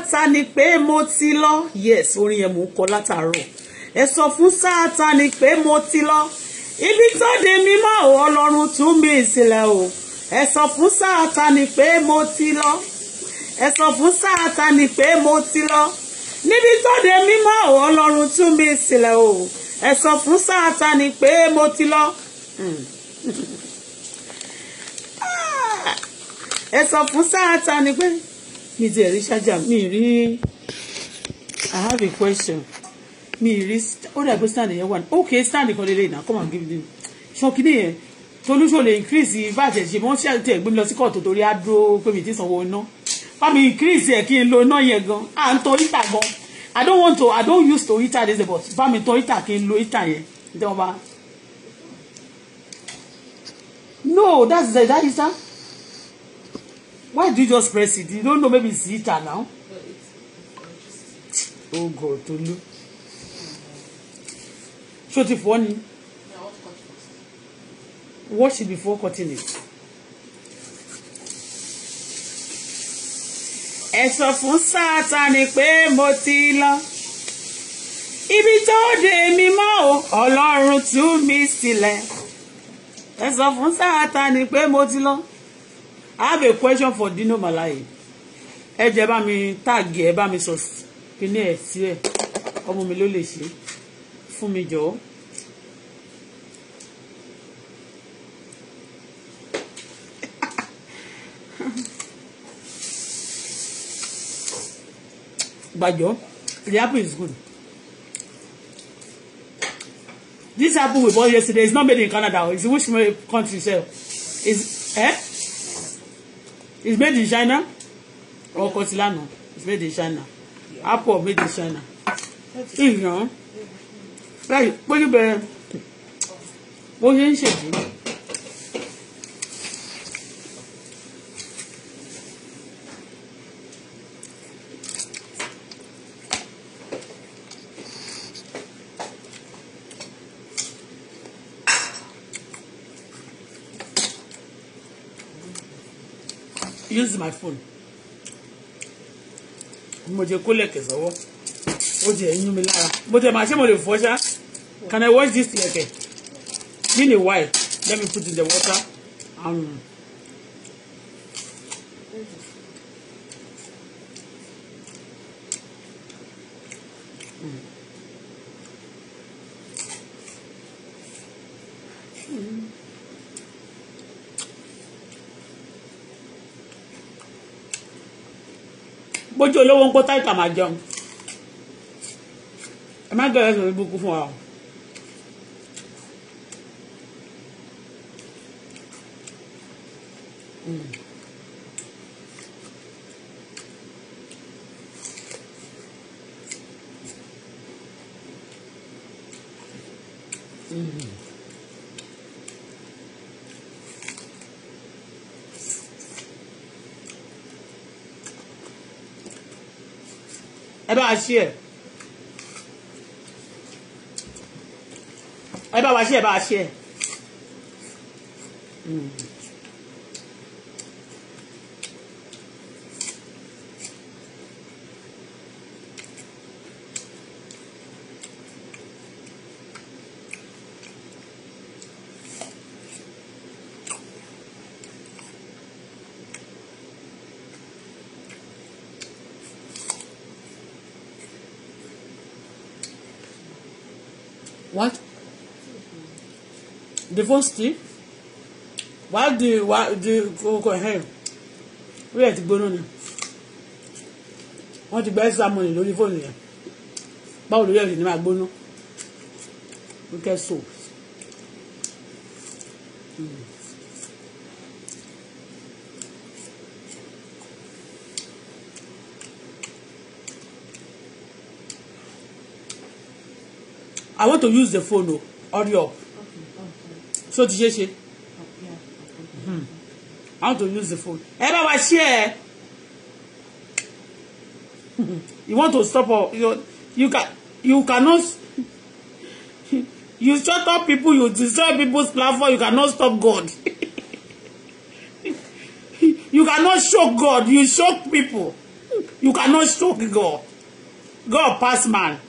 Sátánì pé mo ti lọ yes orin yẹn mò ń kọ látàárọ̀ ẹ sọ fún Sátánì pé mo ti lọ ibi tó di mímọ́ Ọlọ́run tú mi sílẹ̀ o ẹ sọ fún Sátánì pé mo ti lọ ẹ sọ fún Sátánì pé mo ti lọ níbi tó di mímọ́ Ọlọ́run tú mi sílẹ̀ o ẹ sọ fún Sátánì pé mo ti lọ hmm. ah! ẹ sọ fún Sátánì pé mi ti ẹ̀rí mi rí i have a question mi rí ó dàgbé stand yẹn wà ní ok stand kan lélẹ̀ náà come and give me ṣọ́kí ni yẹn tolúṣò lè increase bàjẹ́ ṣe wọ́n ṣàtẹ̀ gbé mi lọ sí kóòtù torí á dúró pé mi ti sanwó iná bá increase ẹ̀ kí n lo iná yẹn gan à ń tọ ìta gan I don't want to I don't use to ìta this but bá mi tọ ìta kí n lo ìta yẹn ǹjẹ́ wọ́n bá no that's the that is that. Why do you just press it? You don't know maybe it's heater now. Oh God, Tolu. So ti fọ ni. Wash it before cutting it. Ẹ sọ fún Sátánì mo ti lọ. Ibi tó dè mí mọ́ o, Ọlọ́run tú mi sílẹ̀. Ẹ sọ fún Sátánì mo ti lọ. I have a question for Dino Malaye ẹ jẹ́ bá mi táàgì ẹ bá mi sọ kíní ẹ sílẹ̀ ọmọ mi ló lè ṣe fún mi jọ̀ọ́. gbàjọ́ the apple is good this apple we bought yesterday is not made in Canada it's which country sef is eh it's made in China or Kotilano it's made in China yeah. apple made in China You know. báyìí pé níbẹ̀ bó ṣe ń ṣèjì. use my phone mo jẹ kó lẹ̀kẹ̀ sọ́wọ́ ó jẹ ẹ̀yún mi lára mo tẹ̀ máa ṣé mo lè fọ́ ṣá can I wash this lẹ̀kẹ̀ in a while let me put in the water Um, bójú olówó ń kó táìtà máa jẹun ẹ má gbẹ̀rẹ̀ sọ̀rọ̀ ibùkún fún wa o. Mm-hmm. ẹ bá wa ẹ ẹ bá wa ṣí ẹ bá wa ṣí gbóǹsì wàá di wàá di kókó ẹ̀hẹ́n orí ẹ̀ ti gbóná ni wọ́n ti gba ẹ́ sàmọ́nì lórí fóònù yẹn báwo lórí ẹ̀ sì ni máa gbóná wíkẹ́ so. I want to use the phone o hurry So ti ṣe I want to use the phone ẹ bá wa ṣí ẹ you want to stop or you, you can you cannot you shut up people you destroy people's platform you cannot stop God you cannot shock God you shock people you cannot shock God God pass man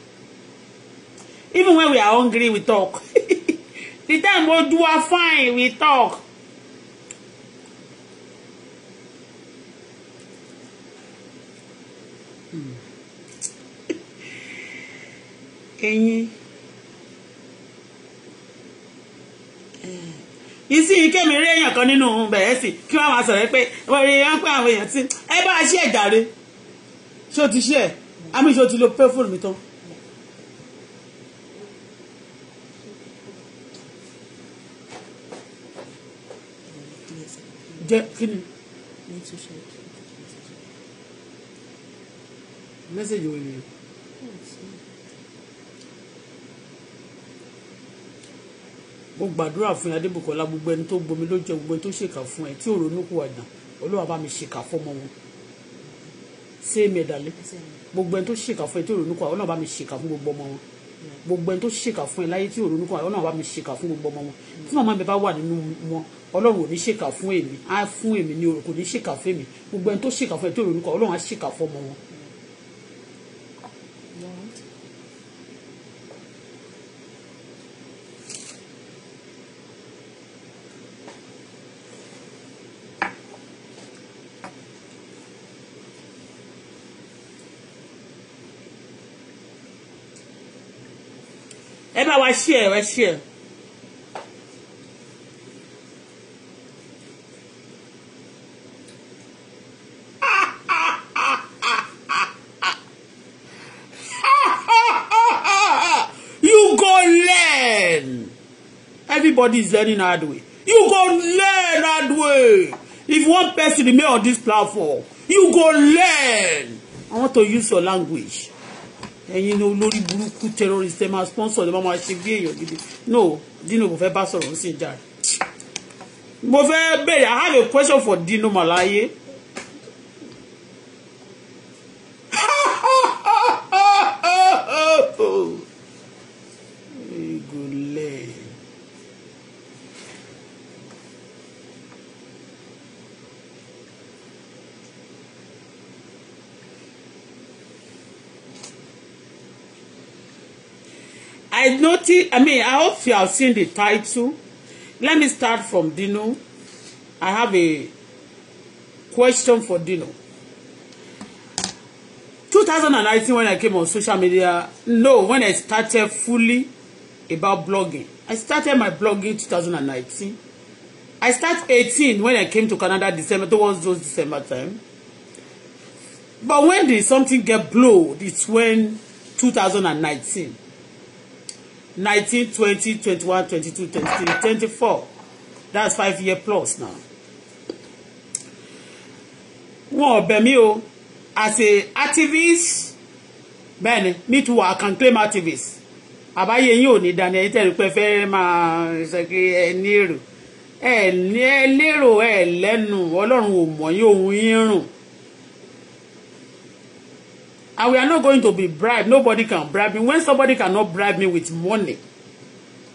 even when we are hungry we talk the time we do are fine we talk. ẹyin ìsìn kémi rí èèyàn kan nínú bẹ̀rẹ̀ sí kí wọ́n máa sọ̀rọ̀ pé wọ́n rí wọ́n pé àwọn èèyàn tí ẹ bá ṣí ẹ̀ jàre ṣé o ti ṣí ẹ̀ àmì ṣé o ti lo pé mi tán. jẹ́ kí ni. mẹ́sẹ̀gì wo ni. mo gbàdúrà fún Adébùkọ́lá gbogbo ẹni tó gbomi ló jẹ gbogbo ẹni tó ṣèkà fún ẹ tí ò ronú kú àdàn Olúwa bá mi ṣèkà fọmọ wọn ṣé mi ẹ̀dá lé gbogbo ẹni tó ṣèkà fún ẹ tí ò ronú kú àdàn Olúwa bá mi ṣèkà fún gbogbo ọmọ wọn gbogbo ẹni tó ṣèkà fún ẹ láyé tí òrónú kan ọlọ́run bá mi ṣèkà fún gbogbo ọmọ wọn tí màmá mi bá wà nínú wọn ọlọ́run ò ní ṣèkà fún èmi á fún èmi ní orò kò ní ṣèkà fún èmi gbogbo ẹni tó ṣèkà fún ẹ tí òrónú kan ọlọ́run á ṣèkà fún ọmọ wọn ẹ bá wa ṣí ẹ ẹ ṣí ẹ. you go learn everybody is learning hard way you go learn hard way if one person remain on this platform you go learn i want to use your language ẹ̀yin ní olórí burúkú terrorist ẹ máa sponsor ẹ máa máa ṣe bí èèyàn gidi no Dino mo fẹ́ bá sọ̀rọ̀ ó sì jà mo fẹ́ bẹ̀rẹ̀ I have a question for Dino Malaye. notice, I mean, I hope you have seen the title. Let me start from Dino. I have a question for Dino. 2019, when I came on social media, no, when I started fully about blogging, I started my blogging 2019. I started 18 when I came to Canada December, towards those December time. But when did something get blow, it's when 2019 nineteen twenty twenty one twenty two twenty three twenty four that's five year plus now. wọn Bemio as a activist bẹ́ẹ̀ me too I can claim activist àbáyé yín ò ní dání ẹ̀yin tẹ̀lé pé fẹ́ máa ṣèké ẹ ní èrò ẹ lérò ẹ lẹ́nu ọlọ́run ò mọ̀ yín òun and we are not going to be bribed nobody can bribe me when somebody cannot bribe me with money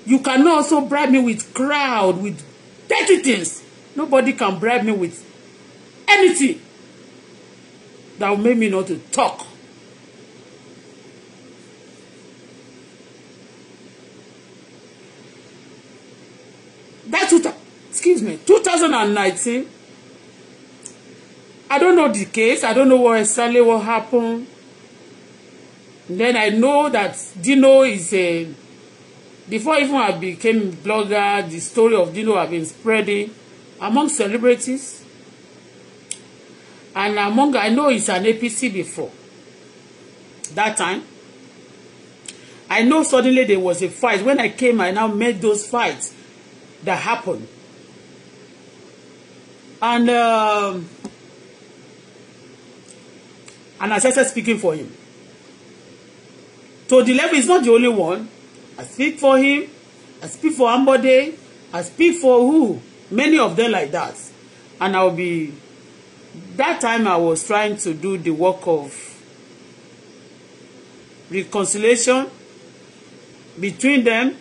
you cannot also bribe me with crowd with dirty things nobody can bribe me with anything that will make me not to talk That's what. excuse me 2019 I don't know the case I don't know what exactly what happened Then I know that Dino is a, before even I became blogger, the story of Dino have been spreading among celebrities. And among, I know he's an APC before that time. I know suddenly there was a fight. When I came, I now met those fights that happened. And um, and I started speaking for him. To the level, he's not the only one. I speak for him. I speak for Ambode. I speak for who? Many of them like that. And I'll be... That time I was trying to do the work of reconciliation between them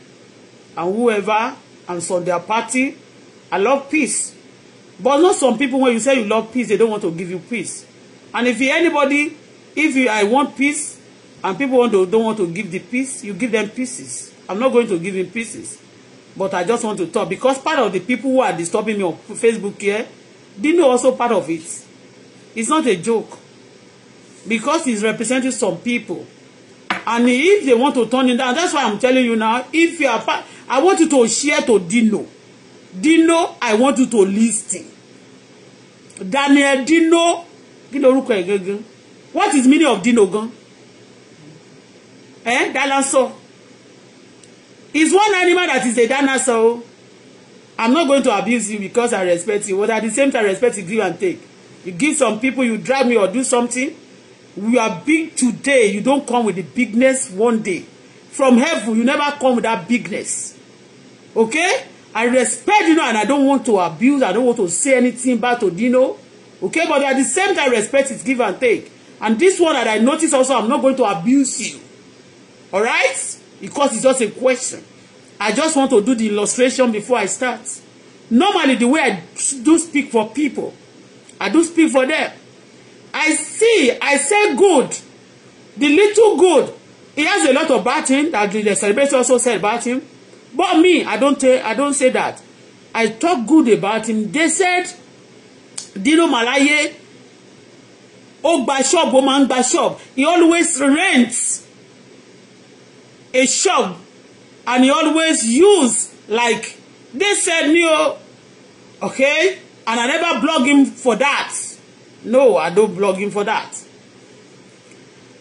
and whoever and from their party. I love peace. But not some people, when you say you love peace, they don't want to give you peace. And if anybody, if you, I want peace, and people want to, don't want to give the piece, you give them pieces. I'm not going to give him pieces, but I just want to talk because part of the people who are disturbing me on Facebook here, Dino also part of it. It's not a joke because he's representing some people. And if they want to turn it down, that's why I'm telling you now, if you are part, I want you to share to Dino. Dino, I want you to listen. Daniel Dino, Dino, what is the meaning of Dino gun? eh dinosaur is one animal that is a dinosaur i'm not going to abuse you because i respect you but at the same time respect you give and take you give some people you drive me or do something We are big today you don't come with the bigness one day from heaven you never come with that bigness okay I respect Dino and I don't want to abuse, I don't want to say anything bad to Dino. Okay, but at the same time, respect is give and take. And this one that I notice also, I'm not going to abuse you. All right? Because it's just a question. I just want to do the illustration before I start. Normally, the way I do speak for people, I do speak for them. I see, I say good, the little good. He has a lot of bad things that the celebrity also said about him. But me, I don't, say. I don't say that. I talk good about him. They said, Dino Malaye, ó gba ṣọ́ọ̀bù ó he always rents a shop and he always use like they said me oh okay and I never blog him for that no I don't blog him for that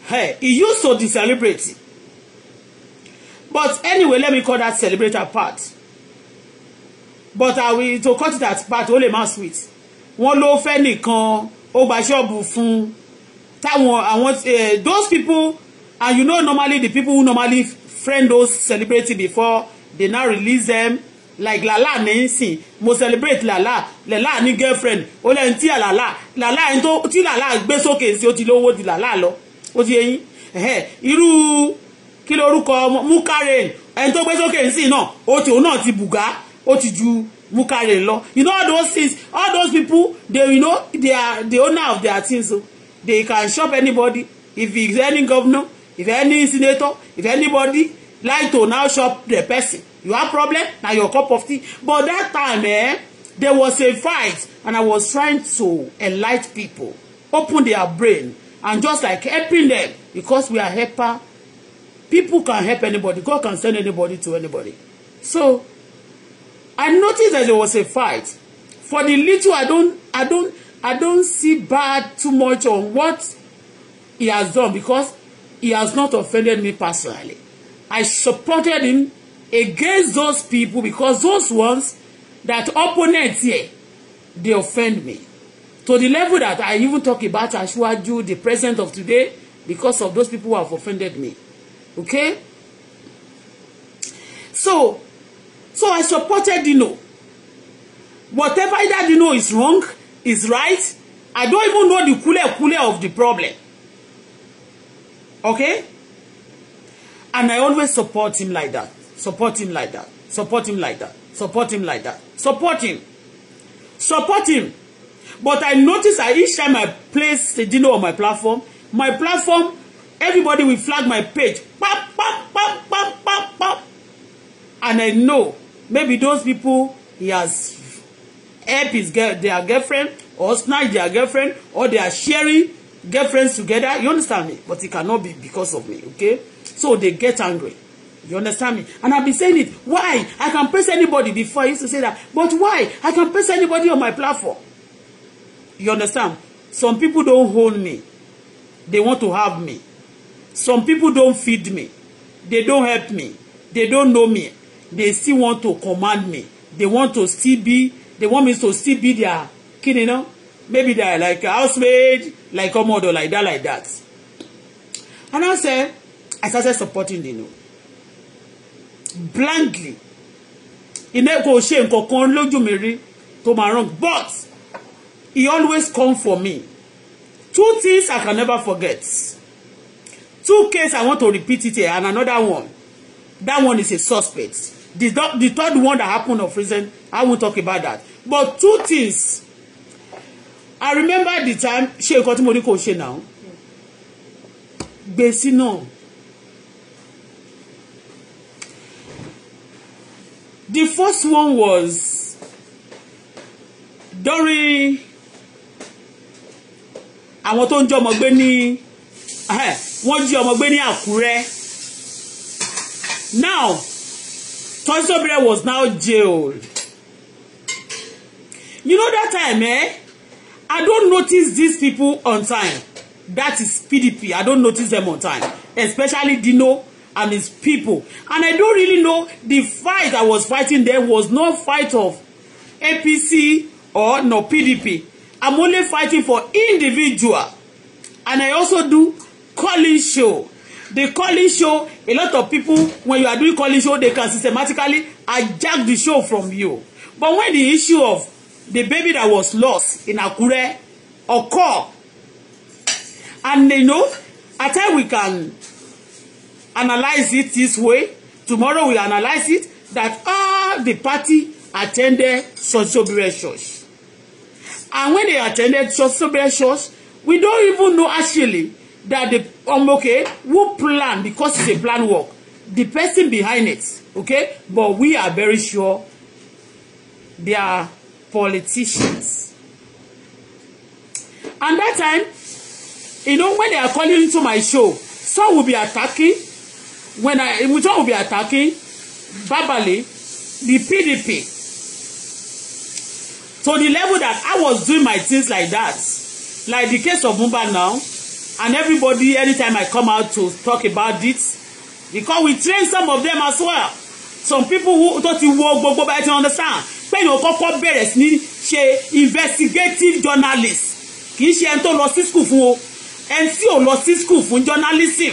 hey he used to the celebrity but anyway let me call that celebrate part but I will to cut that part only my sweet, one wọ́n ló con, nìkan shop gba ṣọ́ọ̀bù fún táwọn àwọn eh, those people and you know normally the people who normally friend those celebrity before they now release them like lala nìyísìn mo celebrate lala lala ní girlfriend ó lẹ́yìn tí lala lala ẹni tó tí lala gbé sókè sí ó ti lowo di lala lo. ó ti yẹyin irú kí lorúkọ mukaren ẹni tó gbé sókè sí náà ó ti òun náà ti bùgá ó ti ju mukaren lo. you know all those things all those people they you know they are the owner of their things So they can shop anybody if he is any governor if any senator if anybody like to now shop the person you have problem na your cup of tea but that time eh there was a fight and I was trying to enlighten people open their brain and just like helping them because we are helper people can help anybody God can send anybody to anybody so I noticed that there was a fight for the little I don't I don't I don't see bad too much on what he has done because He has not offended me personally. I supported him against those people because those ones that opponents here, they offend me. To the level that I even talk about Ashwaju, the present of today, because of those people who have offended me. Okay? So, so I supported Dino. Whatever that Dino is wrong, is right. I don't even know the kule kule of the problem. Okay? And I always support him like that. Support him like that. Support him like that. Support him like that. Support him. Support him. But I notice that each time I place the Dino on my platform, my platform, everybody will flag my page. Pop, pop, pop, pop, pop, pop. And I know maybe those people he has helped his girl, their girlfriend or snatched their girlfriend or they are sharing get friends together you understand me but it cannot be because of me okay so they get angry you understand me and I've been saying it why I can press anybody before I used to say that but why I can press anybody on my platform you understand some people don't hold me they want to have me some people don't feed me they don't help me they don't know me they still want to command me they want to still be they want me to still be their kin you know maybe they like housemaid like ọmọdọ like that like that and I say I started supporting the no blindly ìmẹ́ kò ṣe nǹkan kan lójú mi rí tó máa wrong but he always come for me two things I can never forget two cases I want to repeat it here and another one that one is a suspect the, the third one that happened of prison, I won't talk about that but two things I remember the time ṣe nǹkan tí mo ní kò ṣe náà gbèsè náà the first one was during àwọn tó ń jọ ọmọ gbé ní wọ́n jí ọmọ gbé ní Àkúrẹ́ now Tosin Obere was now jailed you know that time eh I don't notice these people on time. That is PDP. I don't notice them on time. Especially Dino and his people. And I don't really know the fight I was fighting there was no fight of APC or no PDP. I'm only fighting for individual. And I also do calling show. The calling show, a lot of people, when you are doing calling show, they can systematically adjust the show from you. But when the issue of the baby that was lost in Akure occur and you know I think we can analyze it this way tomorrow we analyze it that all the party attended Sosobire church and when they attended Sosobire church we don't even know actually that the um, okay who plan because it's a plan work the person behind it okay but we are very sure they are politicians. And that time, you know, when they are calling into my show, some will be attacking. When I, Mujan will be attacking verbally the PDP to the level that I was doing my things like that. Like the case of Mumba now, and everybody, anytime I come out to talk about it, because we train some of them as well. Some people who thought you were but, but, but I don't understand pé èèyàn kọ́kọ́ bẹ̀rẹ̀ sí ní ṣe investigative journalist kì í ṣe ẹni tó lọ sí school fún o ẹni tí ò lọ sí school fún journalism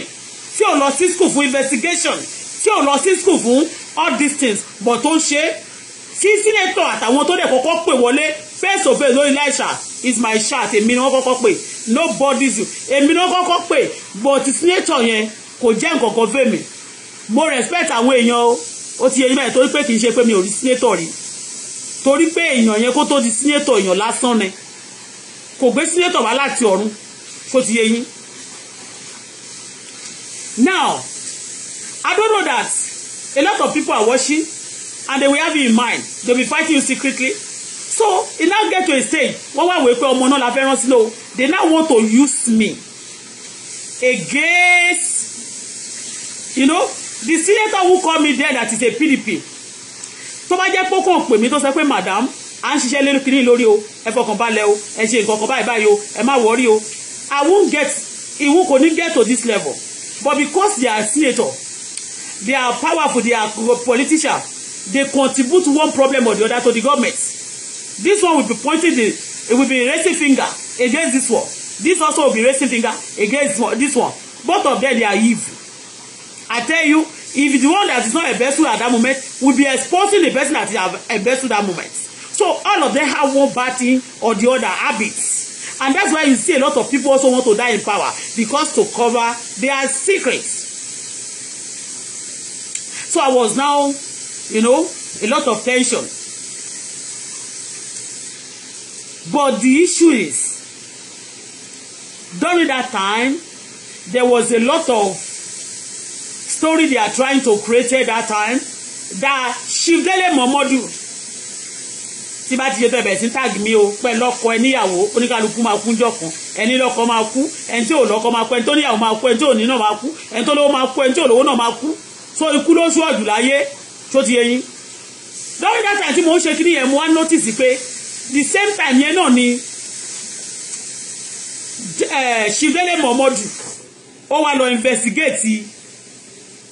tí ò lọ sí school fún investigation tí ò lọ sí school fún all these things tó ń ṣe tí sínétọ̀ àtàwọn tó dẹ̀ kọ́kọ́ pè wọlé face to face lórí láìsà is my chat èmi ni wọ́n kọ́kọ́ pè nobody is you èmi ni wọ́n kọ́kọ́ pè but sínétọ̀ yẹn kò jẹ́ nǹkan kan fèmí mo respect àwọn èèyàn o ó ti yẹ yín báyìí torí pé kì í ṣe pé mi ò rí sínétọ̀ rí torí pé èèyàn yẹn kó tó di sínétọ̀ èèyàn lásán ni kò gbé sínétọ̀ wá láti ọ̀run kó ti yé yín now I don't know that a lot of people are watching and they will have in mind they will be fighting you secretly so e now get to a stage wọ́n wá wèé pé ọmọ náà la fẹ́ rán sínú o they now want to use me against you know the senator who call me there that is a PDP tó bá jẹ́ pé ó kàn pè mí tó sọ pé madam à ń ṣiṣẹ́ lórí kìíní lórí o ẹ fọkàn balẹ̀ o ẹ ṣe nǹkan kan báyìí báyìí o ẹ má wọrí o i won't get ìwú kò ní get to this level but because they are senator they are powerful they are politician they contribute one problem or the other to the government this one will be pointing the it will be raising finger against this one this also will be raising finger against this one both of them they are evil i tell you if the one that is not embezzled at that moment will be exposing the person that have embezzled that moment so all of them have one bad thing or the other habits and that's why you see a lot of people also want to die in power because to cover their secrets so I was now you know a lot of tension but the issue is during that time there was a lot of story they are trying to create at that time that Ṣibdélé Momodu tí bá ti ṣe bẹ̀bẹ̀ sí tag mi o pẹ̀lú ọkọ ẹ níyàwó oníkálukú máa kú jọ kan ẹni lọ́kọ máa kú ẹni tí ò lọ́kọ máa kú ẹni tó níyàwó máa kú ẹni tí ò ní náà máa kú ẹni tó lówó máa kú ẹni tí ò lówó náà máa kú so ikú ló ṣọ́ọ̀dù láyé tó ti yẹ yín lọ́wọ́ dátà tí mò ń ṣe kí nìyẹn mo wá notice pé the same time yẹn náà ni Ṣibdélé eh, Momodu ó wá lọ investigate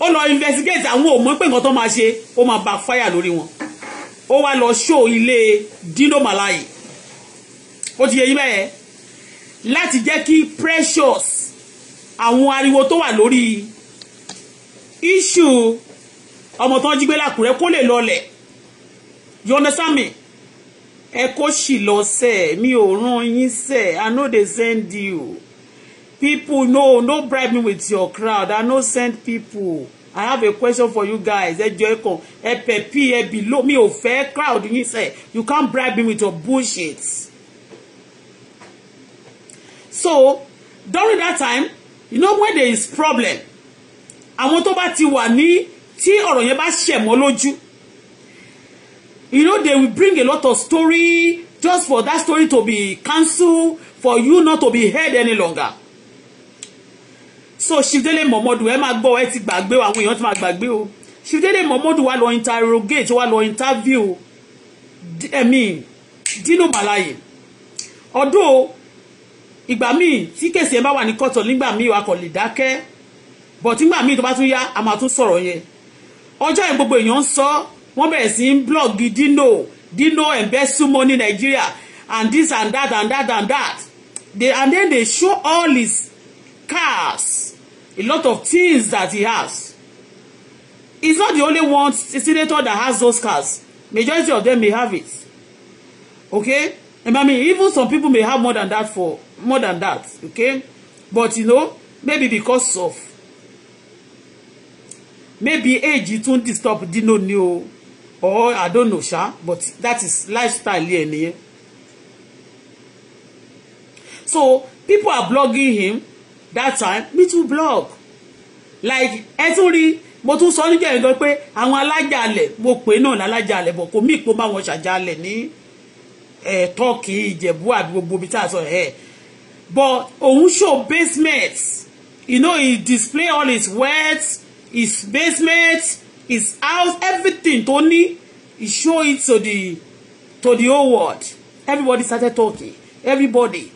ó lọ investigate àwọn ò mọ̀ pé nǹkan tó máa ṣe ó máa backfire lórí wọn ó wá lọ show ilé Dino Malaye ó ti yẹ yín bẹ́ẹ̀ láti jẹ́ kí precious àwọn ariwo tó wà lórí issue ọmọ tó ń jí gbé làkúrẹ́ kó lè lọlẹ̀ you understand me ẹ kó sì lọ sẹ́ẹ̀ mi ò rán yín sẹ́ẹ̀ I no dey send you people no no bribe me with your crowd i no send people i have a question for you guys ẹ jọ̀ọ́ ẹ kàn ẹ below mi ò fẹ́ crowd yín sẹ́ you can't bribe me with your bullshit. so during that time you know when there is problem àwọn tó bá ti wà ní tí ọ̀rọ̀ yẹn bá ṣẹ̀ mọ́ lójú you know they will bring a lot of story just for that story to be cancelled for you not to be heard any longer so ṣìfìdélé mọ̀mọ́dù ẹ máa gbọ́ ẹ ti gbàgbé o àwọn èèyàn ti máa gbàgbé o ṣìfìdélé mọ̀mọ́dù wà lọ interrogate wà lọ interview ẹ̀mí Dino Melaye ọdún ìgbà míì tí kèsì ẹ bá wà ní kọ́tọ̀ nígbà míì wà kọ̀ lè dákẹ́ but nígbà míì tó bá tún yá a máa tún sọ̀rọ̀ yẹn ọjọ́ yẹn gbogbo èèyàn ń sọ wọ́n bẹ̀rẹ̀ sí ń blog Dino Dino embezzlement ní Nigeria and this and that and that and that they and then they show all his cars, a lot of things that he has. He's not the only one senator that has those cars. Majority of them may have it. Okay? And I mean, even some people may have more than that for more than that. Okay? But you know, maybe because of maybe age tún disturb dino ni o or I don't know sha but that is lifestyle here nìyẹn. So people are blogging him that time me too block like ẹ tún rí mo tún sọ níjẹ́ yẹn gan pé àwọn alájàalẹ̀ mo pè náà lálájàalẹ̀ bọ̀ kò mí ìpò bá wọn ṣàjàalẹ̀ ní ẹ̀ tọ́kì ìjẹ̀bú àbí gbogbo ibi tá a sọ ẹ̀ but òun show basement you know he display all his wealth his basement his house everything tó ní he show it to the to the whole world everybody started talking everybody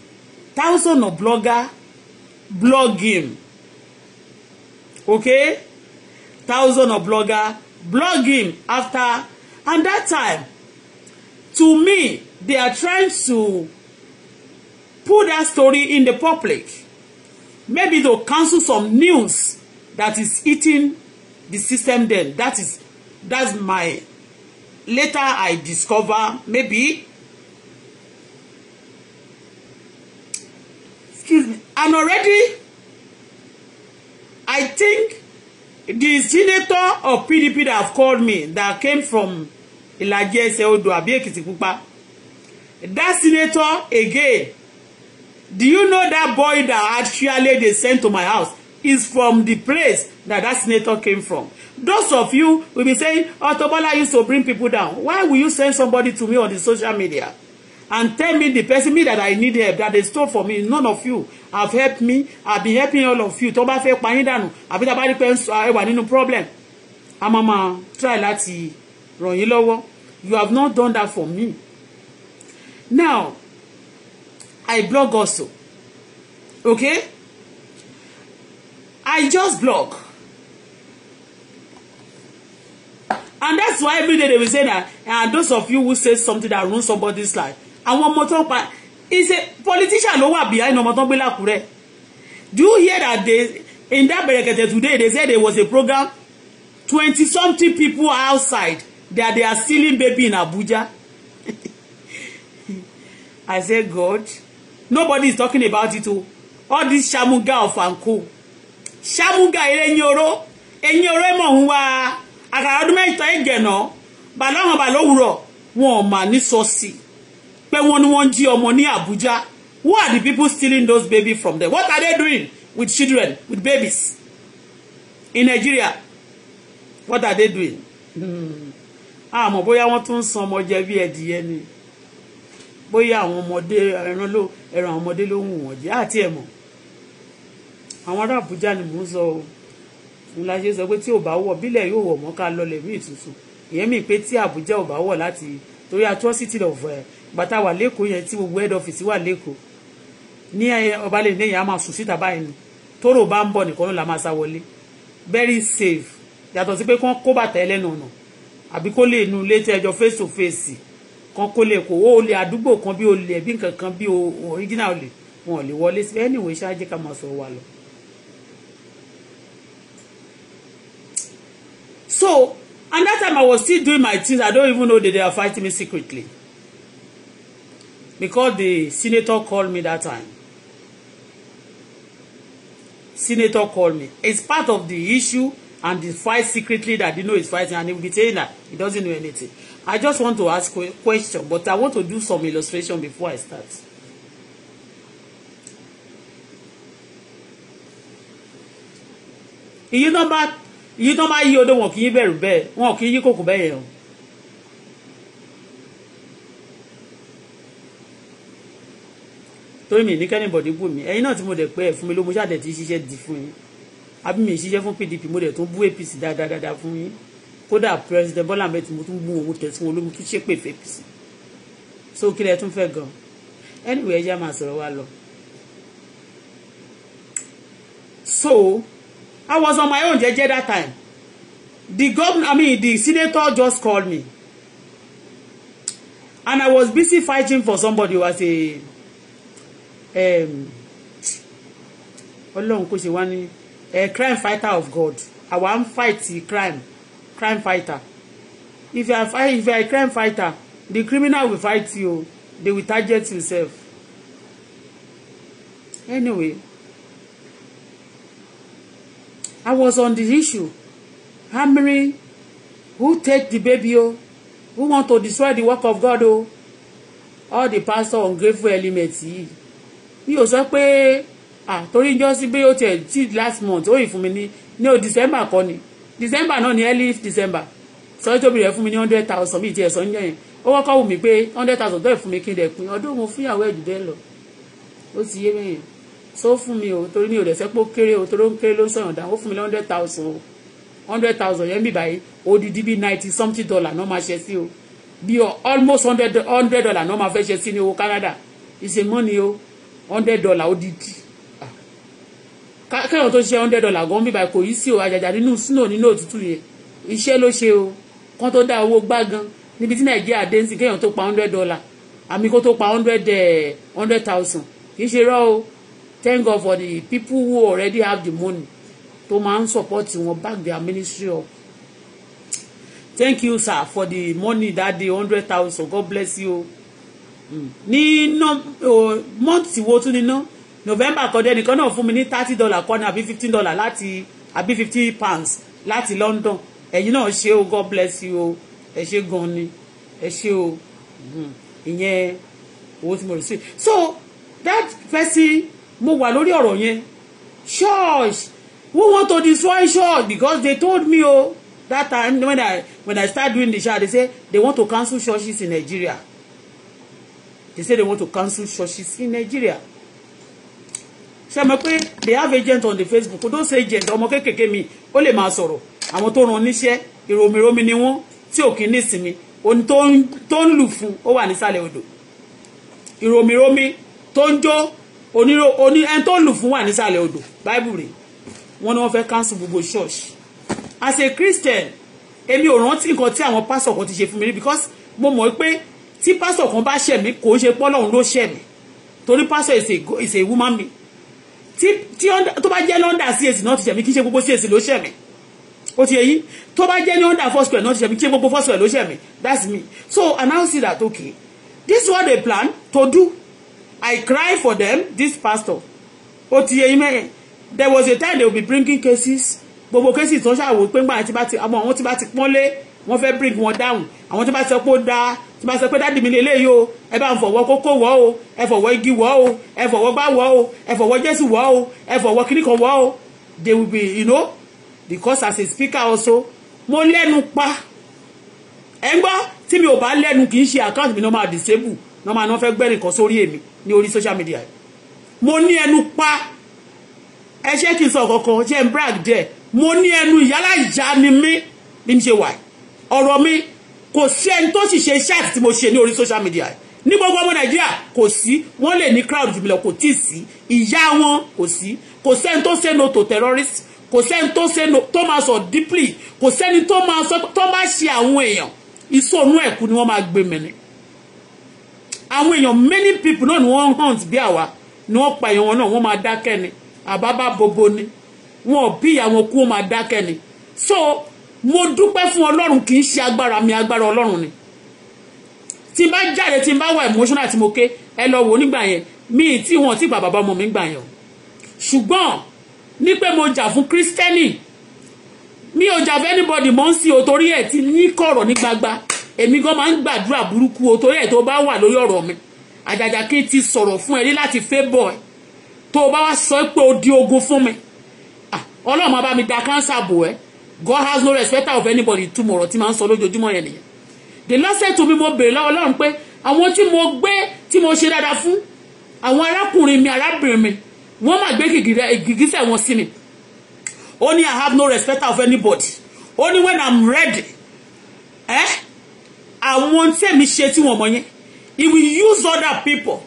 thousand of bloggers Blogging, okay thousand of blogger blogging after and that time to me they are trying to put that story in the public maybe they'll cancel some news that is eating the system then that is that's my later I discover maybe excuse me and already I think the senator of PDP that have called me that came from Ilaji Ese Odo abi Ekitipupa that senator again do you know that boy that actually they sent to my house is from the place that that senator came from those of you will be saying Otobola used to bring people down why will you send somebody to me on the social media and tell me the person me that I need help that they store for me none of you have helped me I been helping all of you tó bá fẹ́ pa yín dànù àbí tá a bá rí pé ẹ wà nínú problem a máa máa try láti ràn yín lọ́wọ́ you have not done that for me now I blog also okay I just blog and that's why every day they say that and those of you who say something that ruin somebody's life àwọn ọmọ tó ń pa ìṣe politician ló wà behind ọmọ tó ń gbé lákùrẹ́ do you hear that they in that berekete today they said there was a program twenty something people outside that they are stealing baby in Abuja I say God nobody is talking about it o oh. all this shamuga of anko shamuga ereyin oro eyin oro emo hun wa àkàrà ọdún mẹ́ta ẹ̀jẹ̀ náà bàlọ́hàn bàlọ́wùrọ̀ wọn ò mà ní sọ sí pé wọ́n ní wọ́n jí ọmọ ní Abuja who are the people stealing those babies from there? what are they doing with children with babies in Nigeria what are they doing àmọ́ hmm. ah, bóyá wọ́n tún ń san ọmọ jẹ bí ẹdìyẹ ni bóyá àwọn ọmọdé ẹran ló ẹran àwọn ọmọdé ló wù wọ́n jẹ àti ah, ẹ̀mọ́ àwọn ará Abuja ni mò ń sọ o ńlá ṣe sọ pé tí ò bá wọ̀ bílẹ̀ yóò wọ̀ mọ́ ká lọlẹ̀ mí ìtùtù ìyẹn mi pé tí Abuja ò bá wọ̀ láti torí atrocity of uh, bàtà wà lẹ́kọ̀ọ́ yẹn tí gbogbo head office wà lẹ́kọ̀ọ́ ní eh, ọbalẹ̀ ní ìyá máa sùn síta báyìí ni tóró bá ń bọ̀ nìkan ló la máa sá wọlé very safe yàtọ̀ sí pé kán kó bàtà ẹlẹ́nu ọ̀nà àbí kó lè nu létí ẹjọ́ face to face kan kó lè kó olè àdúgbò kan bí olè ẹbí nǹkan kan bí original olè wọn ò lè wọlé sí anyway ṣáájú ká máa sọ wa lọ. so and that time i was still doing my things i don't even know they, they are fighting me secretly because the senator called me that time senator called me it's part of the issue and the fight secretly that you know is fighting and he will be saying that he doesn't know anything I just want to ask a question but I want to do some illustration before I start. iye nọ́mbà iye nọ́mbà yí odò wọn kì í bẹ̀rù bẹ́ẹ̀ wọn kì í yí kòkò bẹ́ẹ̀ yẹn o torí mi ní kẹ́nìbọ̀dì bù mí ẹ̀yin náà tí mo dẹ̀ pẹ́ ẹ̀ fún mi ló mo ṣàdẹ̀ tí ṣiṣẹ́ di fún yín àbí mi ṣiṣẹ́ fún PDP mo dẹ̀ tún bú APC dáadáa fún yín kódà president Bọ́lá mẹ́tì mo tún bú òun tẹ̀sí wọn olómi tún ṣépè fẹ́ APC so kí lẹ tún fẹ́ gan anyway ẹ jẹ́ máa sọ̀rọ̀ wa lọ. so I was on my own jẹ́jẹ́ that time the governor I mean the senator just called me and I was busy fighting for somebody who was a ọlọ́run kò ṣe wá ní eh, crime fighter of God àwa ń fight crime crime fighter if you are if you are a crime fighter the criminal will fight you they will target himself. anyway I was on the issue hammering who take the baby o oh? who want to destroy the work of God o oh? all the pastor ungrateful element yìí mi ò sọ pé àtorí jọ sí pé ó tiẹ̀ last month ó yìí fún mi ní ní o december kọ́ ni december náà ni early december sọ tóbi rẹ̀ fún mi ní hundred thousand bíi tiẹ̀ sọ ń yẹn ó kọ́kọ́ wù mí pé hundred thousand tó yẹ fún mi kí n dẹ̀ pin ọdún mo fún ìyàwó ẹ̀jú bẹ́ẹ̀ lọ ó ti yé bẹ́yẹn sọ fún mi o torí mi ò dẹ̀ sẹ́ pé ó kéré o torí ó ń kéré ló ń sọ̀yàn dáhùn ó fún mi ní hundred thousand o hundred thousand yẹn bí báyìí odidi bíi ninety something dollar náà máa ṣe sí o bíi almost hundred dollar náà máa fẹ́ ṣe sí ní owó Canada ìṣèmọ́ni o hundred dollar odidi ah. káyọ̀ tó ṣe hundred dollar gan bíbá kò yí sí o àjàjà nínú snow nínú òtútù yẹn iṣẹ́ ló ṣe o kán tó dá owó gbágan níbi tí nàìjíríà dé ń sìn kéèyàn tó pa hundred dollar àmì kó tó pa hundred eh, hundred thousand kì í ṣe rọ o thank God for the people who already have the money tó máa ń support wọn back their ministry up thank you sir for the money that day hundred thousand God bless you ní mọ́ǹtì wo tún níná november kan dẹ́nìkan náà fún mi ní thirty dollar kan ní àbí fifteen dollar láti àbí fifty pounds láti london ẹ̀yin náà ṣe o god bless you o ẹ ṣe gan ni ẹ ṣe o hmm. ìyẹn owó tí mo receive so that person mo wà lórí ọ̀rọ̀ yẹn church who want to destroy church because they told me o. Oh, that time when I when I start doing the show, they say they want to cancel churches in Nigeria. They say they want to cancel churches in Nigeria. Ṣé mo pé they have agent on the Facebook. Kò tó say agent ọmọ kékèké mi, O le máa sọ̀rọ̀. Àwọn tó ran níṣẹ́, ìròmìromi ni wọ́n tí ò kí ní ìsinmi. Ohun tó ń lù fún ó wà nísàlẹ̀ odò. Ìròmìromi tó ń jó onírò oní ẹni tó ń lù fún wà nísàlẹ̀ odò. Báíbù rè wọ́n ní wọ́n fẹ́ cancel gbogbo church. As a Christian, èmi ò rántí nǹkan tí àwọn pásọ̀ kan ti ṣe fún mi rí because mo mọ̀ pé tí pásítọ̀ kan bá ṣẹ̀ mí kò ń ṣe pọ́lọ́run ló ṣẹ̀ mí torí pásítọ̀ is a woman mi tí tí tó bá jẹ́ lọ́ndà CAC náà ti ṣẹ̀ mí kí ṣe gbogbo CAC ló ṣẹ̀ mí ó ti yẹ yín tó bá jẹ́ ní under four square náà ti ṣẹ̀ mí kí ṣe gbogbo four square ló ṣẹ̀ that's me so announce that okay this is what plan to do I cry for them this pastor ó ti yẹ yín mẹ́rin there was a time they will be bringing cases gbogbo cases tó ṣàwò pé ńgbà àwọn tí bá ti pọ́nlé wọ́n fẹ́ bring wọn down àwọn tí bá ti sọ pé ó dáa tí máa sọ pé dáàdì mi lè léyìí o ẹ bá ń fọwọ́ kókó wọ́ o ẹ fọwọ́ igi wọ́ o ẹ fọwọ́ gbá wọ́ o ẹ fọwọ́ jésù wọ́ o ẹ fọwọ́ kíní wọ́ o they will be you know because as a speaker also mo lẹ́nu pa ẹ ń gbọ́ tí mi ò bá lẹ́nu kì í ṣe account mi náà máa disable náà máa náà fẹ́ gbẹ́rìn kan sórí èmi ní orí social media mo ní ẹnu pa ẹ ṣé kí n sọ kankan jẹ́ n brag díẹ̀ mo ní ẹnu ìyálà ìyá ni mí bí mi ṣe wà ọ̀rọ̀ mi kò sí ẹni tó sì ṣe iṣẹ́ àti tí mo ṣe ní orí social media ní gbogbo ọmọ nàìjíríà kò sí wọ́n lè ní crowd jù mí lọ kò tí ì sí ìyá wọn kò sí kò sẹ́ni tó say no to terrorist kò sẹ́ni tó say no tó máa sọ deeply kò sẹ́ni tó máa sọ tó máa ṣe àwọn èèyàn ìsọnù ẹ̀kú ni wọ́n máa gbé mẹ́ni àwọn èèyàn many people náà ni wọ́n hunt bí àwa ni wọ́n pa èèyàn wọn náà wọ́n máa dákẹ́ ni àbábá bobo ni wọn ò bí ìyá wọn kú wọ́n máa dákẹ́ ni so mo dúpẹ́ fún ọlọ́run kì í ṣe agbára mi agbára ọlọ́run ni tí n bá jáde tí n bá wà emotional tí mo ké ẹ lọ wò nígbà yẹn mi tí wọn ti gbà bàbá ọmọ mi gbà yẹn ṣùgbọ́n ní pé mo jà fún kírísítẹ́nì mi ò jà fún anybody mọ́ ń sí o torí ẹ̀ ti ní kọ̀rọ̀ ní gbagba èmi gan máa ń gbàdúrà burúkú o torí ẹ̀ tó bá wà lórí ọ̀rọ̀ mi àjàjà kí n ti sọ̀rọ̀ fún ẹ ní láti favour ẹ tó bá wá sọ pé o di ogun fún mi ah, ọlọ́run máa mi da kánsà bò ẹ́ God has no respect of anybody tomorrow tí màá ń sọ lójoojúmọ́ yẹn nìyẹn the last time to me mo bèrè lọ́wọ́ Ọlọ́run pé àwọn tí mo gbé tí mo ṣe dáadáa fún àwọn arákùnrin mi arábìnrin mi wọ́n máa gbé gìgísẹ̀ wọn sí mi ó ní I have no respect of anybody ó ní when I'm ready eh? àwọn tẹ̀mí ṣe tí wọ́n mọ̀ yẹn he will use other people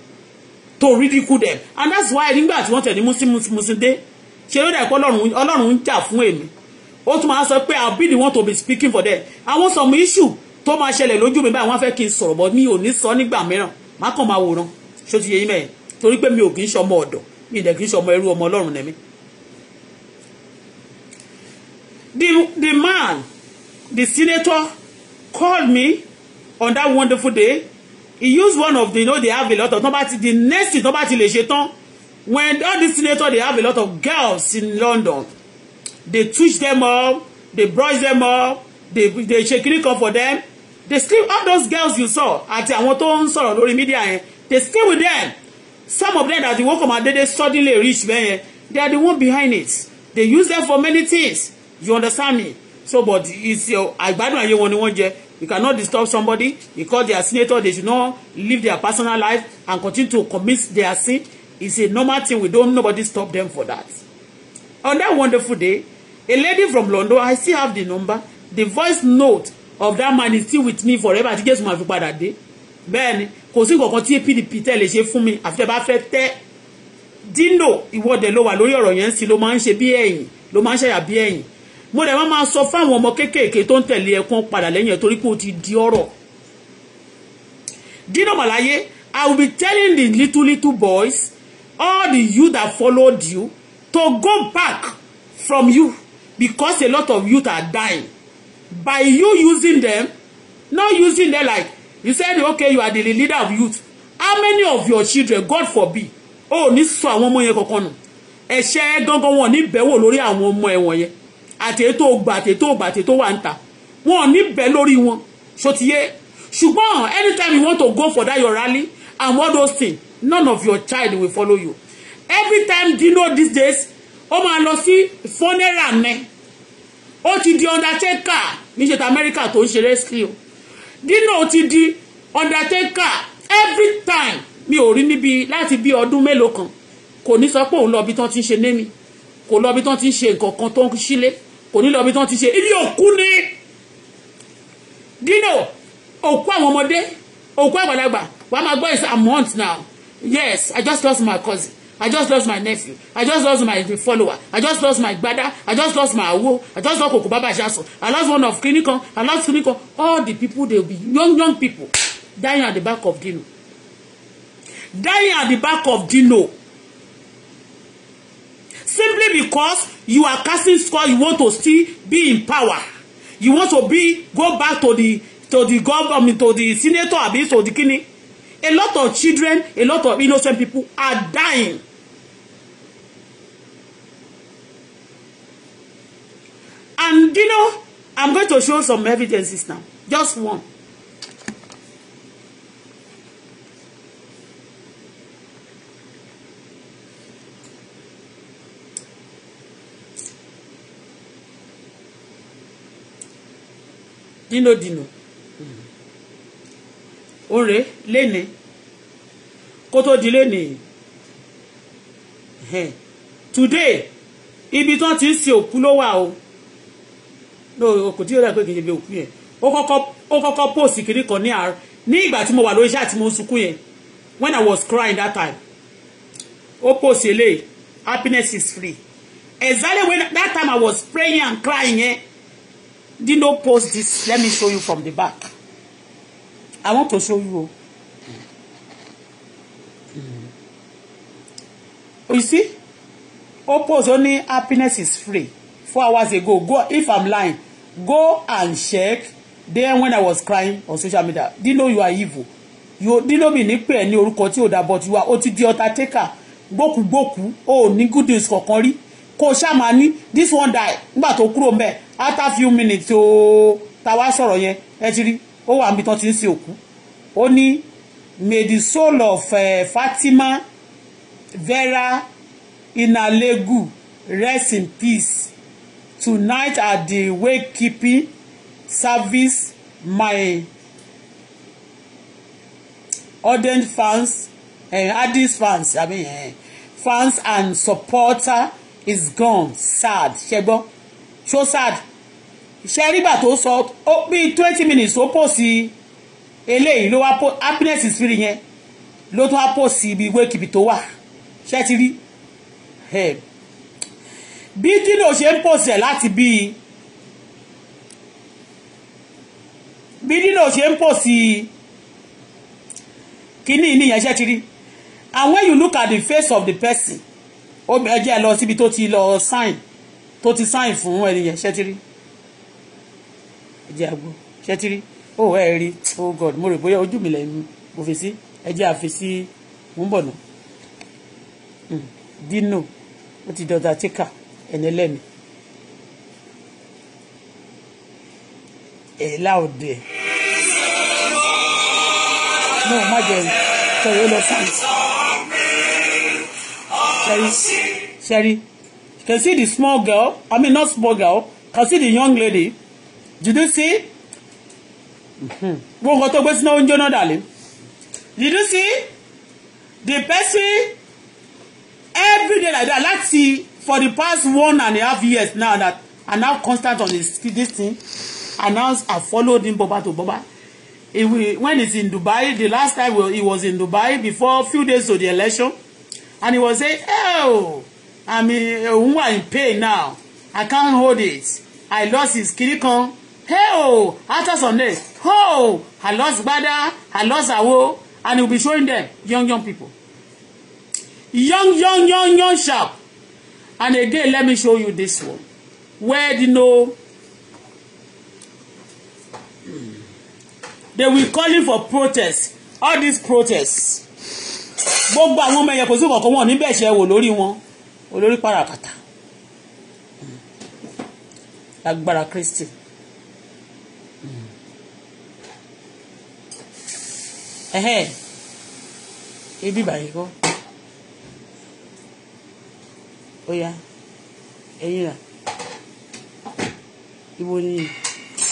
to ridicule them and that's why nígbà tí wọ́n tẹ̀ ní muslim muslim dé ṣe ló dà pé Ọlọ́run ń jà fún èmi ó tún máa sọ pé I'll be the one to be speaking for them àwọn some issue tó máa ṣẹlẹ̀ lójú mi báyìí wọ́n fẹ́ kí n sọ̀rọ̀ bọ́ mi ò ní sọ nígbà mìíràn má kàn máa wòran ṣó ti yẹ yín mẹ́ẹ̀ torí pé mi ò kì í ṣọmọ ọ̀dọ̀ mi ìdẹ̀ kì í ṣọmọ ẹrú ọmọ ọlọ́run nẹ̀mí. the the man the senator called me on that wonderful day he used one of the you know they have a lot of tó ti the next thing tó bá ti lè ṣe tán when all these senators they have a lot of girls in London They twitch them up. They brush them up. They, they ṣe kiri kan for them. They sleep all those girls you saw àti àwọn tó ń sọ̀rọ̀ lórí media yẹn. They sleep with them. Some of them that the work of Adede suddenly reach there. They are the one behind it. They use them for many things. You understand me? So, but it's your àgbàdo ayé wọn ni wọ́n jẹ. You cannot disturb somebody because they are senator. They should not live their personal life and continue to commit their sin. It's a normal thing. We don't nobody stop them for that. On that wonderful day, A lady from London, I still have the number. The voice note of that man is still with me forever àti Jésù máa fi padà dé. Bẹ́ẹ̀ni, kò sí nǹkan kan tí PDP tẹ́ lè ṣe fún mi àfi tẹ́ bá fẹ́ tẹ́. Dino ìwọ́de ló wà lórí ọ̀rọ̀ yẹn sí ló máa ń ṣe bí ẹ̀yìn ló máa ń ṣàyà bí ẹ̀yìn. Mo dẹ̀ máa sọ fáwọn ọmọ kéékèèké tó ń tẹ̀lé ẹ̀kún padà lẹ́yìn ẹ̀ torí pé ó ti di ọ̀rọ̀. Dino Màláyé, I will be telling the little little boys all the youth that followed you to go back from you because a lot of youth are dying by you using them not using them like you said okay you are the leader of youth how many of your children God forbid o oh, ní sọ àwọn ọmọ yẹn kankan nù ẹ̀ṣẹ̀ gangan wọn ní bẹ̀wò lórí àwọn ọmọ ẹ̀wọ̀n yẹn àtẹ̀tò gbà àtẹ̀tò gbà àtẹ̀tò wà ń ta wọn ní bẹ̀ lórí wọn ṣòtìyẹ ṣùgbọ́n anytime you want to go for that your rally and all those things none of your child will follow you every time do you know these days ó máa lọ sí fọ́nẹ́rà mẹ́ ó ti di undertaker níṣẹ́ America, amẹ́ríkà tó ń ṣe rescue dino ti di undertaker every time mi ò rí níbi láti bí ọdún mélòó kan kò ní sọ pé òun lọ bí tán ti ń ṣe némi kò lọ bí tán ti ń ṣe nǹkan kan tó ń ṣílé kò ní lọ bí tán ti ṣe ilé òkú ni dino òkú àwọn ọmọdé òkú àgbàlagbà wàá máa gbọ́ is a month now yes i just lost my cousin I just lost my nephew. I just lost my follower. I just lost my brother. I just lost my awo. I just lost Koko Baba Shaso. I lost one of Clinical. I lost Clinical. All the people, they'll be young, young people dying at the back of Dino. Dying at the back of Dino. Simply because you are casting score, you want to still be in power. You want to be, go back to the, to the government, to the senator, to the Kini. A lot of children, a lot of innocent people are dying And you know, I'm going to show some evidences now. Just one. Dino Dino. Mm-hmm. Ore, lẹ́nìí. Kó tó di lẹ́nìí. Today, ibi tán ti ń sin òkú ló wà o no kò tí ó dà pé kì í ṣe bí òkú yẹn ó kọ́kọ́ ó post kiri kan ní àárọ̀ ní ìgbà tí mo wà lórí iṣẹ́ àti mo ń sunkún yẹn when I was crying that time ó post eléyìí happiness is free exactly when that time I was praying and crying yẹn did no post this let me show you from the back I want to show you o. Hmm. You see? Ó post ó ní happiness is free four hours ago go if I'm lying go and check then when i was crying on social media know you are evil you dino mi ní pé ẹ ní orúkọ tí ò dá but you are ó ti di ọta taker gbókùgbókù ó ní good news kankan rí kó ṣáà máa ní this one die nígbà tó kúrò mbẹ after few minutes ó ta wá sọ̀rọ̀ yẹn ẹ ti rí ó wà níbi tán ti ń sin òkú ó ní may the soul of uh, Fatima Vera Inalegu rest in peace tonight at the wakekeeping service my ardent fans and uh, eh, Addis fans I mean eh, fans and supporter is gone sad ṣẹgbọ́ so sad ṣe rígbà tó sọ ó bí twenty minutes ó pò sí eléyìí ló wá pò happiness is free yẹn ló tún wá pò sí ibi wakekeeping tó wà ṣe ti rí bí dino ṣe ń pòsẹ̀ láti bí bí dino ṣe ń pòsì kíní ní ìyẹn ṣe ti rí and when you look at the face of the person ó ẹjẹ́ lọ síbi tó ti lọ sign tó ti sign fún ẹni yẹn ṣe ti rí ẹjẹ́ àgbo ṣe ti rí oh ẹ rí oh god mo rò bóyá ojú mi lẹ́nu mo fi sí ẹjẹ́ àfi sí mo ń bọ̀ nù hmm, dino ó ti dọ̀tà tíkà ẹni ẹlẹ́ni ẹ̀là òde náà má jẹ sọ̀rọ̀ ó lọ sáǹtì sẹ́rí sẹ́rí you can see the small girl I mean not small girl you can see the young lady did you see wọ́n kọ́ tó gbé sínú oúnjẹ náà dàlẹ́ did you see the person every day like that láti for the past one and a half years now that I'm now constant on this, this thing. And now I followed him Boba to Boba. He, when he's in Dubai, the last time he was in Dubai, before a few days to the election, and he was saying, oh, I mean, who are in pain now? I can't hold it. I lost his kirikon. Hey, oh, after Sunday, oh, I lost Bada, I lost Awo, and he'll be showing them, young, young people. Young, young, young, young, sharp and again let me show you this one where you know they will calling for protest all these protests gbogbo àwọn ọmọ ẹ̀yẹ kò sí kankan wọn níbẹ̀ ṣe wò lórí wọn olórí parakata lágbára Kristi. ibi báyìí kọ́ ó yá ibo ni.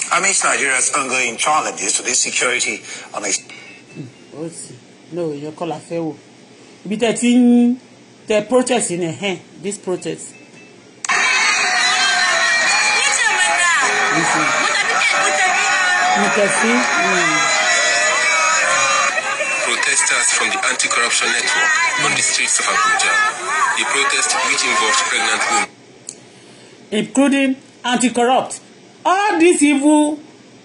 How Nigeria's ongoing challenges to the security on a. Hmm, ó sì no èèyàn kọ́ la fẹ́ wò ibi tẹ́ ti ń tẹ protest ni ẹ̀hẹ́n this protest. mo tẹ̀ sí from the anti-corruption network on the streets of Abuja. The protest, which involved pregnant women, including anti-corrupt, all this evil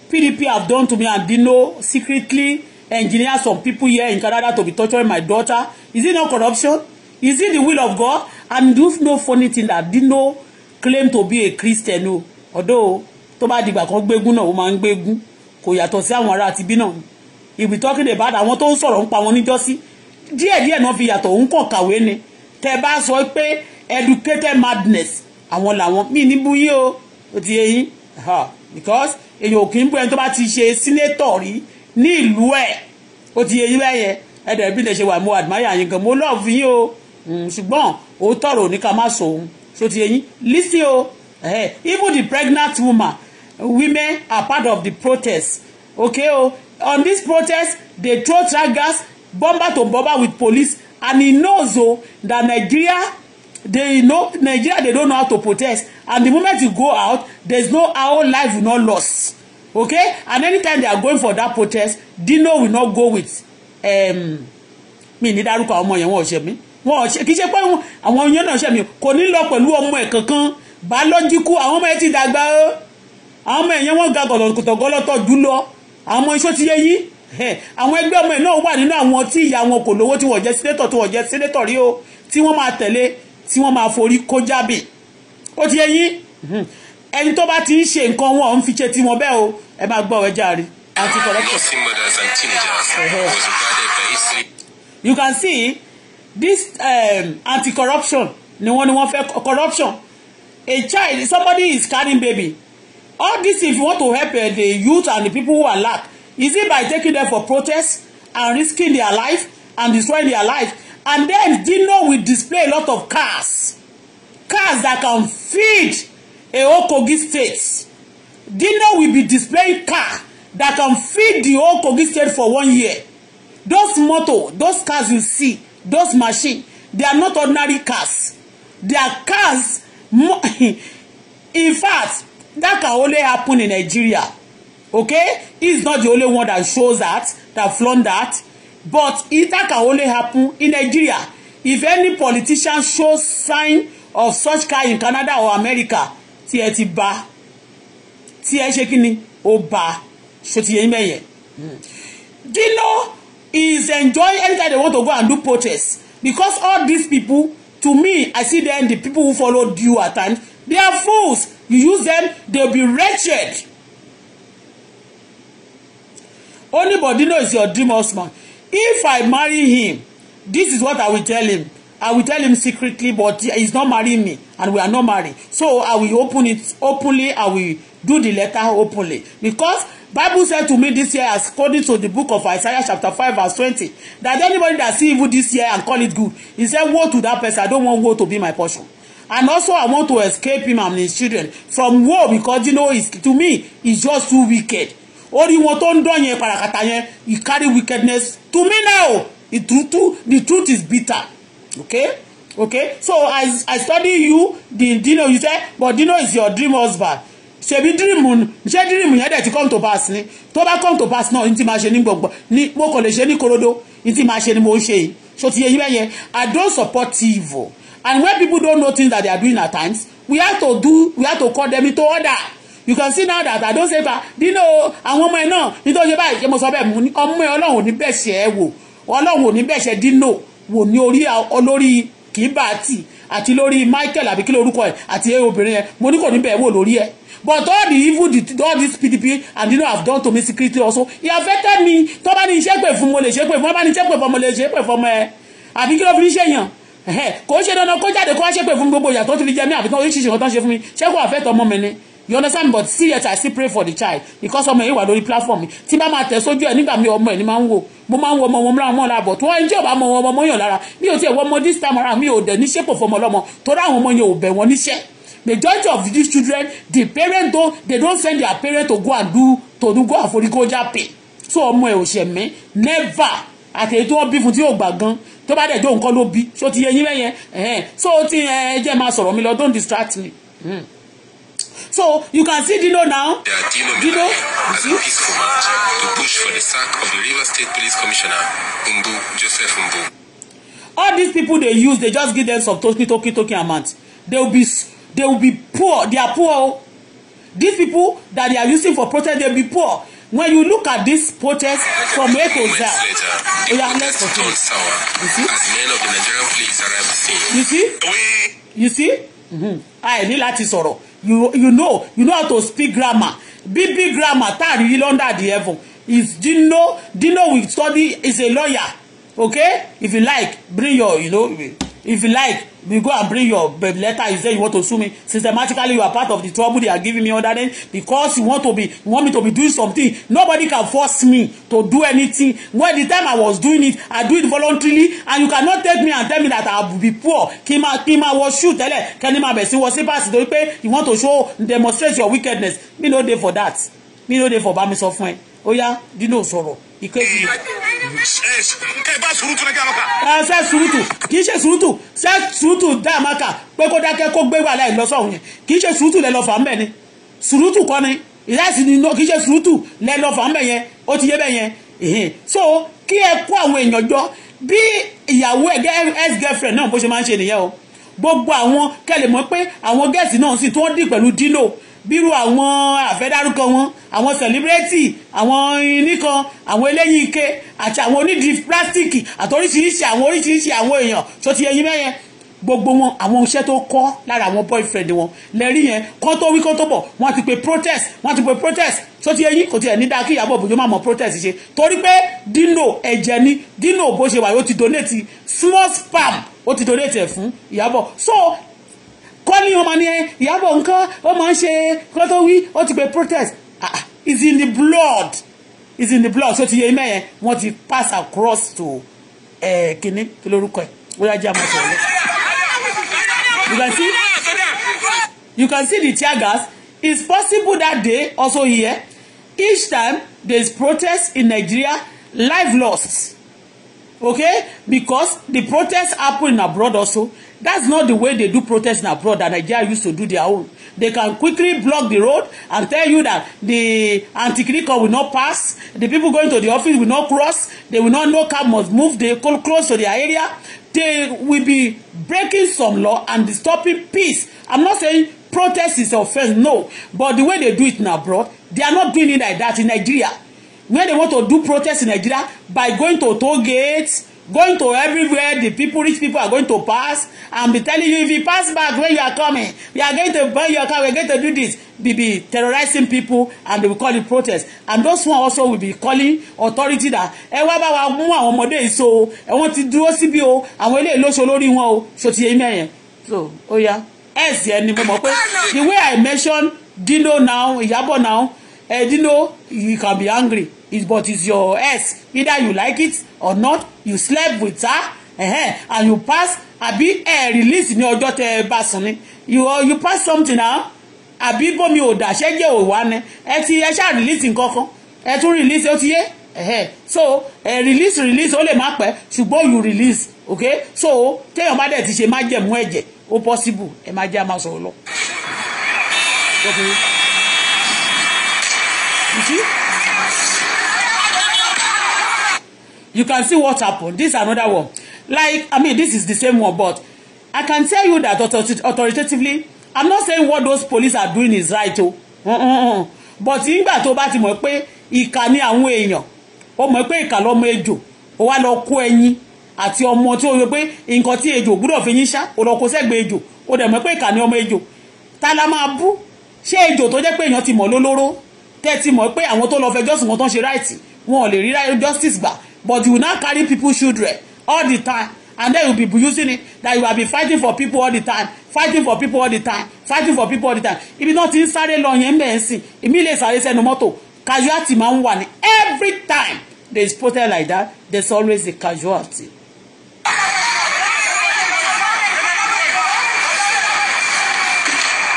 PDP have done to me and Dino secretly engineer some people here in Canada to be torturing my daughter. Is it not corruption? Is it the will of God? And do no funny thing that Dino claim to be a Christian o. Although tó bá dìgbà kan gbégún náà ó máa ń gbégún kò yàtọ̀ sí àwọn ará àti he be talking about àwọn tó ń sọ̀rọ̀ ń pa wọn níjọ́sí díẹ̀díẹ̀ náà fi yàtọ̀ òun kàn kàwé ni tẹ bá sọ pé educated madness àwọn làwọn míì níbú yìí o ó ti yé yín because èèyàn ò kì í bú ẹni tó bá ti ṣe sínétọ̀ rí ní ìlú ẹ̀ ó ti yé bẹ́ẹ̀ yẹn ẹ̀dẹ̀ bí lè ṣe wà mo admire yín gan mo love yín o hmm, ṣùgbọ́n òótọ́ rò ní ká má sọ òun ṣó ti yé yín listen o even the pregnant woman women are part of the protest okay o on this protest they throw tear gas bomber to bomber with police and he knows o oh, that Nigeria they know Nigeria they don't know how to protest and the moment you go out there's no how life will not lost okay and anytime they are going for that protest Dino will not go with um, me ní dárúkọ àwọn ọmọ yẹn wọn ò ṣe mí wọn ò ṣe kì í ṣe pé àwọn yẹn náà ṣe mí kò ní lọ pẹ̀lú ọmọ ẹ̀ kankan biological àwọn ọmọ yẹn ti dàgbà ó àwọn ọmọ yẹn wọn ga gọ̀lọ̀kùtọ̀ gọ́lọ́tọ̀ jù lọ àmọ́ iṣó ti yé yín àwọn ẹgbẹ́ ọmọ ẹ̀ náà wà nínú àwọn tí ìyá wọn kò lówó tí wọ́n jẹ́ sínétọ̀ tí wọ́n jẹ́ sínétọ̀ rí o tí wọ́n máa tẹ̀lé tí wọ́n máa forí kó jábì ó ti yé yín ẹni tó bá ti ń ṣe nǹkan wọn ò ń fi ṣe tiwọn bẹ́ẹ̀ o ẹ máa gbọ́ ọ̀rẹ́ járe àti corruption. you can see this um, anti-corruption ni wọ́n ni wọ́n fẹ́ corruption a child somebody is carrying baby all this if you want to help uh, the youth and the people who are lack is it by taking them for protest and risking their life and destroying their life and then Dino will display a lot of cars cars that can feed a whole Kogi state Dino will be displaying car that can feed the whole Kogi state for one year those motor those cars you see those machine they are not ordinary cars they are cars in fact That can only happen in Nigeria. Okay? It's not the only one that shows that, that flaunt that. But it that can only happen in Nigeria. If any politician shows sign of such kind in Canada or America, ti ẹ ti ba ti ẹ ṣe kíni ó ba ṣó ti yẹ yín Dino is enjoying anytime they want to go and do protest because all these people to me I see them the people who follow you at times they are fools you use them they'll be wretched only Bodino is your dream husband if I marry him this is what I will tell him I will tell him secretly but he's not marrying me and we are not married so I will open it openly I will do the letter openly because Bible said to me this year according to the book of Isaiah chapter five verse twenty, that anybody that see evil this year and call it good he said woe to that person I don't want woe to be my portion and also I want to escape him and his children from war because you know it's, to me it's just too wicked orí wọn tó ń dán yẹn pàràkàtà yẹn you carry wickedness to me now the truth the truth is bitter okay okay so I I study you the Dino you say but Dino is your dream husband ṣebí dream ṣé dream yẹn dẹ̀ ti come to pass ni tó bá come to pass náà n ti máa ṣe ní gbọ̀ngbọ̀n ni mo kàn lè ṣe ní korodo n ti máa ṣe ni mo ń ṣe yìí so ti yẹ yín bẹ́ẹ̀ yẹn I don support evil and when people don't know things that they are doing at times we have to do we have to call them into order you can see now that i don say ba dino àwọn ọmọ ẹ náà nítorí ṣe báyìí ṣe mo sọ bẹ́ẹ̀ mo ní ọmọ ẹ ọlọ́run ò ní bẹ̀ṣẹ̀ ẹ wò ọlọ́run ò ní bẹ̀ṣẹ̀ dino wò ní orí olórí kìíbàtì àti lórí michael àbí kí lórúkọ ẹ àti obìnrin ẹ mo ní kò ní bẹ̀ẹ́ wò lórí ẹ but all the evil the, all this pdp and you know have done to me secretly also e affected me tó bá ní iṣẹ́ pè fún mo lè ṣe pè fún ọ bá iṣẹ́ pè fún ọmọ lè ṣe pè fún ọmọ ẹ àbí kí ló fi ní ṣèyàn kò ṣe dandan kó jáde kó wá ṣépè fún gbogbo ìyà tó ti lè jẹ mí àbí oríṣiríṣi nǹkan tó ń ṣe fún mi ṣé kò àfẹ́ tọmọ mi ni you understand but see yet i still pray for the child because ọmọ yìí wà lórí platform tí bá máa tẹ̀ sójú ẹ̀ nígbà mi ọmọ ẹ̀ ni máa ń wò mo máa ń wo ọmọ wọn mọ́ra wọn láàbọ̀ tó ẹni tí ò bá mọ ọmọ ọmọ yàn lára mi ò tiẹ̀ wọ́n mọ this time around mi ò dẹ̀ níṣẹ́ kò fọmọ lọ́mọ torí àwọn ọmọ yẹn ò bẹ̀ wọ́n níṣẹ́ majority of these children the parents don they don send their parents to go and do to do go àforíkójá pay so ọmọ ẹ̀ ò ṣẹ̀mí never àtẹ̀yẹ́ tí wọ́n bí fún tí yóò gbà gan tó bá dẹ̀ jó nǹkan ló bí ṣó ti yẹ yín bẹ́yẹn ẹ̀hẹ́n so ti ẹ jẹ́ máa sọ̀rọ̀ mi lọ don't distract me. Mm. So you can see Dino now. Yeah, Dino, Dino to push for the sack of the Rivers State Police Commissioner Umbu Joseph Umbu. All these people they use, they just give them some token, token, token amount. They will be, they will be poor. They are poor. Oh. These people that they are using for protest, they will be poor when you look at this protest from A to Z oh yeah let's continue you see you see you see àìní mm-hmm. ah, láti sọ̀rọ̀ you you know you know how to speak grammar bb grammar tá a rí london the heaven is Dino Dino we study is a lawyer okay if you like bring your you know if you like you go and bring your letter you say you want to sue me systematically you are part of the trouble they are giving me under them because you want to be you want me to be doing something nobody can force me to do anything when the time I was doing it I do it voluntarily and you cannot take me and tell me that I will be poor Kima, Kima was shoot. n máa wọ shoe tẹ́lẹ̀ kẹ́ni máa bẹ̀ sí wọ slippers you want to show demonstrate your wickedness me no dey for that me no dey for bá mi ó yá dino sọ̀rọ̀ ìkéjì. ẹ bá surutu lẹ́jọ́ àmàkà. ẹ fẹ́ surutu kì í ṣe surutu ṣe surutu dá àmàkà pé kó dákẹ́ kó gbé wàhálà ẹ̀ lọ́sọ̀rọ̀ yẹn kì í ṣe surutu lẹ́ lọ́ọ́ fà ń bẹ̀ ni surutu kọ́ ni ìdáàsì ni kì í ṣe surutu lẹ́ lọ́ọ́ fà yẹn ó ti yé bẹ̀ yẹn so kí ẹ kó àwọn èèyàn jọ bí ìyàwó ẹ ex girlfriend náà bó ṣe máa ń ṣe nìyẹn o gbogbo àwọn kẹlẹ̀ mọ́ pé àwọn gẹ̀ẹ́sì náà sì tó ń dì pẹ̀lú dino bírú àwọn àfẹ́dárúkọ wọn àwọn sẹ̀líbírẹ́tì àwọn nìkan àwọn eléyìí ike àti àwọn onídìí pílásítìkì àti oríṣiríṣi àwọn oríṣiríṣi àwọn èèyàn tó ti yẹyin mẹ́yẹn gbogbo wọn àwọn iṣẹ́ tó kọ́ lára àwọn boyfriend wọn lẹ́rí yẹn kọ́ tó wí kọ́ tó bọ̀ wọ́n ti pe protest wọ́n ti pe protest tó ti eyín kò tiẹ̀ ní dáa kí Ìyábọ̀ Òjó máa mọ protest ṣe torí pé Dino ẹ̀jẹ̀ ni Dino bó ṣe wà ó ti donate small spam ó ti donate ẹ̀ fún Ìyábọ̀ so kọ́ ní ọmọ ni ẹ Ìyábọ̀ nǹkan ó máa ń ṣe kó tó wí ó ti pe protest ah it's in the blood it's in the blood so ti yẹ imẹ́ yẹn wọ́n ti pass across to kínní kí lórúkọ ẹ̀ bóyá jẹ́ àmọ́ sọ̀rọ̀ you can see you can see the tear gas it's possible that day also here each time there is protest in Nigeria life lost okay because the protest happen abroad also That's not the way they do protests in abroad that Nigeria used to do their own. They can quickly block the road and tell you that the anti-clinical will not pass, the people going to the office will not cross, they will not know car must move, they go close to their area. They will be breaking some law and stopping peace. I'm not saying protest is offense, no. But the way they do it in abroad, they are not doing it like that in Nigeria. When they want to do protest in Nigeria by going to toll gates, going to everywhere the people rich people are going to pass and be telling you if you pass back where you are coming we are going to burn your car we are going to do this be be terrorizing people and they will call it protest and those one also will be calling authority that ẹ wá bá wa mú àwọn ọmọdé yìí so ẹ wọ́n ti dúró síbi o àwọn eléyìí lóṣo lórí wọn o so ti yẹ mẹ́yẹn so ó yá ẹ̀sì ẹni mo mọ̀ pé the way I mention Dino now Iyabo now eh, Dino you can be angry Is but is your ex either you like it or not you slept with her uh-huh, and you pass àbí ẹ release ní ọjọ́ tẹ ẹ bá sùn ni you you pass something now àbí bómi ò dàṣẹ́ jẹ́ òwá ni ẹ ti ẹ ṣáà release nǹkan kan ẹ tún release ó ti yé ẹ̀hẹ́ so eh release release ó lè má pẹ́ ṣùgbọ́n you release okay? so téèyàn bá dẹ̀ ti ṣe má jẹ̀mú ẹ̀jẹ̀ ó possible ẹ̀ má jẹ́ àmà sọ̀rọ̀ lọ. you can see what happened this another one like i mean this is the same one but i can tell you that authoritatively i'm not saying what those police are doing is right o mm -mm. but nígbà tó bá ti mọ̀ pé ìkà ni àwọn èèyàn ó mọ̀ pé ìkà lọ́mọ ejò ó wá lọ kó ẹyin àti ọmọ tí ó yọ pé nǹkan tí ejò gbúdọ̀ fi yín ṣá ó lọ kó sẹ́gbẹ̀ẹ́ ejò ó dẹ̀ mọ̀ pé ìkà ni ọmọ ejò ta la máa bú ṣé ejò tó jẹ́ pé èèyàn ti mọ̀ lólóró tẹ́ ti mọ̀ pé àwọn tó lọ fẹjọ́ wọn tó ṣe ráìtì wọn ò lè rí justice gbà but you now carry people children all the time and then you be using it that you have been fighting for people all the time fighting for people all the time fighting for people all the time If náà ti ń sáré lọ yẹn bẹ́ẹ̀ sìn èmi lè sáré sẹ́nu mọ́tò casualty máa ń wà ní every time there is protest like that there's always a casualty.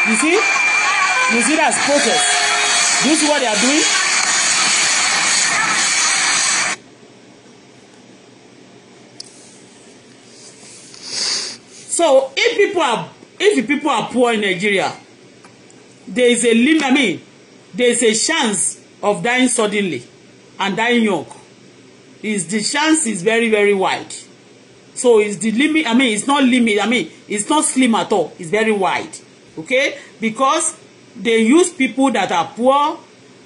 you see you see that protest do you see what they are doing So if people are if people are poor in Nigeria, there is a limit. I mean, there is a chance of dying suddenly and dying young. Is the chance is very very wide. So it's the limit. I mean, it's not limit. I mean, it's not slim at all. It's very wide. Okay, because they use people that are poor,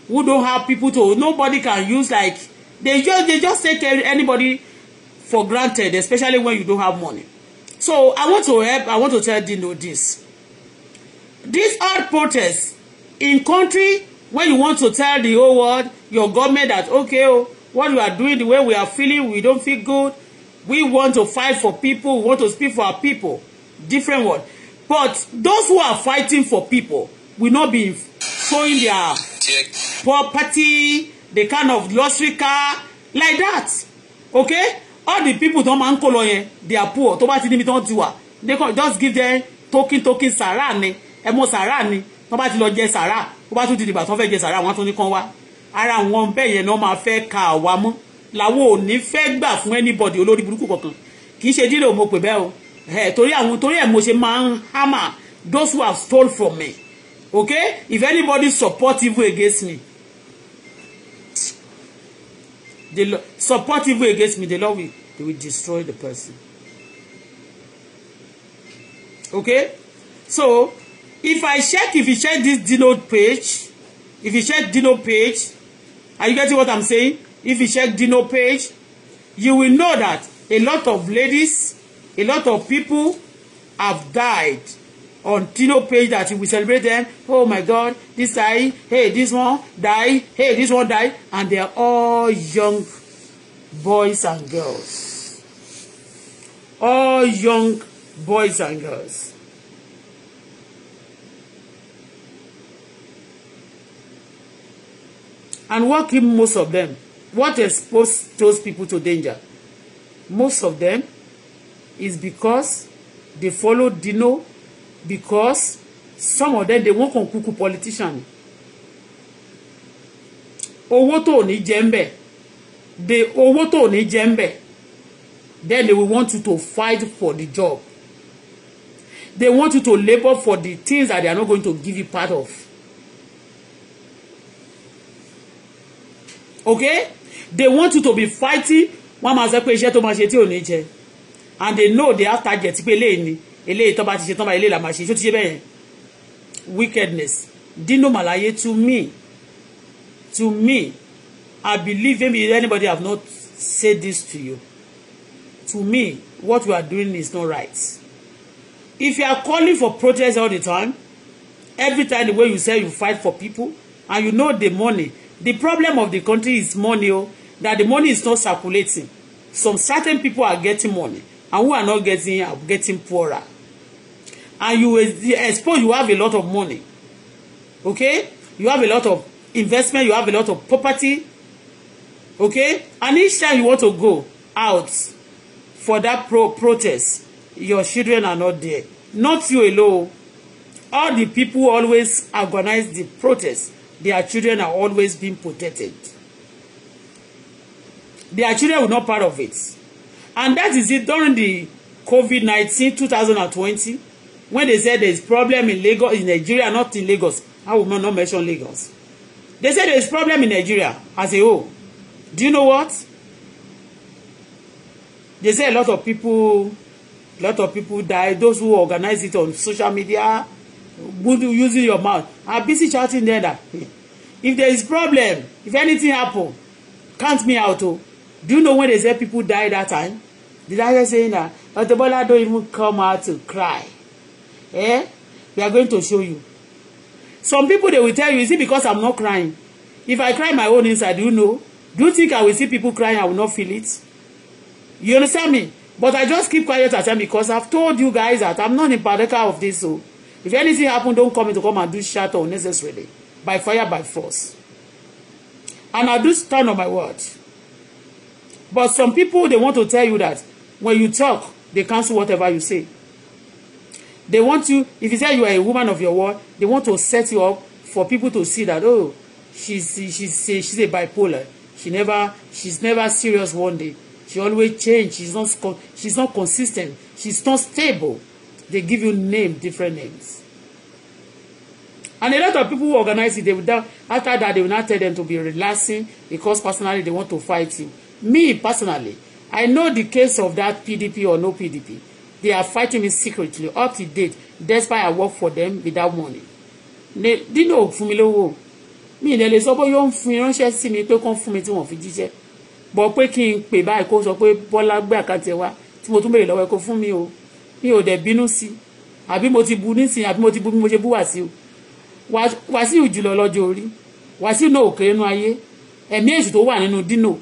who don't have people to. Nobody can use like they just they just take anybody for granted, especially when you don't have money. So I want to help, I want to tell Dino this. This hard protest in country where you want to tell the whole world, your government that, okay, oh, what we are doing, the way we are feeling, we don't feel good. We want to fight for people, we want to speak for our people. Different word. But those who are fighting for people will not be showing their property, the kind of luxury car, like that. Okay? all the people tó máa ń kó lọ yẹn they are poor tó bá ti níbi tó ń ti wà they can just give them token token sàrà ni ẹ mọ sàrà ni tó bá ti lọ jẹ sàrà tó bá tún ti dìgbà tó fẹ́ jẹ sàrà wọn tó ní kán wá ara wọn bẹ́ẹ̀ yẹn ni wọ́n máa fẹ́ ka àwa mọ́ làwọn ò ní fẹ́ gbà fún anybody olórí burúkú kankan kì í ṣe dídò mo pè bẹ́ẹ̀ o ẹ torí àwọn torí ẹ mo ṣe máa ń hammer those who have stolen from me okay if anybody support evil against me they support evil against me the Lord will they will destroy the person okay so if I check if you check this Dino page if you check Dino page are you getting what I'm saying if you check Dino page you will know that a lot of ladies a lot of people have died on Tino page that we celebrate them. Oh my God, this guy, hey, this one die, hey, this one die, and they are all young boys and girls. All young boys and girls. And what killed most of them? What exposed those people to danger? Most of them is because they follow Dino because some of them they won't come kúkú politician owó tó ní jẹ́ ń They the owó tó ní jẹ́ then they will want you to fight for the job they want you to labor for the things that they are not going to give you part of okay they want you to be fighting wọ́n máa sọ pé iṣẹ́ tó máa ṣe tí ò ní jẹ and they know they have target pé léyìn ni eléyìí tó bá ti ṣe tán bá eléyìí là ṣe ṣó ti ṣe bẹ́ẹ̀ wickedness dino malaye to me to me i believe maybe anybody have not said this to you to me what you are doing is not right if you are calling for protest all the time every time the way you say you fight for people and you know the money the problem of the country is money Oh, that the money is not circulating some certain people are getting money and who are not getting are getting poorer and you expose you have a lot of money okay you have a lot of investment you have a lot of property okay and each time you want to go out for that pro protest your children are not there not you alone all the people always organize the protest their children are always being protected their children were not part of it and that is it during the covid nineteen two thousand and twenty when they said there's problem in Lagos in Nigeria not in Lagos I will not mention Lagos they said there's problem in Nigeria as a whole do you know what they say a lot of people a lot of people die those who organize it on social media using your mouth are busy chatting there that if there is problem if anything happen count me out o oh. do you know when they say people die that time Did I hear saying that Auto Bola don't even come out to cry eh we are going to show you some people they will tell you is it because i'm not crying if i cry my own inside you know do you think i will see people crying i will not feel it you understand me but i just keep quiet at time because i've told you guys that i'm not in partaker of this so if anything happen don come in to come and do shout unnecessarily by fire by force and i do stand on my word but some people they want to tell you that when you talk they cancel whatever you say They want you, if you say you are a woman of your word, they want to set you up for people to see that, oh, she's, she's, she's a bipolar. She never, she's never serious one day. She always change. She's not, she's not consistent. She's not stable. They give you name, different names. And a lot of people who organize it, they will down, after that they will not tell them to be relaxing because personally they want to fight you. Me personally, I know the case of that PDP or no PDP. They are fighting me secretly up to date despite I work for them without money. Dino ò fún mi lówó mi ìlẹ̀ lè sọ pé yóò ń fún iránṣẹ́ sí mi pé kán fún mi tí wọ́n fi jíṣẹ́ bọ̀ pé kí n pè báyìí kó sọ pé Bọ́lá gbé àkáǹtì ẹ̀ wá tí mo tún béèrè lọ́wọ́ ẹ̀ kó mi o mi ò dẹ̀ bínú sí i àbí mo ti bu nísìnyí àbí mo ti bu bí mo ṣe bú Wàsíù Wàsíù jùlọ lọ́jọ́ orí Wàsíù náà òkè inú ayé ẹ̀mí èṣù tó wà nínú Dino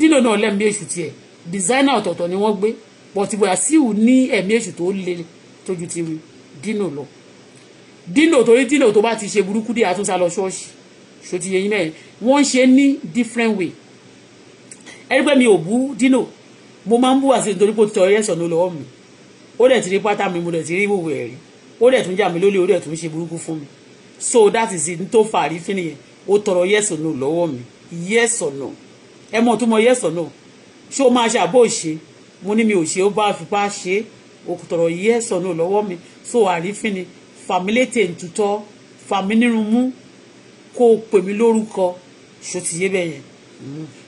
Dino náà lẹ́mí èṣù tiẹ̀ designer ototo ni wọ́n gbé but Wàsíù ní ẹ̀mí èṣù tó le tójú ti Dino lọ Dino torí Dino tó bá ti ṣe burúkú dé àtúnṣe lọ ṣọ́ọ̀ṣì ṣòtì yẹn náà wọ́n ṣe ní different way ẹgbẹ́ mi ò bú Dino mo máa ń bú Wàsíù nítorí pé ó ti tọ ẹyẹ sọ̀nù lọ́wọ́ mi ó dẹ̀ ti rí pátá mi mo dẹ̀ ti rí ìwòwò ẹ̀rí ó dẹ̀ tún jà mí lólè ó dẹ̀ tún ṣe burúkú fún mi so that is it tó fà rí fún nìyẹn ó tọrọ yes or no lọ́wọ́ mi yes or no ẹ mọ̀ tó mọ yes or no ṣé o máa ṣe àbó mo ní mi ò ṣe ó bá fipá ṣe òkùtọ̀rọ̀ yí ẹ̀sọ̀ náà lọ́wọ́ mi so àrífín ni fàmílétè ntutọ́ fàmínírunmú kó o pè mí lórúkọ ṣó ti yé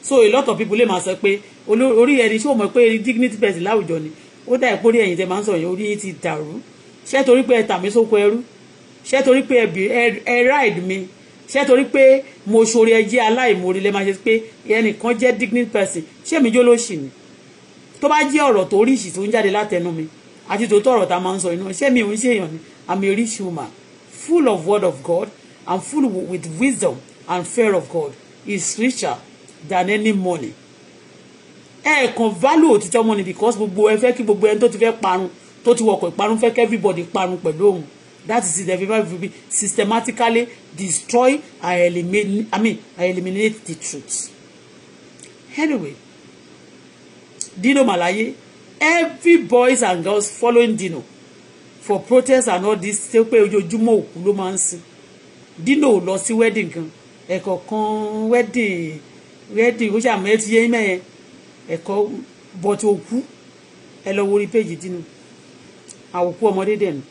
so a lot of people lè máa sọ pé orí ẹni ṣé o mọ̀ pé dignity person láwùjọ ni ó dà ìpò orí ẹ̀yìn tẹ máa ń sọ̀rọ̀ yẹn orí yìí ti dàrú ṣé torí pé ẹ tà sóko ẹrú ṣé torí pé ẹ ride mi ṣé torí pé mo ṣoore ẹ jẹ́ aláìmoore lẹ́ẹ̀ máa ṣe pé ẹnìkan jẹ́ dignity person ṣé èmi jó ló ni tó bá jẹ́ ọ̀rọ̀ tó ríṣì tó ń jáde látẹnu mi àti tó tọ̀rọ̀ tá a máa ń sọ inú iṣẹ́ mi ò ń ṣe èèyàn ni I'm a rich woman full of word of God and full with wisdom and fear of God is richer than any money. ẹ kàn value òtítọ́ money because gbogbo ẹ fẹ́ kí gbogbo ẹni tó ti fẹ́ parun tó ti wọkọ̀ ìparun fẹ́ kí everybody parun pẹ̀lú òun that is the everybody will be systematically destroy and eliminate I mean eliminate the truth. anyway Dino Malaye, every boys and girls following Dino for protest and all this ṣe pé ojoojúmọ́ òkú ló máa ń sin Dino ò lọ sí wedding kan ẹ̀kọ̀ọ̀kan wedding wedding ó ṣàmì ẹtì yẹn mẹ́yẹn ẹ̀kọ́ but òkú ẹ lọ worí péjì Dino àwòkú ọmọdé dẹ̀ nù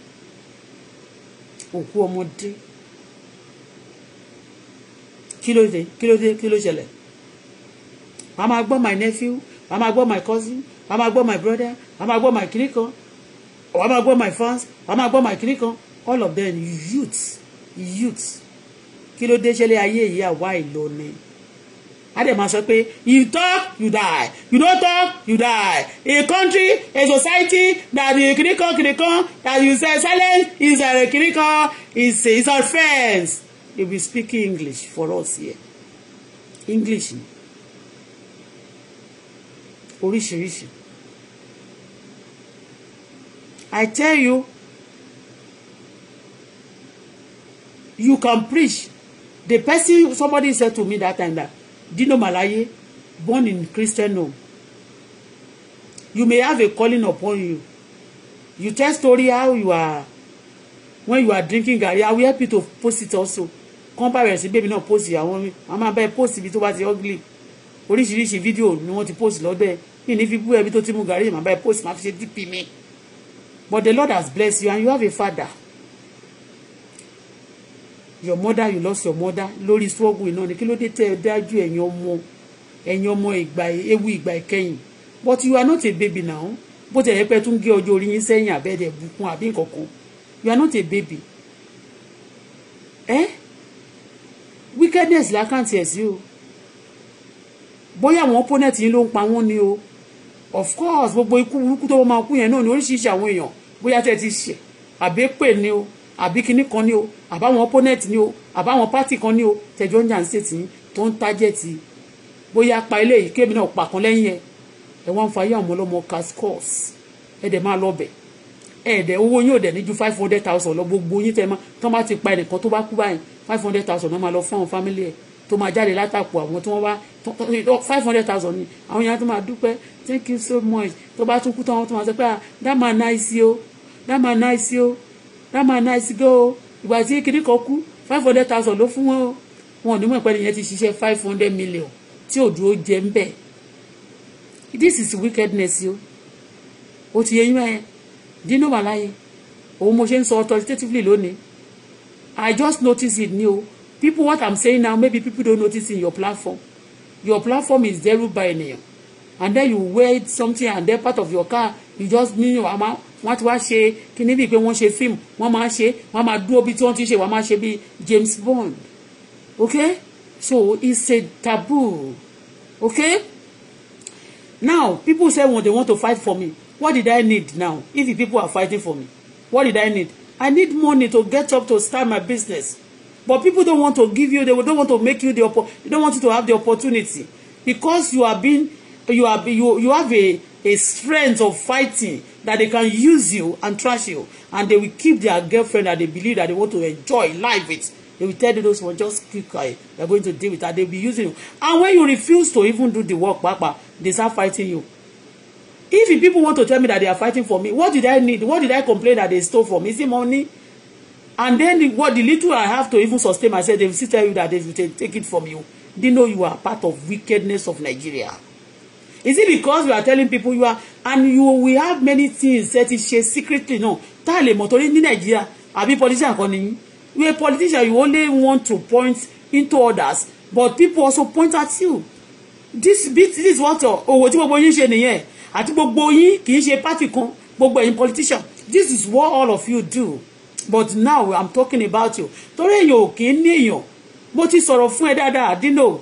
òkú ọmọdé kí ló dé kí ló dé kí ló ṣẹlẹ̀ màá máa gbọ́ my nephew màá máa gbọ́ my cousin màá máa gbọ́ my brother màá máa gbọ́ my kìnnì kan màá máa gbọ́ my fans màá máa gbọ́ my kìnnì all of them youths, youths. Kilo ló dé ṣẹlẹ̀ ayé yìí àwa ìlò ni adé you talk you die you don't talk you die a country a society that the kìnnì kan that you say silence is a kìnnì kan is is offence you be speaking English for us here English. Ni oríṣiríṣi I tell you you can preach the person somebody said to me that time that Dino Malaye born in Christian home you may have a calling upon you you tell story how you are when you are drinking garri i will help you to post it also come by rẹ̀ sí bèbí náà post ìyàwó mean, mama, bẹ́ẹ̀ post ibi tó bá ti ugly oríṣiríṣi fídíò ni wọ́n ti post lọ́dẹ ní ní fi bú ẹbí tó ti mú gàrí màá báyìí post máa fi ṣe dp mi but the lord has blessed you and you have a father your mother you lost your mother lórí struggle iná ni kí ló dé tẹ́ ẹ dájú ẹ̀yin ọmọ ẹ̀yin ọmọ ìgbà ewu ìgbà ìkẹyìn but you are not a baby now bó tẹ̀lé pẹ́ tún gé ọjọ́ orí yín sẹ́yìn àbẹ́dẹ̀ bùkún àbí nǹkan you are not a baby eh? wickedness la kàn tiẹ̀ sí o bóyá àwọn opponent yín ló ń pa wọ́n ni o of course gbogbo ikú burúkú tó máa kú yẹn náà ni oríṣiríṣi àwọn èèyàn bóyá tẹ́ ti ṣẹ̀ àbí pè ni o àbí kinní kan ni o àbáwọn opponent ni o àbáwọn party kan ni o tẹjọ ń jà ń ṣètì yín tó ń tájẹ́tì bóyá pa eléyìí kébì náà pa kan lẹ́yìn ẹ̀ ẹ̀ wá ń fa ayé àwọn ọmọlọ́mọ cascos ẹ̀ dẹ̀ máa lọ bẹ̀ ẹ̀ dẹ̀ owó yín ò dẹ̀ ní five hundred thousand lọ gbogbo yín tẹ́ máa tán bá ti pa ẹnìkan tó bá kú báyìí five hundred thousand náà máa lọ fún àwọn fámílì ẹ̀ tó máa jáde látàpò àwọn tí wọ́n bá five hundred thousand ni àwọn èèyàn tó máa dúpẹ́ thank you so much tó bá tún kú tán wọ́n tó máa sọ pé ah that man nice o that man nice o that man nice go o ìgbà tí kinní kan kú five hundred thousand ló fún wọn o wọn ò ní mọ̀ pé ẹni yẹn ti ṣiṣẹ́ five hundred million tí ò dúró jẹ ń this is wickedness o ó ti yẹ yín báyẹn dínú wà láyé òun mo ṣe ń sọ authoritatively lónìí i just notice it ni o people what i'm saying now maybe people don't notice in your platform your platform is zero by ènìyàn and then you wear something and then part of your car you just ní àmọ́ wọ́n ti wá ṣe kíní bíi pé wọ́n ṣe fíìmù wọ́n máa ṣe wọ́n máa dúró bí tí wọ́n ti ṣe wọ́n máa ṣe bí James Bond okay so it's a taboo okay now people say well, they want to fight for me what did I need now if the people are fighting for me what did I need I need money to get up to start my business But people don't want to give you, they don't want to make you the, they don't want you to have the opportunity because you are being, you are, you, you have a, a strength of fighting that they can use you and trash you and they will keep their girlfriend that they believe that they want to enjoy life with they will tell you those ones just keep quiet they are going to deal with that they will be using you and when you refuse to even do the work papa they start fighting you if people want to tell me that they are fighting for me what did I need what did I complain that they stole from me is it money and then the, what the little I have to even sustain myself they still tell you that they will take, take it from you they know you are part of wickedness of Nigeria is it because you are telling people you are and you we have many things that is ṣe secretly no tá a lè mọ̀ torí ní Nàìjíríà àbí politician kan ni you a politician you only want to point into others but people also point at you this bit this is what owó tí gbogbo yín ṣe nìyẹn àti gbogbo yín kì í ṣe party kan gbogbo ẹ̀yin politician this is what all of you do but now i'm talking about you torí èèyàn ò kì í níyàn mo ti sọ̀rọ̀ fún ẹ dáadáa dino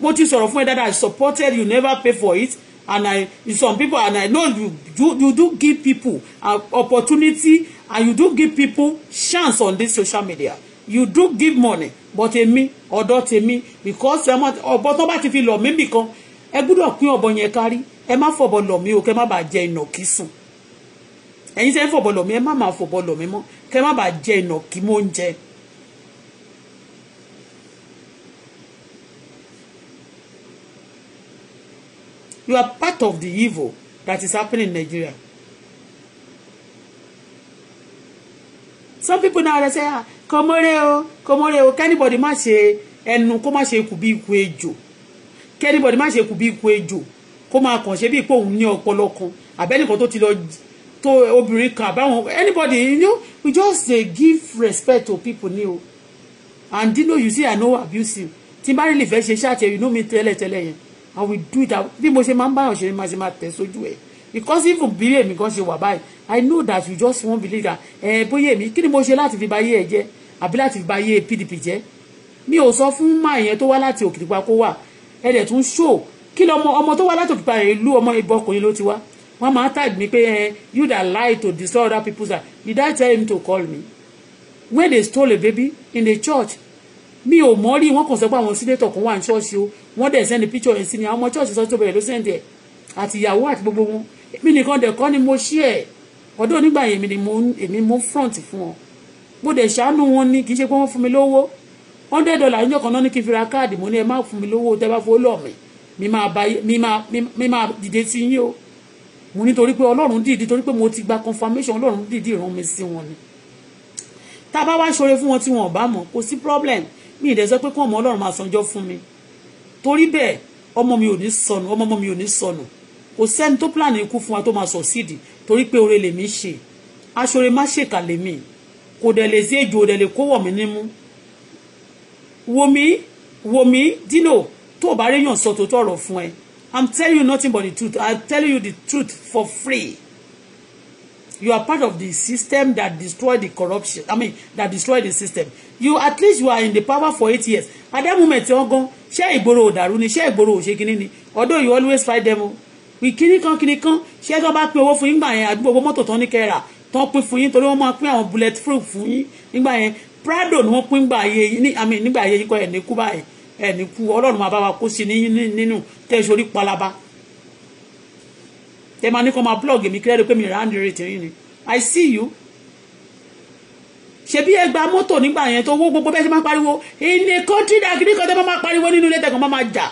mo ti sọ̀rọ̀ fún ẹ dáadáa i supported you never pay for it and i some people and i know you do you do give people uh, opportunity and you do give people chance on this social media you do give money but èmi ọ̀dọ̀ tèmi because ọ̀bọ tó bá ti fi lọ̀ mí nìkan ẹ gbúdọ̀ pín ọ̀bọ yẹn kárí ẹ má fọ̀bọ lọ̀ mí o kẹ má bàa jẹ ìnà kí sùn ẹ̀yin tẹ́ ń fọ̀bọ lọ̀ mí ẹ má máa fọ̀bọ lọ̀ mí mọ́ kẹ́ má bàa jẹ ìnà kí mò You are part of the evil that is happening in Nigeria. Some people now dey say ah komore o komore o kẹ́nìbọ̀dì má ṣe ẹnu kó má ṣe ikú bí ikú ejò kẹ́nìbọ̀dì má ṣe ikú bí ikú ejò kó máa kàn ṣe bí ipò òun ní ọpọlọ kan àbẹ́nìkan tó ti lọ tó obìnrin kan àbáwọn anybody you know we just dey eh, give respect to people ni o and you know you see i no abuse you tí n bá rí fẹ́ ṣe ṣáàtì you know me tẹ́lẹ̀tẹ́lẹ̀ yẹn and we do it bí mo ṣe máa ń báyọ̀ ṣe máa ṣe máa tẹ̀ sójú ẹ̀ because if bí èmi kan ṣe wà báyìí i know that you just wan believe that ẹ eh, bóyá èmi kí ni mo ṣe láti fi ba ayé ẹ jẹ àbí láti fi ba ayé pdp jẹ mi ò sọ fún máa yẹn tó wá láti òkìtìpá kó wà ẹ dẹ̀ tún ṣó kí lọmọ ọmọ tó wá láti òkìtìpá yẹn ìlú ọmọ ìbọn ọkùnrin ló ti wá wọ́n máa tag mi pé eh, you da lie to destroy other people's life did I tell him to call me when they stole a baby in the church mi ò mọ̀ rí wọ́n kàn sọ pé àwọn sínétọ̀ kan wà ní ṣọ́ọ̀ṣì o wọ́n dẹ̀ sẹ́ni píṣọ̀ yẹn sí ni àwọn ọmọ ṣọ́ọ̀ṣì sọ́tò bẹ̀rẹ̀ ló sẹ́ǹdẹ̀ àti ìyàwó àti gbogbo wọn èmi nìkan dẹ̀ kọ́ ni mo ṣí ẹ̀ ọ̀dọ́ onígbà yẹn èmi mo front fún ọ mo dẹ̀ ṣàánú wọn ni kì í ṣe pé wọ́n fún mi lówó hundred dollar níjọ́ kan náà ní kí n fi ra káàdì mo ní ẹ má fún mi lówó tẹ́ bá fowó lọ̀ mi mi máa dìde sí yín o mo nítorí pé ọlọ́run dìídì torí pé mo ti gba confirmation ọlọ́run dìídì rán mi sí wọn ni tá a bá wá ṣoore fún wọn tí wọn ò bá mọ̀ kò sí problem mi ì dẹ̀ sọ pé kí ọmọ ọlọ́run máa sanjọ́ fún mi torí bẹ́ẹ̀ ọmọ mi ò ní sọnù ọmọ ọmọ mi ò ní sọnù kò sẹ́ni tó plan ikú fún wa tó máa sọ síìdì torí pé oore lèmi ṣe aṣoore má ṣèkà lèmi kò dẹ̀ lè sí èjò dẹ̀ lè kówọ̀ mí nímú wo mi wo mi dino tó o bá réyàn sọ tòótọ́ ọ̀rọ̀ fún ẹ I'm telling you nothing but the truth. I'm telling you the truth for free. You are part of the system that destroyed the corruption. I mean, that destroyed the system. You at least you are in the power for eight years. At that moment, you're gone. Ṣé ìgboro ò dàrú ni? Ṣé ìgboro ò ṣe kinní ni? Although you always fight them We Wì kinní kan kinní kan. Ṣé tó bá pín owó fún yín gbà yẹn? Àdúgbò owó mọ́tò tán ní kẹ́ra. Tán pín fún yín torí wọ́n máa pín àwọn bullet proof fún yín nígbà yẹn. Prado ni wọ́n pín gbà ayé I mean, nígbà ayé yín kọ́ ẹ̀ ní kú báyìí ẹ̀ ní ọlọ́run máa bá wa kó sí nínú tẹ́ palaba tẹ́ máa ní kó máa blog mi kílẹ̀ pé mi rà á ní retí yín ni i see you ṣebí ẹ gba mọ́tò nígbà yẹn tó wó gbogbo bẹ́ẹ̀ ṣe máa pariwo ìní kọ́ńtì dà kí ní kan tẹ́ máa pariwo nínú ilé tẹ̀kọ́ máa jà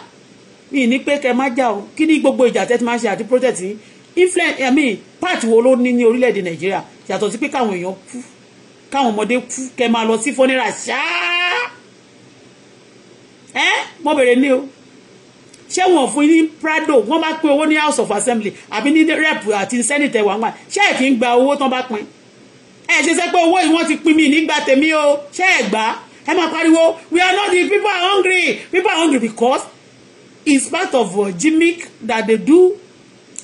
mi ní pé kẹ́ máa jà o kí ní gbogbo ìjà tẹ́ ti máa ṣe àti protest yìí influence ẹ̀mí part wo ló ní ní orílẹ̀-èdè nàìjíríà yàtọ̀ sí pé káwọn èèyàn kú káwọn ọmọdé kú kẹ́ máa lọ sí fọ́nẹ́rà ṣáá ẹ́ mo bèrè ní o ṣé wọn fún yín ní prado wọn bá pín owó ní house of assembly àbí ní rep àti senate ẹwà ńgbà ṣé ẹ kì í gba owó tán bá pín ẹ ṣe sẹ pé owó yìí wọn ti pín mí nígbà tèmi o ṣé ẹ gbà ẹ máa pariwo we are not the people are hungry people are hungry because it's part of uh, gimmick that they do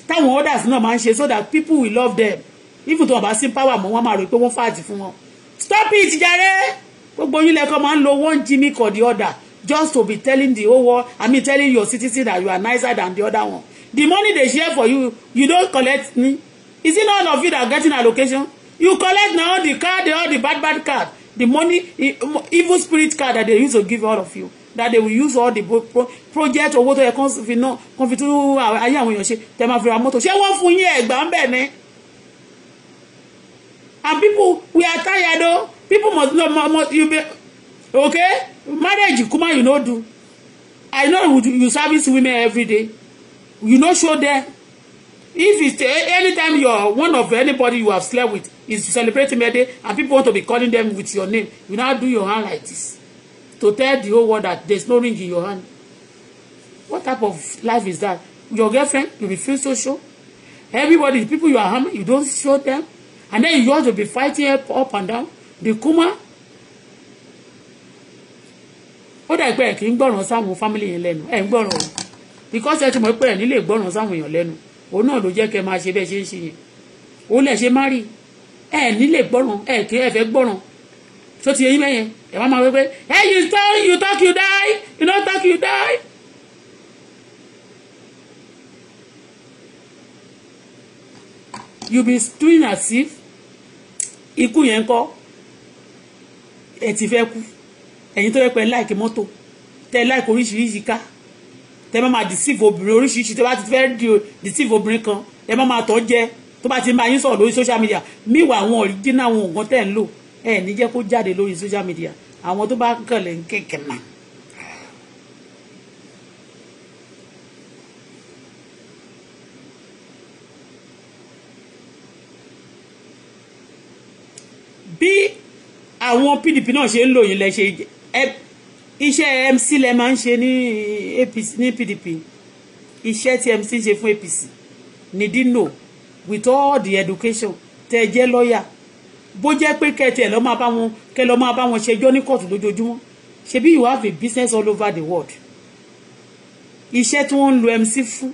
táwọn others náà máa ń ṣe so that people will love them even though wọn bá sí power mọ́ wọn máa rò pé wọ́n fàájì fún wọn stop it jàre gbogbo yín lẹ́kọ̀ọ́ máa ń lo one gimmick or the other just to be telling the whole world i mean telling your citizen that you are nicer than the other one the money they share for you you don collect me. is it none of you that getting allocation you collect na all the card all the bad bad card the money e, evil spirit card that they use to give all of you that they will use all the pro project owó tó yẹ kán fi ná kán fi tún ayé àwọn èèyàn ṣe tẹ máa fi ra mọ́tò ṣé wọ́n fún yín ẹ̀gbá ń bẹ̀ ni. and people we are tired o people must know must you be okay marriage kuma you no do i know you service women every day you no show there if it's eh, anytime you're one of anybody you have slept with is celebrating birthday and people want to be calling them with your name you now do your hand like this to tell the whole world that there's no ring in your hand what type of life is that your girlfriend you refuse to show everybody the people you are harming you don't show them and then you want to be fighting up and down the kuma ó dà pé kì í gbọ́ràn sáwọn fámìlì yẹn lẹ́nu ẹ ń gbọ́ràn o because ẹ ti mọ̀ pé ẹ nílé gbọ́ràn sáwọn èèyàn lẹ́nu òun náà ló jẹ́ kẹ́ máa ṣe bẹ́ẹ̀ ṣe ń ṣe yẹn òun lẹ̀ ṣe má rí ẹ nílé gbọ́ràn ẹ kì í ẹ fẹ́ gbọ́ràn tó ti yẹn mẹ́yẹn ẹ wá máa wí pé ẹ you talk you talk you die you no talk you die. you be doing as if ikú yẹn kọ́ ẹ ti fẹ́ kú ẹ̀yin tó yẹ pé láìkì mọ́tò tẹ́ láìkì oríṣiríṣi ká tẹ́ má máa deceive obìnrin oríṣiríṣi tẹ́ bá ti fẹ́ deceive obìnrin kan tẹ́ má máa tọ́ jẹ tó bá ti máa yín sọ̀rọ̀ lórí social media míwà àwọn original àwọn nǹkan tẹ́ ń lò ẹ̀ ní jẹ́ kó jáde lórí social media àwọn tó bá kànlẹ̀ ń kéèké náà. bí àwọn PDP náà ṣe ń lò yín lẹ ṣe iṣẹ́ MC lẹ máa ń ṣe ní APC ní PDP iṣẹ́ tí MC ṣe fún APC ní dino with all the education tẹ jẹ́ lọ́ọ̀yà bó jẹ́ pé kẹtì ẹ̀ lọ́ máa bá wọn kẹ lọ́ máa bá wọn ṣẹjọ́ ní kóòtù lójoojúmọ́ ṣebí you have a business all over the world iṣẹ́ tí wọ́n ń lo MC fún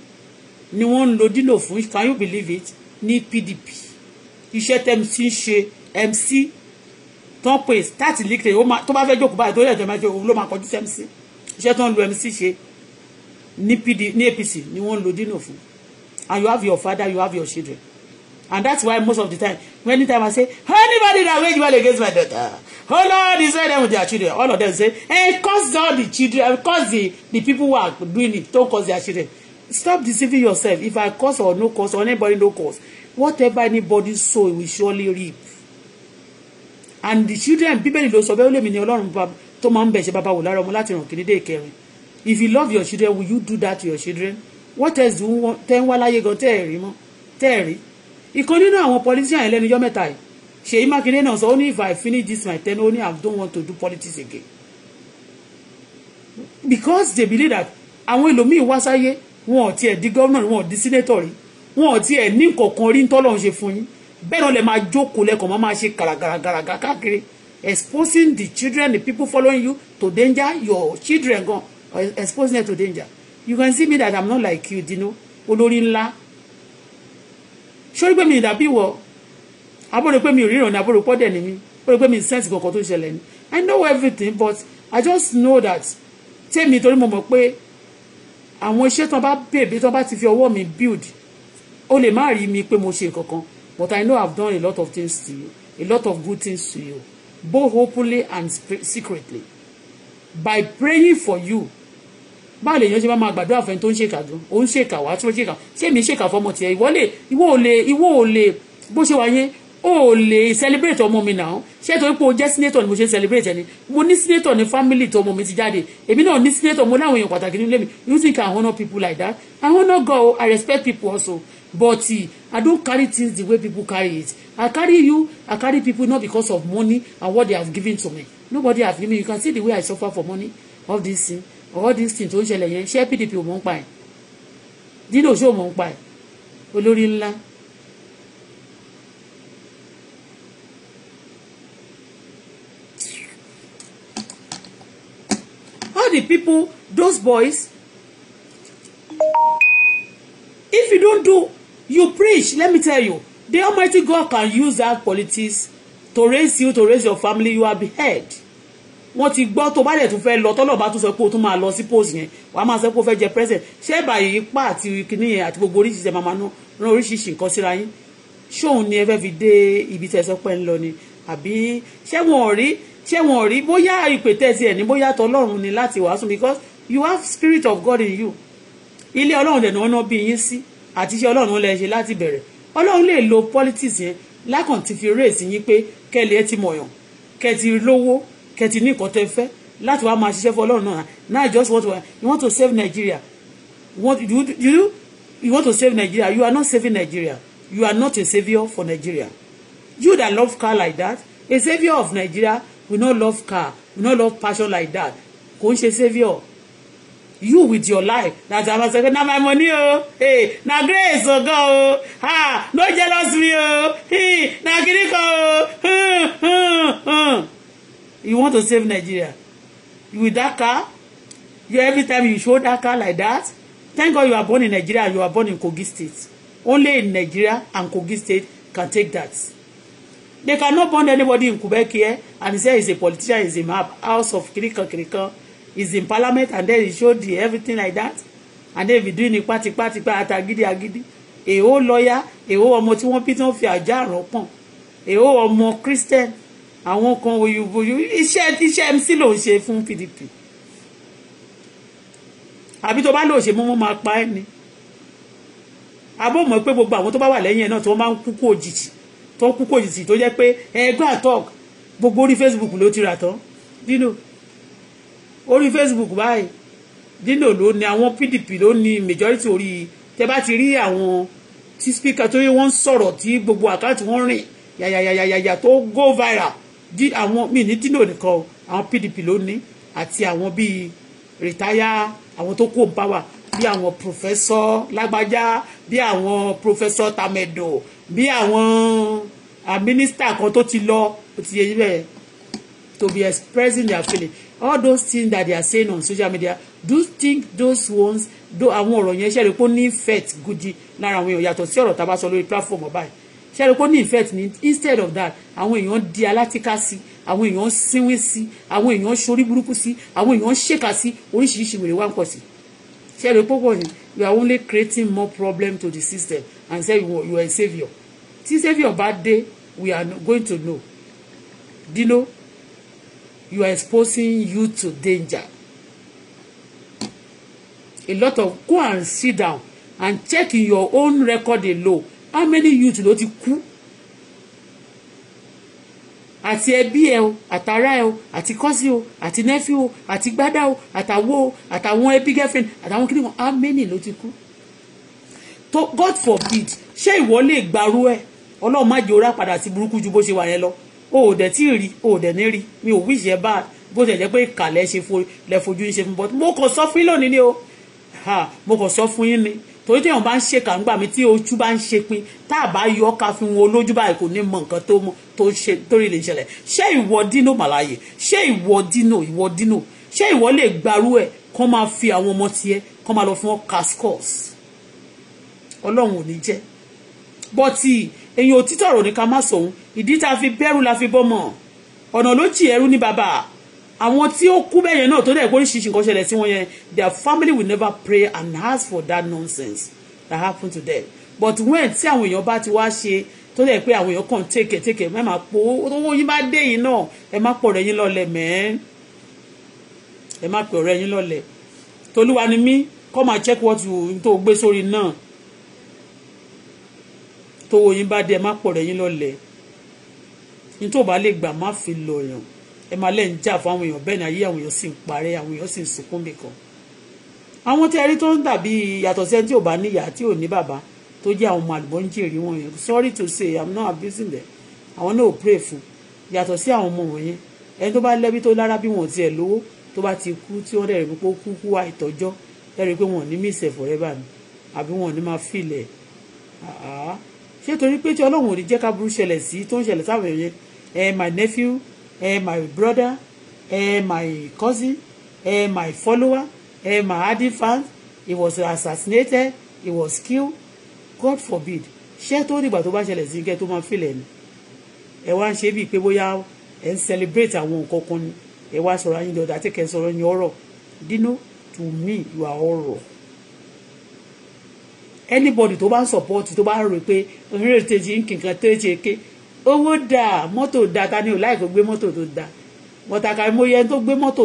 ni wọ́n ń lo dino fún can you believe it ní PDP iṣẹ́ tẹ́ MC ń ṣe MC tó ń pè táàtì líkè tó bá fẹ́ jókòó báyìí tó yẹ jọ máa jẹ òun ló máa kọjú sí MC iṣẹ́ tó ń lu MC ṣe ní PD ní APC ni wọ́n ń lo dino fún and you have your father you have your children and that's why most of the time when any time I say anybody that wage war against my daughter oh Lord say them with their children all of them say eh cause all the children eh, cause the the people who are doing it don't cause their children stop deceiving yourself if I cause or no cause or anybody no cause whatever anybody sow we surely reap and the children bíbélì ló sọ bẹ́ẹ̀ ó lè mi ní ọlọ́run tó máa ń bẹ̀ ṣe bàbá wò lára ọmọ láti ràn kí ní dé ìkẹrin if you love your children will you do that to your children what else do you want tẹ́ ń wá láyé gan tẹ́ ẹ̀ rí mọ́ tẹ́ ẹ̀ rí ìkan nínú àwọn politician ẹlẹ́nu yọ mẹ́ta yìí Ṣèyí Mákindé náà sọ ó ní if I finish this my ten only I don't want to do politics again because they believe that àwọn ẹlòmíín wá sáyé wọn ò tiẹ̀ di gómìnà wọn ò di sínétọ̀ rí wọn ò tiẹ̀ ní nǹkan kan rí ń tọ́lọ́run ṣe fún yín bẹ́ẹ̀ náà lè máa jókòó lẹ́kọ̀ọ́ máa máa ṣe gàràgàràgàràgà káàkiri exposing the children the people following you to danger your children gan exposing them to danger you can see me that i'm not like you dino olórí ńlá sórí pé mi ìdàbí wọ abóre pé mi ò ríran ní abóre pọ́dẹ̀ ni mi abóre pé mi sense kankan tó ń ṣẹlẹ̀ ni i know everything but i just know that tèmi torí mo mọ̀ pé àwọn iṣẹ́ tó bá bèbè tó bá ti fi ọwọ́ mi build o lè má rí mi pé mo ṣe kankan But I know I've done a lot of things to you, a lot of good things to you, both openly and secretly. By praying for you, báwo lèèyàn ṣe máa máa gbàdúrà fẹ́ni tó ń ṣèkà gan òun ṣèkà wá tó ń ṣèkà ṣé èmi ṣèkà fọmọ tiẹ̀ ìwọ lè ò lè ìwọ ò lè bó ṣe wáyé o lè celebrate ọmọ mi náà ṣé torí pé o jẹ́ senator ni mo ṣe celebrate ẹni mo ní senator ní family tó ọmọ mi ti jáde èmi náà ní senator mo láwọn èèyàn pàtàkì nílé mi you think I honour people like that I honour God I respect people also but eh, I don't carry things the way people carry it I carry you I carry people not because of money and what they have given to me nobody have given me you can see the way I suffer for money all this thing all this thing tó ń ṣẹlẹ̀ yẹn ṣé PDP ò mọ̀ ń pa ẹ̀ Dino ṣé ò mọ̀ ń pa ẹ̀ olórí ńlá the people, those boys, if you don't do, you preach, let me tell you, the Almighty God can use that politics to raise you, to raise your family, you are behead. wọ́n ti gbọ́ tó bá dẹ̀ tún fẹ́ lọ tọ́lọ̀ bá tún sọ pé o tún máa lọ sí post yẹn wàá máa sọ pé o fẹ́ jẹ president ṣé ìbàyè ipá àti kìnìún yẹn àti gbogbo oríṣiríṣi ẹ̀ máa ná oríṣiríṣi nǹkan síra yín ṣóun ni ẹ fẹ́ fi dé ibi tẹ̀ sọ pé ń lọ ni àbí ṣé wọn ò rí ṣé wọn ò rí bóyá ìpè tẹ́sí ẹ̀ ní bóyá tọlọ́run ni láti wàásù because you have spirit of God in you ilé ọlọ́run dẹ̀nu ọ̀nà bí yín sí àti iṣẹ́ ọlọ́run lẹ́ ṣe láti bẹ̀rẹ̀ ọlọ́run lè lo politics yẹn lákàn ti fi race yín pé kẹ́lẹ̀ ẹ ti mọ̀yàn kẹ́ ti lówó kẹ́ ti ní nǹkan tẹ́ fẹ́ láti wá máa ṣiṣẹ́ fún ọlọ́run náà now you just want to you want to save Nigeria you you you you want to save Nigeria you are not saving Nigeria you are not a saviour for Nigeria you that love car like that a saviour of Nigeria we no love car we no love passion like that kò ń ṣe saviour you with your life na to abasa na my money o hey, na grace o god o ah no jealous me o hey, na kiriko o hmm, hmm, hmm. you want to save Nigeria with that car you every time you show that car like that thank God you are born in Nigeria you are born in Kogi State only in Nigeria and Kogi State can take that. They cannot bond anybody in Quebec here and say he's a politician, he's a map, house of Kirikan Kirikan, he's in parliament and then he showed the everything like that. And then he be doing ipa party, tipa at agidi agidi. Èwo lọ́yà, èwo ọmọ tí wọ́n bí tí wọ́n fi àjà àrọ̀ pọ̀n, èwo ọmọ Christian, You, kan you. iṣẹ́ iṣẹ́ MC ló ń ṣe fún PDP. Àbí tó bá lò ṣe mú mú máa pa ẹ́ ni. Abó mọ̀ pé gbogbo àwọn tó bá wà lẹ́yìn ẹ̀ náà tí wọ́n máa ń kú kú òjijì tó kú kò sí tó jẹ́ pé ẹgbẹ́ àtọ́k gbogbo orí Facebook ló ti rà tán Dino orí Facebook báyìí Dino ló ní àwọn PDP ló ní majority orí tẹ bá ti rí àwọn tí speaker tó yẹ wọ́n sọ̀rọ̀ tí gbogbo àkáǹtì wọ́n rìn yàyàyàyàyà tó go viral di àwọn míì ní Dino nìkan àwọn PDP ló ní àti àwọn bíi rìtáyà àwọn tó kó báwà bí àwọn pòfẹ́sọ́ lágbájá bí àwọn pòfẹ́sọ́ tamẹ̀dọ̀ bí àwọn ah, mínísítà kan tó ti lọ ó ti yẹ yíbẹ̀ to be expressing their feeling all those things that they are saying on social media do think those ones do àwọn ọ̀rọ̀ yẹn ṣẹ́ni pé ó ní effect gidi lára àwọn èèyàn yàtọ̀ sí ọ̀rọ̀ tá a bá sọ lórí platform ọ̀bá yìí ṣẹ́ni pé ó ní effect ní instead of that àwọn èèyàn di alátìká sí àwọn èèyàn sínwín sí àwọn èèyàn ṣorí burúkú sí àwọn èèyàn ṣèkà sí oríṣiríṣi wèrè wá ń pọ̀ sí i ṣe é rí púpọ̀ ni you are only creating more problem to the system and say you, you are a saviour tí saviour bá dé we are going to know Dino you are exposing you to danger a lot of go and sit down and check in your own record alone how many youth ló ti kú àti ẹbí ẹ o àtàrà ẹ o àti kọ́sì o àti nẹ́fì o àti gbádà o àtàwọ o àtàwọn ẹbí girlfriend àtàwọn kí ni wọn how many ló ti kú tó God forbid ṣé ìwọ lè gbarú ẹ ọlọ́run má jẹ́ orá padà sí burúkú ju bó ṣe wà yẹn lọ o ò dẹ̀ tí ì rí o ò dẹ̀ ní rí mi ò wíṣì ẹ bá bó ṣe jẹ́ pé ìkàlẹ̀ ṣe fojú ṣe fún bọ́tù mo kàn sọ fún yín lónìí ni o mo kàn sọ fún yín ni torí téèyàn bá ń ṣèkà ńgbà mi tí ojú bá ń ṣe pin tá a bá yọ ká fi wọn olójú báyìí kò ní mọ nǹkan tó mọ tó ń ṣe torí lè ṣẹlẹ̀ ṣé ìwọ dínà màláyè ṣé ìwọ dínà ìwọ dínà ṣé ìwọ lè gbarú ẹ kó máa fi àwọn ọmọ tiẹ̀ kó máa lọ fún cascos Ọlọ́run ò ní jẹ́ bọ́tì èyàn òtítọ́ ọ̀rọ̀ ní ká má sọ̀hún ìdí tá a fi bẹ̀rù la fi bọ́mọ̀ ọ̀nà ló jì ẹrú ní bàbá àwọn tí ó kú bẹ́ẹ̀ yẹn náà tó dẹ̀ pé oríṣiríṣi nǹkan ṣẹlẹ̀ sí wọn yẹn their family will never pray and ask for that nonsense that happened to them but when tí àwọn èèyàn bá ti wá ṣe tó dẹ̀ pé àwọn èèyàn kàn take it take it mẹ́ẹ̀ máa po owó yín bá dé yín náà ẹ má pọ̀ rẹ̀ yín lọ́lẹ̀ mẹ́ẹ́ ẹ má pọ̀ rẹ̀ yín lọ́lẹ̀ tolúwa ni mí come and check what you tó gbé sórí náà tó owó yín bá dé ẹ má pọ̀ rẹ̀ yín lọ́lẹ̀ ní tó bá lè gbà má fi lọ̀yàn ẹ máa lẹ́yìn jà fún àwọn èèyàn bẹ́ẹ̀ ni ayé àwọn èèyàn sì ń parẹ́ àwọn èèyàn sì ń sunkún nìkan àwọn tí a rí tó ń dàbí yàtọ̀ sẹ́ni tí ò bá níyà tí ò ní bàbá tó jẹ́ àwọn ọmọ àlùbọ́njèrè wọn yẹn sorry to say i'm not abusing them àwọn náà ò pray fún yàtọ̀ sí àwọn ọmọ wọ̀nyẹn ẹni tó bá lẹ́bí tó lára bí wọ́n tiẹ̀ lówó tó bá ti kú tí wọ́n dẹ̀rẹ̀ pé ó kú kú àìtọ́jọ́ ẹ̀rí pé wọ́n ní mísẹ̀ forever ni àbí wọ́n ní máa fìlẹ̀ ṣé torí pé tí ọlọ́run ò ní jẹ́ ká burú ṣẹlẹ̀ sí tó ń ṣẹlẹ̀ sáwọn èèyàn ẹ̀ eh, my nephew eh, my brother, eh, my cousin, eh, my follower, eh, my hardy fans. He was assassinated. He was killed. God forbid. Ṣé tó dìgbà tó bá ṣẹlẹ̀ sí kẹ́ tó máa fìlẹ̀ ni? Ẹ wá ń ṣe bíi pé bóyá ẹ ń celebrate àwọn nǹkan kan ni. Ẹ wá sọ̀rọ̀ ayé ìjọba àti kẹ́ sọ̀rọ̀ yín ọ̀rọ̀. Dino to me you are ọ̀rọ̀. Anybody tó bá ń support tó bá ń rò pé orílẹ̀-èdè ti ń kìkan tẹ́jẹ̀ ké owó dà mọ́tò dà ta ni ò láì kó gbé mọ́tò tó dà wọ́tàkà ìmọ̀ye tó gbé mọ́tò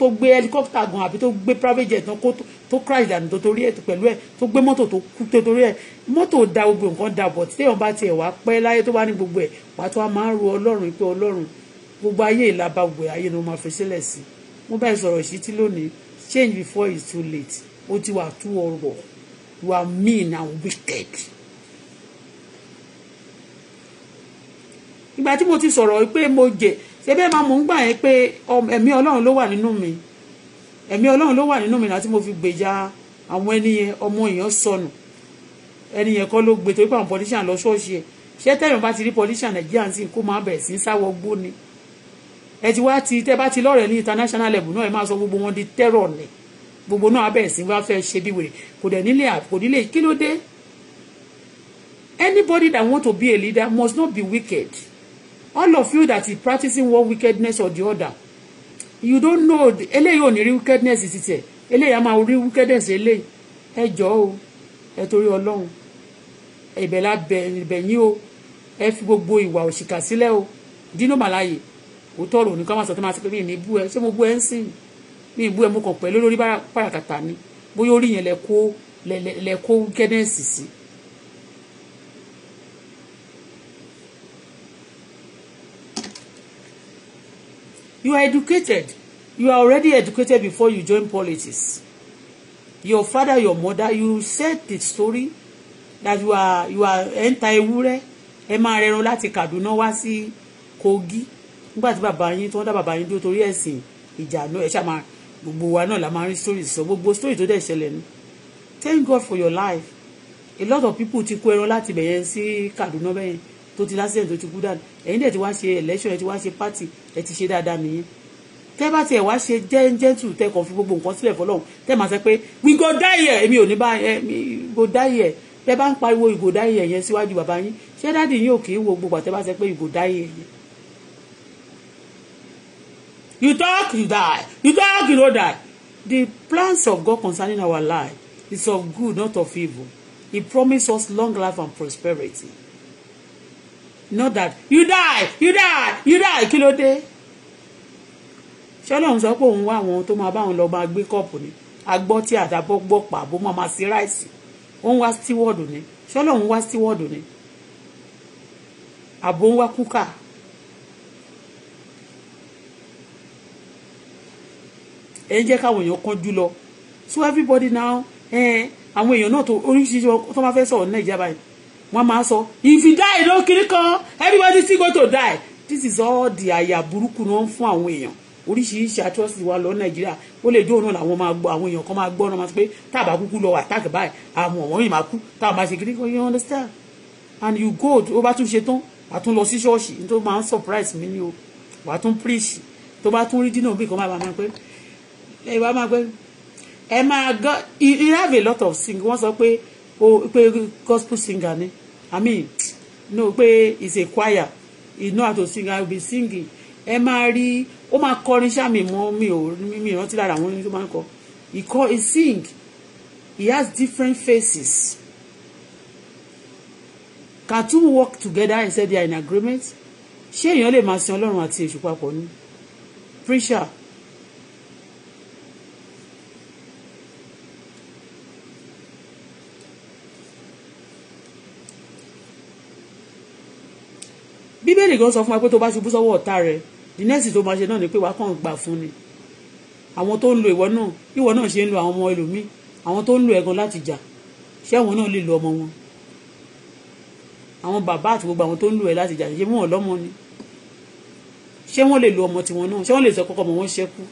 tó gbé helicopter gan àbí tó gbé private jet náà tó crash dànù tó torí ẹ̀ pẹ̀lú ẹ̀ tó gbé mọ́tò tó kú tó torí ẹ̀ mọ́tò da gbogbo nǹkan da bọ̀ tí téèyàn bá tiẹ̀ wá pẹ́ láyé tó bá ní gbogbo ẹ̀ wàá tó wá máa ń ro ọlọ́run pé ọlọ́run gbogbo ayé ìlàbà gbogbo ayé ni wọ́n máa fi sílẹ̀ sí mo bá sọ̀rọ̀ sí ti lónìí change before it's too late ó ti wà tú ọ̀rọ̀ you are mean and wicked. ìgbà tí mo ti sọ̀rọ̀ pé mo jẹ̀ ṣé bẹ́ẹ̀ máa mò ń gbà yẹn pé ẹ̀mí ọlọ́run ló wà nínú mi ẹ̀mí ọlọ́run ló wà nínú mi láti mo fi gbèjà àwọn ẹni yẹn ọmọ èèyàn sọnù ẹni yẹn kọ́ ló gbé torí pé àwọn politician lọ ṣọ́ọ̀ṣì ẹ̀ ṣé tẹ̀yàn bá ti rí politician nàìjíríà ń sìn kó máa bẹ̀rẹ̀ sí sáwọ́ gbó ni ẹ ti wá ti tẹ́ bá ti lọ́rẹ̀ ní international level náà ẹ máa sọ gbogbo wọn di terror ni gbogbo náà abẹ́ ẹ̀sìn wá fẹ́ ṣe bí wèrè kò dẹ̀ nílé kò nílé kí ló dé anybody that want to be a leader must not be wicked all of you that is practicing one wickedness or the other you don't know eléyìí ò ní rí wickedness ti tẹ̀ eléyìí a máa rí wickedness eléyìí ẹ jọ̀ọ́ o ẹ torí ọlọ́run ẹ̀bẹ̀ la bẹ̀ yín o ẹ fi gbogbo ìwà òṣìkà sílẹ̀ o dínú màláyè òótọ́ ọ̀rọ̀ oníkan máa sọ tó máa sọ pé mi ní bú ẹ ṣé mo bú ẹ ń sìn mi bú ẹ mo kàn pẹ́ lórí bárakàtà ni bóyá orí yẹn lẹ kó lẹ kó wickedness sí You are educated. You are already educated before you join politics. Your father, your mother, you said the story that you are you are ẹ̀ ń ta ewúrẹ́ ẹ máa rẹran láti Kaduna wá sí Kogi nígbà tí bàbá yín tí wọ́n dá bàbá yín dúró torí ẹ̀sìn ìjà náà ẹ̀ ṣá máa gbogbo wa náà la máa ń rí story sọ gbogbo story tó dẹ̀ ṣẹlẹ̀ ni thank God for your life a lot of people ti kó ẹran láti bẹ̀yẹn sí Kaduna bẹ́yẹn tó ti lásìkò tó ti kú dànù ẹ̀yin dẹ̀ ti wá ṣe election ẹ̀ ti wá ṣe party ẹ̀ ti ṣe dáadáa nìyẹn tẹ́ bá tiẹ̀ wá ṣe jẹ́ńjẹ́tù tẹ́ kàn fi gbogbo nǹkan sílẹ̀ fọlọ́run tẹ́ máa sọ pé we go die here èmi ò ní bá ẹ go die here tẹ́ bá ń pariwo you go die here yẹn síwájú bàbá yín ṣé dáàdì yín ò kì í wo gbogbo àtẹ́ bá sọ pé you go die here yẹn. you talk you die you talk you no die the plans of God concerning our life is of good not of evil he promised us long life and prosperity not that you die you die you die kí ló dé ṣọlọ́run sọ pé òun wá àwọn tó máa bá àwọn lọ́ọ́ máa gbé kọ́ọ̀pù ni agbọ́ tí àdàbọ̀ gbọ́ pàbó máa máa sí ráìsì ó wá steward ni ṣọlọ́run wá steward ni àbò ń wá kúkà ẹ jẹ́ káwọn èèyàn kánjú lọ so everybody now eh, àwọn èèyàn náà tó oríṣiríṣi tó máa fẹ́ sọ̀rọ̀ ní nàìjíríà báyìí wọ́n máa sọ if you die no kiri kan everybody still go to die this is all the àyà burúkú ni wọ́n ń fún àwọn èèyàn oríṣiríṣi atrocity wa lọ nàìjíríà ó lè dóòrùn làwọn máa gbọ́ àwọn èèyàn kan máa gbọ́ ọ́nà máa sọ pé táàbà kúkú lọ attack báyìí àwọn ọ̀wọ́n yìí máa kú táwọn máa ṣe kiri kan you understand and you go ó bá tún ṣe tán wàá tún lọ sí ṣọ́ọ̀ṣì nítorí máa ń surprise mi ni o wàá tún preach tó bá tún rí dínà bí kan máa bá máa pé ẹ máa pé ẹ máa gán have a lot of things wọ́n sọ pé ó pé gospel singer ni i mean no pé is a choir he know how to sing i be singing ẹ máa rí ó máa kọrin sàmì mọ mi ò mi rántí lára àwọn orin máa ń kọ he call he sing he has different faces can two work together and say they are in agreement ṣé èèyàn lè máa sin ọlọ́run àti èṣù papọ̀ ni preacher bíbélì gan sọ fún wa pé tó bá ṣubú sọ́wọ́ ọ̀tá rẹ the next tó máa ṣe náà ni pé wàá kàn gbà fún ni àwọn tó ń lo ìwọ náà ìwọ náà ṣe ń lo àwọn ọmọ ẹlòmíì àwọn tó ń lo ẹ̀gàn láti jà ṣé àwọn náà lè lo ọmọ wọn àwọn bàbá àti gbogbo àwọn tó ń lo ẹ láti jà ṣé wọn lọ́mọ ni ṣé wọn lè lo ọmọ tiwọn náà ṣé wọn lè sọ kọ́kọ́ ọmọ wọn ṣẹ́kù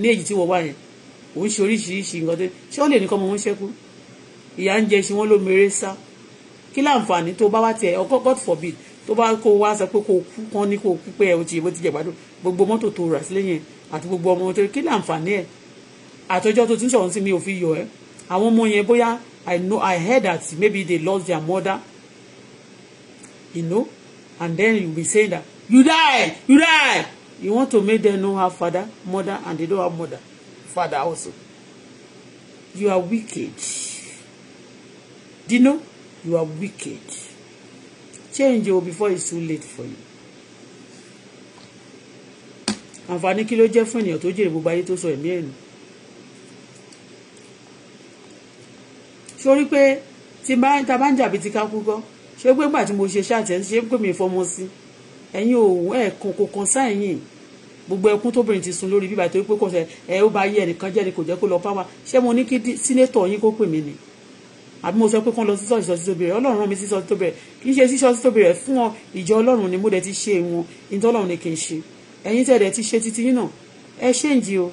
ní èyí tí wọ́n wà yẹn òun ṣe oríṣiríṣi nǹkan tó ṣé wọn lè ní kọ́ ọmọ wọn ṣẹ́kù ìyá ń jẹ ṣe wọn ló mèrè sá kí láǹfààní tó bá wá tiẹ̀ ọkọ God forbid tó bá kó wá sọ pé kò kú kán ní kò kú pé ẹ ò ti ìbò ti jẹ gbádùn gbogbo mọ́tò tó rà sílẹ̀ yẹn àti gbogbo ọmọ tó kí láǹfààní ẹ̀ àtọjọ́ tó ti ń sọ̀rọ̀ sí mi ò fi yọ ẹ́ àwọn ọmọ yẹn bóyá I know I heard that maybe they lost their mother you know and then you be saying that you die you die you want to make them know her father mother and they don't have mother father also you are wicked Do you know? you are wicked change o before it's too late for you. àǹfààní kí ló jẹ́ fún ènìyàn tó jèrè gbogbo ayé tó sọ ẹ̀mí ẹ̀nu. sórí pé tí ta bá ń jàbí ti kákú gọ́ ṣé pé gbà tí mo ṣe ṣáàtì ẹ̀ ṣé pé mi fọmọ sí ẹ̀yin òun ẹ̀ kan kò kan sáyìn gbogbo ẹkún tóbìnrin ti sun lórí bíbá torí pé kò sẹ ẹ ó bá yí ẹnìkan jẹ́ ni kò jẹ́ kó lọ pàmò ṣé mo ní kí sínétọ̀ yín kó pè mí ni àbí mo sọ pé kán lọ sí ṣọ́ọ̀ṣì ṣọ́ọ̀ṣì tó bẹ̀rẹ̀ ọlọ́run rán mi sí ṣọ́ọ̀ṣì tó bẹ̀rẹ̀ kì í ṣe sí ṣọ́ọ̀ṣì tó bẹ̀rẹ̀ fún wọn ìjọ ọlọ́run ni mo dẹ̀ ti ṣe wọn ìtọ́lọ́run ni kì í ṣe ẹ̀yin tẹ̀ dẹ̀ ti ṣe titi yín náà ẹ ṣéǹjì o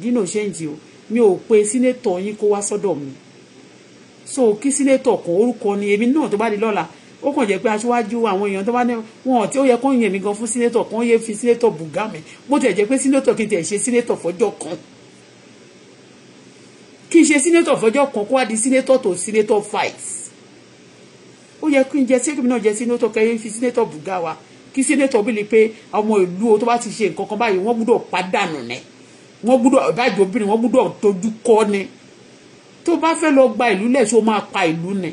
dínà ṣéǹjì o mi ò pe sínétọ̀ yín kó wá sọ́dọ̀ mi so kí sínétọ̀ kan orúkọ ni èmi náà tó bá di lọ́la ó kàn jẹ́ pé aṣíwájú àwọn èèyàn tó bá ní wọn tí ó yẹ kó yẹn mi gan fún sínétọ̀ kan ó yẹ fi sínétọ̀ bùgá mi bó tẹ̀ jẹ́ pé sínétọ̀ kí n ṣe sínétọ̀ fọ́jọ́ kan kí n ṣe senator fọjọ́ kan kó wá di senator to senator fight ó yẹ kí n jẹ sí kébìnrin náà jẹ senator kẹyìn fi senator bùgá wa kí senator bí le pé ọmọ ìlú o tó bá ti ṣe nǹkan kan báyìí wọ́n gbúdọ̀ pàdánù ní wọ́n gbúdọ̀ ìbájú obìnrin wọ́n gbúdọ̀ tójú kọ́ ni tó bá fẹ́ lọ gba ìlú lẹ̀ ṣó máa pa ìlú ni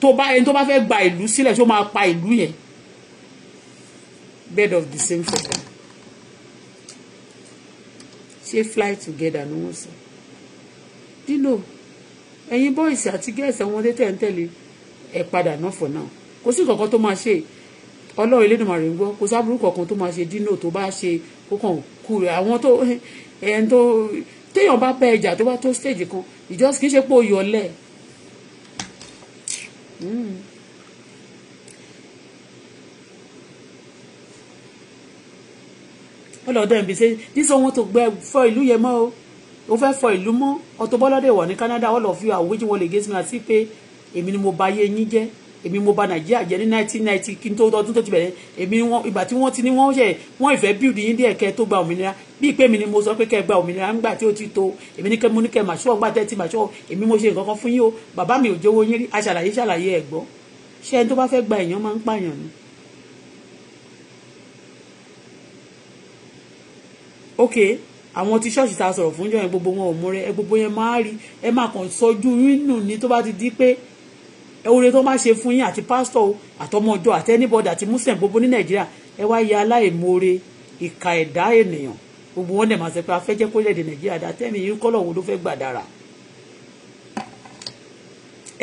tó bá ẹni tó bá fẹ́ gba ìlú sílẹ̀ ṣó máa pa ìlú yẹn bed of the same feather ṣé fly together ni wọ́n sọ lílò ẹ̀yin boys àti girls àwọn ọdẹ tẹ̀ǹtẹ̀lé ẹ̀ padà náà for now kò sí kankan tó máa ṣe ọlọ́run Elédùmarè ń gbọ́ kò sábúrú kankan tó máa ṣe dínà tó bá ṣe kó kàn kú rẹ̀ àwọn tó ẹ̀yìn tó téèyàn bá pẹ́ ìjà tó bá tó stage kan ìjọsìn kì í ṣe pé ó yọ lẹ̀ hmm. ọlọ́dọ̀ ẹ̀ bí ṣe ní sọ wọn tó gbẹ fọ ìlú yẹn mọ́ o ó fẹ́ fọ ìlú mọ́ Auto Bola wà ní Canada all of you are waging war against me àti pé èmi ni mo bà ayé yín jẹ́ èmi mo bà Nàìjíríà jẹ́ ní nineteen ninety kí n tó ọdún tó ti bẹ̀rẹ̀ èmi wọn ìgbà tí wọ́n ti ní wọ́n ṣẹ̀ wọ́n ìfẹ́ build yín díẹ̀ kẹ́ tó gba òmìnira bíi pé èmi ni mo sọ pé kẹ́ gba òmìnira ńgbà tí ó ti tó èmi ní kẹ́ mo ní kẹ́ màṣọ́ ọgbà tẹ́tí màṣọ́ èmi mo ṣe nǹkan kan fún yín o bàbá mi ò jówó yín rí aṣàlàyé ṣàlàyé ẹ̀ gbọ́ ṣé ẹni tó bá fẹ́ gba èèyàn máa ń pààyàn ni. okay àwọn tí ṣọ́ọ̀ṣì ta sọ̀rọ̀ fún jọ̀yìn gbogbo wọn ò múrẹ́ ẹ gbogbo yẹn máa rí ẹ máa kàn sọjú nínú ni tó bá ti di pé oore tó máa ṣe fún yín àti pásítọ̀ àtọmọjọ àti anybody àti muslim gbogbo ní nàìjíríà ẹ wá ya aláìmoore ìka ẹ̀dá ènìyàn gbogbo wọn dẹ̀ máa sọ pé a fẹ́ jẹ́ kó lẹ́dẹ̀ nàìjíríà dá tẹ́mi yín kọ́lọ̀ wo ló fẹ́ gbà dára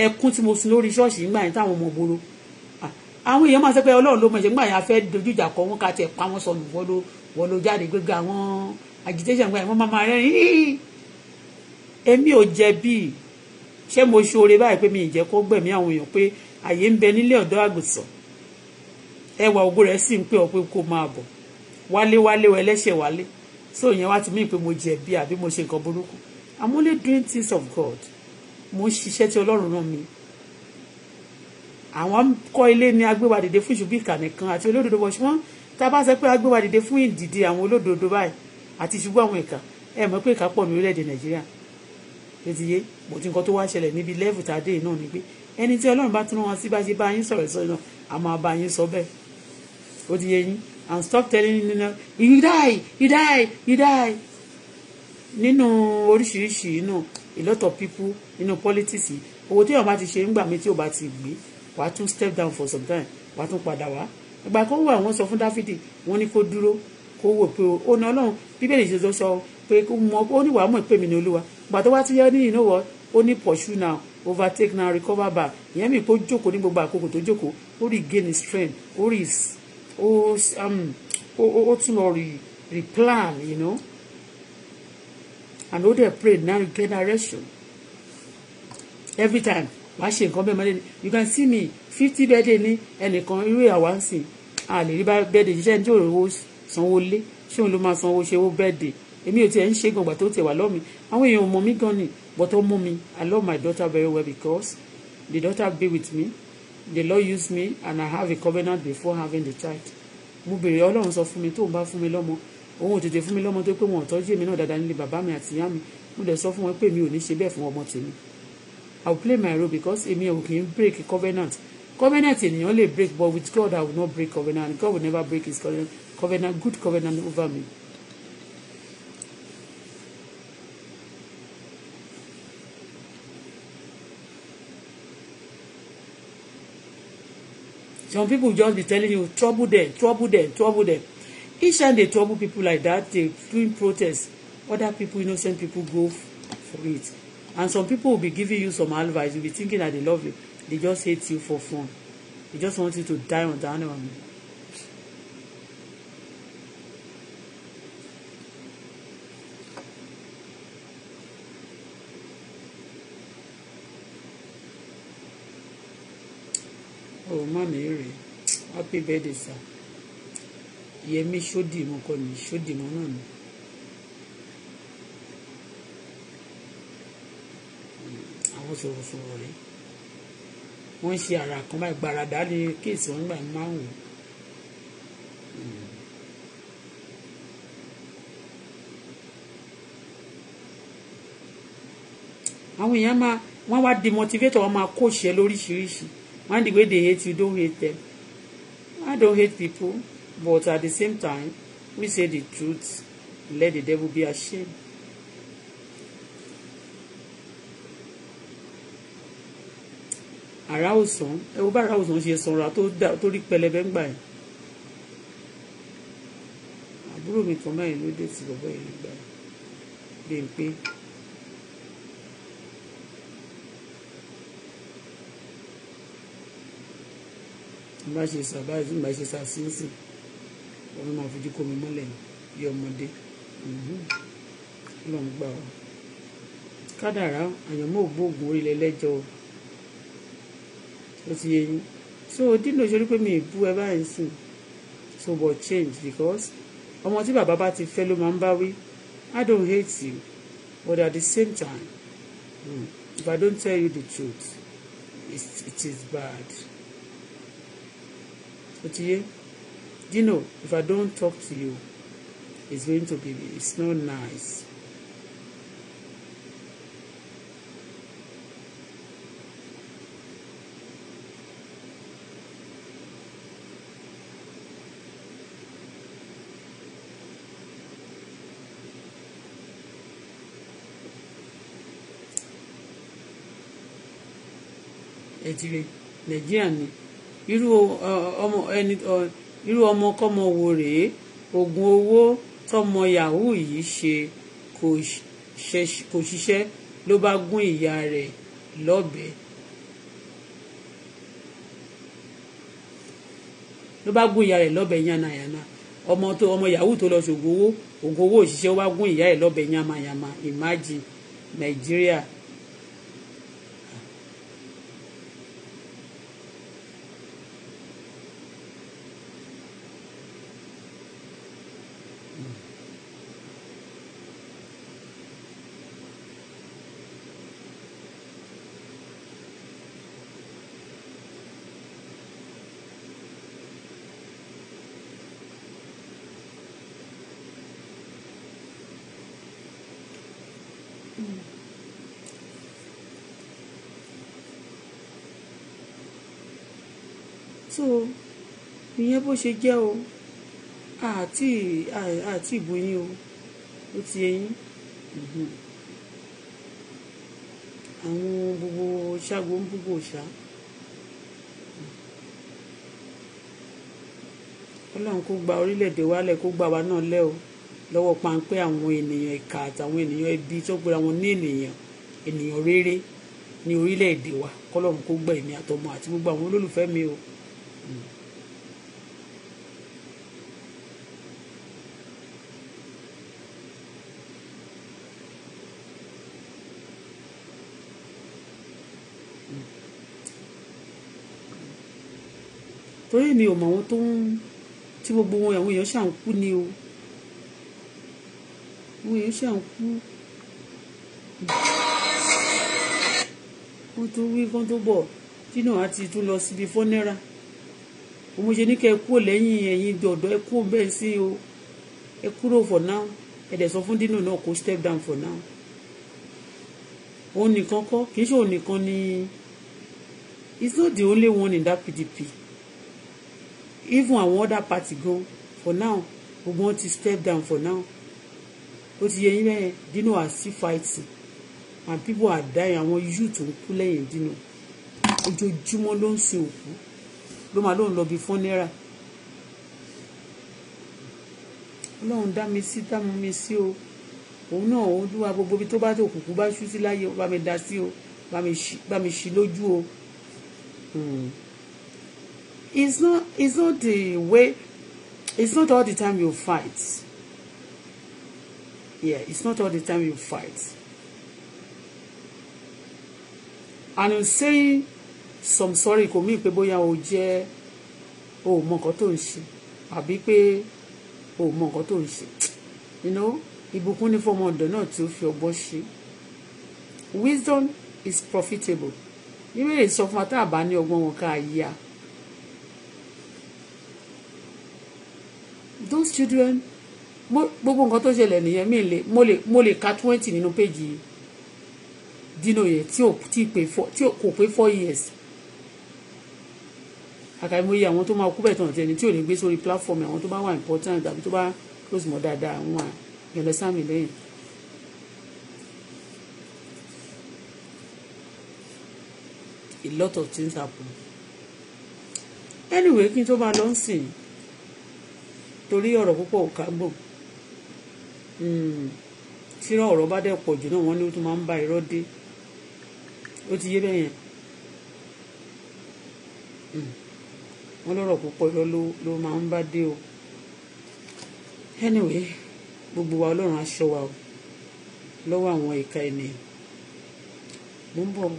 ẹkún tí mo sun lórí ṣọ́ọ̀ṣì nígbà yẹn táwọn ọmọ gbòòrò àwọn èèyàn máa sọ pé ọlọ́run ló mọ̀ ṣe nígbà yẹn a dojú ìjà kọ wọn ká tiẹ̀ pa wọn sọnù wọ́n ló jáde gbégbé àwọn agitation gba ìwọ́n máa rẹ́ yín èmi ò jẹ̀bi ṣé mo ṣoore báyìí pé mi ì jẹ́ kó gbẹ̀mí àwọn èèyàn pé àyè ń bẹ nílé ọ̀dọ́ àgùntàn ẹwà ògo rẹ̀ sì ń pè ọ́ pé kó máa bọ̀ wálé wálé wọ ẹlẹ́ṣẹ̀ wálé so ìyẹn wá ti mí pé mo jẹ̀bi àbí mo ṣe nǹkan burúkú I'm only doing things of God mo ń ṣiṣẹ́ tí Ọlọ́run rán mi àwọn kọ́ ilé ní agbéwàdìde fún ìṣubú ìkànnì kan àti olódodo bọ̀ ṣùgbọ́n tá a bá sọ pé agbéwàdìde fún ìdìde àwọn olódodo báyìí àti ṣubú àwọn ìka ẹ mọ̀ pé ìka pọ̀ ní orílẹ̀-èdè nàìjíríà létíyé bó ti nǹkan tó wá ṣẹlẹ̀ níbi lẹ́ẹ̀fù tá a dé náà ni pé ẹni tí ọlọ́run bá tún wọn sí bá ṣe bá yín sọ̀rọ̀ sọ̀rọ̀ náà a máa bá yín sọ bẹ́ẹ̀ ó ti yé yín and stop telling you now you die you die you die nínú oríṣiríṣi inú a lot of people nínú politics owó tí yóò bá ti ṣe ń gbà mí tí yóò bá ti gbé wàá tún step down for some time wàá tún padà wá ìgbà kan wà wọ́n sọ fún Dáfídì wọ́n ní kó dúró kó wò pé ó ná ọlọ́run bíbélì ṣe tó sọ pé ó ní wàá mọ̀ pé mi ní olúwa gbà tó wá ti yẹ ní you know what ó ní pursue now overtake now recover back ìyẹn mi kó jókòó ní gbogbo àkókò tó jókòó ó regain his strength ó rí ó um, tún lọ rí replan you know and ó dẹ̀ pray now you get direction every time wàá ṣe nǹkan bẹ́ẹ̀ mọ́lẹ́ni you can see me fifty birthday ní ẹnìkan irú ìyàwó à ń sìn a lè rí bá birthday jíjẹ́ ní tí òòrùn ó sùn sanwó lé ṣé òun ló máa sanwó ṣe owó bẹ́ẹ̀dẹ̀ èmi ò tiẹ̀ ń ṣe gbọ̀ngbà tó tiẹ̀ wà lọ́mi àwọn èèyàn ò mọ̀ mí gan ni but ó mú mi I love my daughter very well because the daughter be with me the Lord use me and I have a covenant before having the child mo bèrè Ọlọ́run sọ fún mi tóun bá fún mi lọ́mọ òun ò tètè fún mi lọ́mọ tó pé wọn ò tọ́jú èmi náà dáadáa nílé bàbá mi àti ìyá mi mo dẹ̀ sọ fún wọn pé mi ò ní ṣe bẹ́ẹ̀ fún ọmọ tèmi I will play my role because èmi ò kì í break covenant covenant ènìyàn lè break but with God I will not break covenant God will never break his covenant covenant, good covenant over me. Some people just be telling you, trouble them, trouble them, trouble them. Each time they trouble people like that, they doing protests. Other people, innocent people, go for it. And some people will be giving you some advice. You'll be thinking that they love you. They just hate you for fun. They just want you to die on the animal. Oh má mi happy birthday sir yẹmi sódìmọ kọ ni sódìmọ náà ni. àwọn sọ̀rọ̀sọ̀rọ̀ rẹ̀ wọ́n ń ṣe ara kan báyìí gbàràdà lè kéèsì wọn gbà máa ń wò. àwọn èèyàn máa wọ́n wá demotivator wọ́n máa kóṣe lóríṣiríṣi when the way they hate you don't hate them I don't hate people but at the same time we say the truth let the devil be ashamed. àrà òsàn ẹ wo bá àrà òsàn ṣe sanra tó rí pẹlẹbẹ ń gbà yẹn àbúrò mi kan mẹ́rin ló dé tí bọ̀bọ̀ yẹn gbà yẹn bí n pé. tí bá ṣe sà báyìí tí bá ṣe sà sínsìn wọn máa fojú kó mi mọ́lẹ̀ bí ọmọdé ló ń gbà ọ́ kádàrá àyànmọ́ ògbóògùn orílẹ̀ lẹ́jọ́ ó ti yẹ yín so dínà ìṣòro pé mi ì bú ẹ báyìí sùn so but change because ọmọ tí bàbá bá ti fẹ́ ló máa ń bá wí I don't hate you but at the same time mm, if I don't tell you the truth it, it is bad ó ti you know, if I don't talk to you it's going to be it's not nice. ẹtire nàìjíríà ni irú ọmọ ẹni irú ọmọkọ́mọ wo rèé oògùn owó tọmọ yahoo yìí ṣe kò ṣiṣẹ́ ló bá gún ìyá rẹ̀ lọ́bẹ ló bá gún ìyá rẹ̀ lọ́bẹ yánnayànna ọmọ tó ọmọ yahoo tó lọ ṣògùn owó oògùn owó òṣìṣẹ́ ó gún ìyá rẹ̀ lọ́bẹ yánmayànma imagine Nàìjíríà so ìyẹn bó ṣe jẹ́ o àti àti ìbòyín o ó ti eyín mhm. àwọn gbogbo ṣáàgbó ń gbogbo ṣá ọlọ́run kó gba orílẹ̀-èdè wa lẹ̀ kó gba wa náà lẹ́ o lọ́wọ́ páńpẹ́ àwọn ènìyàn ìka àtàwọn ènìyàn ibi tó gbéra wọn ní ènìyàn ènìyàn rere ní orílẹ̀-èdè wa kọ́lọ́run kó gbẹ̀mí àtọmọ àti gbogbo àwọn olólùfẹ́ mi o torí mi ò mọ àwọn tó ń tí gbogbo wọn àwọn èèyàn ṣàn kú ni o àwọn èèyàn ṣàn kú wọn tó wí kán tó bọ̀ dínà àti tún lọ síbi fọ́nẹ́rà mo ṣe ní kẹ́ ẹ kúrò lẹ́yìn ẹ̀yin dọ̀dọ̀ ẹ kúrò bẹ́ẹ̀ sí o ẹ kúrò for now ẹ dẹ̀ sọ fún dino náà kó step down for now òun nìkan kọ́ kì í ṣe òun nìkan ni it's not the only one in that PDP even àwọn other party gan for now gbogbo wọn ti step down for now ó ti yẹ yín lẹ́yìn dino are still fighting and people are dying àwọn youth ń kú lẹ́yìn dino ojoojúmọ́ ló ń sin òkú ló máa lóun lọ bí funeral ọlọ́run dá mi sí dá mi sí o òun náà olúwa gbogbo ibi tó bá tó kùkú bá ṣú sí láyé bá mi dá sí o bá mi ṣí lójú o. Hmm. it's not it's not the way it's not all the time you fight yeah it's not all the time you fight and I'm saying some sorry kò míì pé bóyá o jẹ́ o ò mọ nǹkan tó ń ṣe àbí pé o ò mọ nǹkan tó ń ṣe you know ìbùkún ní fọmọ ọ̀dọ̀ náà tí ó fi ọgbọ́n ṣe wisdom is profitable ìbéèrè sọ fún wa tá a bá ní ọgbọ́n wọn ká yíya those children gbogbo nǹkan tó ṣẹlẹ̀ nìyẹn mi lè mo lè ka twenty nínú péjì dino yẹn tí kò pé four years àkàìmọye àwọn tó máa kú bẹ̀ tán tẹni tí ò ní gbé sórí platform àwọn tó bá wà important àbí tó bá close mọ́ dáadáa àwọn àyẹ̀lẹ́ sáàmì lẹ́yìn. a lot of things happen anyway kí n tó máa lọ sìn torí ọ̀rọ̀ púpọ̀ ò ká gbọ̀n hmm, tíran ọ̀rọ̀ bá dẹ̀ pọ̀ jù náà wọ́n ní ó tún máa ń ba irọ́ dé ó ti yé bẹ́yẹn. Mm wọ́n lọ́rọ̀ púpọ̀ irọ́ ló máa ń bá dé o anyway gbogbo wa ọlọ́run aṣọ wa o lọ́wọ́ àwọn ìka ènìyàn mo ń bọ̀ ọ́.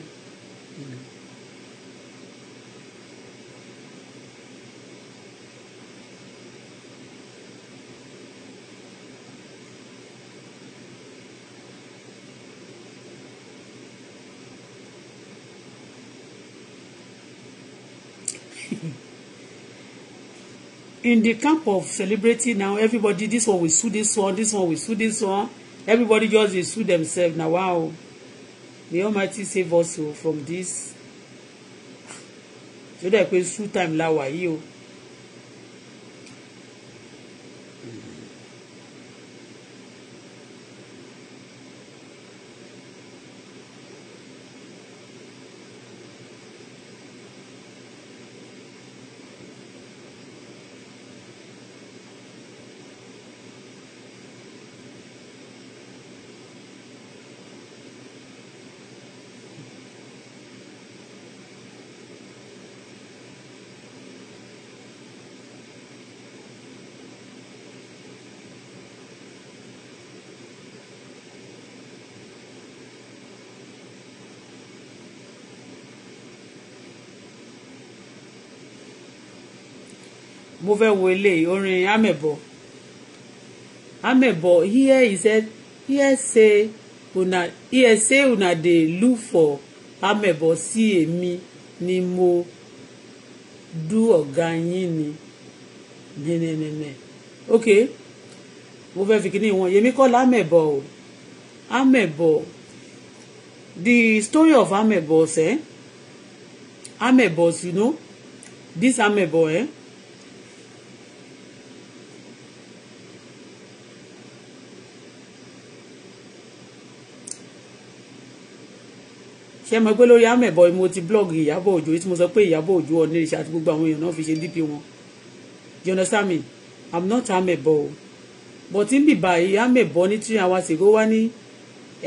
in the camp of celebrity now everybody this one will sue this one this one will sue this one everybody just dey sue themselves na wow may almighty save us o oh, from this so that pe sue time la wà yìí o. Oh. mo fẹ́ wo eléyìí orin amẹ̀bọ amẹ̀bọ here he said here say una here say una dey look for amẹ̀bọ sí èmi ni mo dú ọ̀gá yín ni nẹ́nẹ́nẹ́nẹ́ ok mo fẹ́ fi kíní wọn yèmí kọ́ lámẹ̀bọ o amẹ̀bọ the story of amẹ̀bọ ṣe amẹ̀bọ you know this amẹ̀bọ eh ṣé mo pé lórí amẹ̀bọ mo ti blog ìyábọ̀ òjò tí mo sọ pé ìyábọ̀ òjò ọ̀nẹ́rìṣà àti gbogbo àwọn èèyàn náà fi ṣe dp wọn you understand me i'm not amẹ̀bọ o but n bìbà amẹ̀bọ ní three hours ago wá ní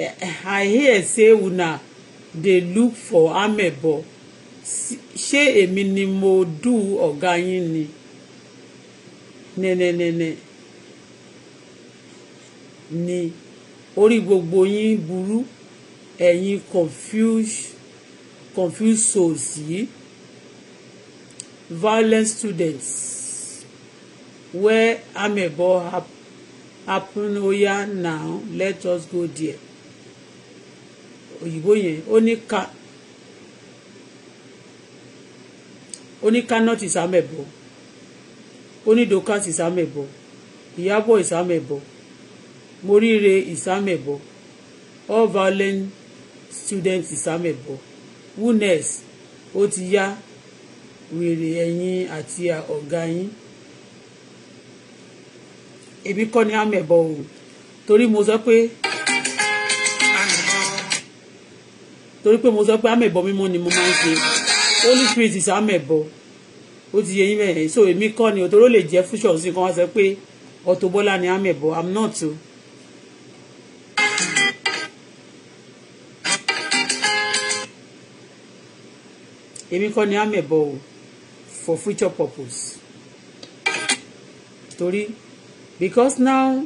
eh, eh, i hear say una dey look for amẹ̀bọ ṣé èmi ni mo dù ọ̀gá yín ni nẹ́nẹ́nẹ́nẹ́ ni orí gbogbo yín burú ẹ̀yin confused confused souls yìí violent students where amebo hap happen oya oh now let us go there òyìnbó yẹn ó ní ka ó cannot is amebo ó ní dokas is amebo ìyábọ̀ is amebo moríire is amebo all violent student ìsámẹ̀bọ wellness ó ti yá wèrè ẹ̀yìn àti ọ̀gá yín èmi kọ́ ni amebo. o torí mo sọ pé torí pé mo sọ pé àmẹ̀bọ mímọ́ ni mo máa ń ṣe holy spirit is àmẹ̀bọ ó ti yẹ yín bẹ́ẹ̀ so èmi kọ́ ni òtòrò lè jẹ́ fúnṣọ̀ sí kan wá sọ pé Auto Bola ni amebo. i'm not o. èmi kọ́ ni amẹ̀bọ o for future purpose torí because now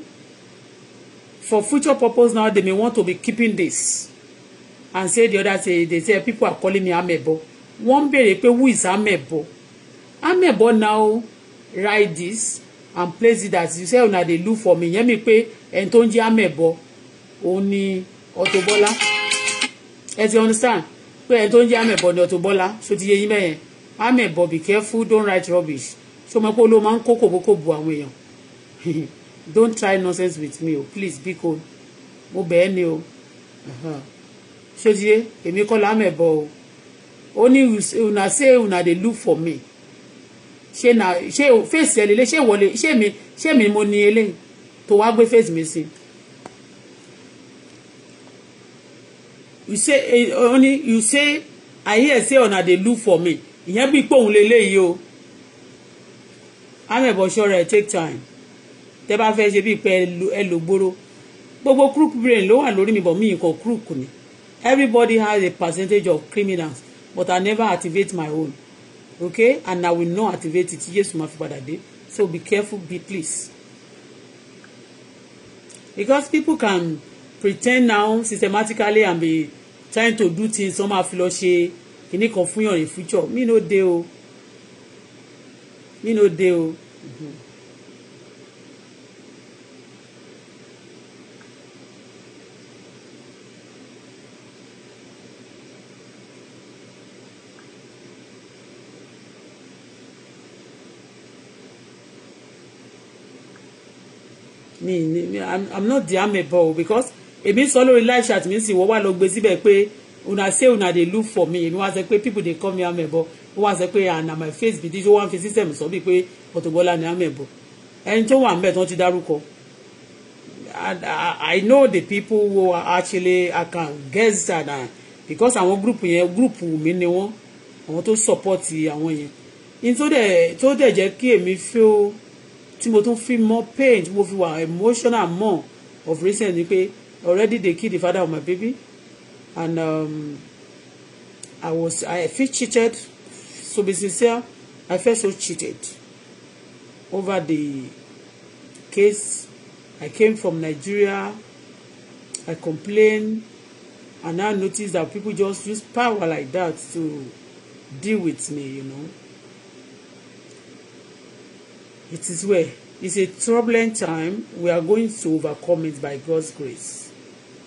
for future purpose now they may want to be keeping this and say the other say they say people are calling me amebo. One ń béèrè pé who is amebo. Amebo now write this and place it as you say una dey look for me yẹn mi pé ẹni tó ń jẹ́ amẹ̀bọ òun ni Auto Bola ẹ understand pé ẹni tó ń jẹ́ àmẹ̀bọ ni Auto Bola ṣó ti yé yín bẹ́yẹn àmẹ̀bọ be careful don't write rubbish So mọ̀ pé ó ló máa ń kó kòbókò bu àwọn èèyàn don't try nonsense with me o please be biko mo bẹ̀ẹ́ ni o ṣó ti yé èmi kọ́ la àmẹ̀bọ o ó ní una say una dey look for me ṣé na ṣé fèsì ẹ̀ lélẹ̀ ṣé ìwọlé ṣé mi ṣé mi mo ní eléyìí tó wá gbé fèsì mi sí i. you say eh, only you say i hear say una dey look for me ìyẹn bí pé òun leléyìí o amẹ̀bọ̀ ṣọ́ra ẹ̀ take time tẹ́ bá fẹ́ ṣe bí pé ẹ lò gbóró gbogbo crook brain ló wà lórí mi bọ̀ mí nǹkan crook ni everybody has a percentage of criminals but i never activate my own okay and i will not activate it Jésù máa fi padà dé so be careful be please because people can pretend now systematically and be trying to do things wọ́n máa fi lọ ṣe kinní kan fún yàn in future mi no dey o mi no dey o. me, me I'm, I'm not the amebo because èmi sọ lórí life chat mi sì wọ́n wà lọ gbé síbẹ̀ pé una say una dey look for me èmi wá sọ pé people dey call me amẹ̀bọ ó wá sọ pé and ah, na my face be this ó wá ń fi system sọ bíi pé Auto Bola ni amẹ̀bọ ẹni tó wà ń bẹ̀ tí wọ́n ti dárúkọ I know the people who are actually I can guess that uh, because àwọn group yẹn group mi ni wọ́n àwọn tó support àwọn yẹn in tó dẹ̀ tó dẹ̀ jẹ́ kí èmi feel tí mo tún feel more pain tí mo fi wà emotional more of recent ni pé already they killed the father of my baby and um, I was I feel cheated so be sincere I felt so cheated over the case I came from Nigeria I complained and I noticed that people just use power like that to deal with me you know it is where it's a troubling time we are going to overcome it by God's grace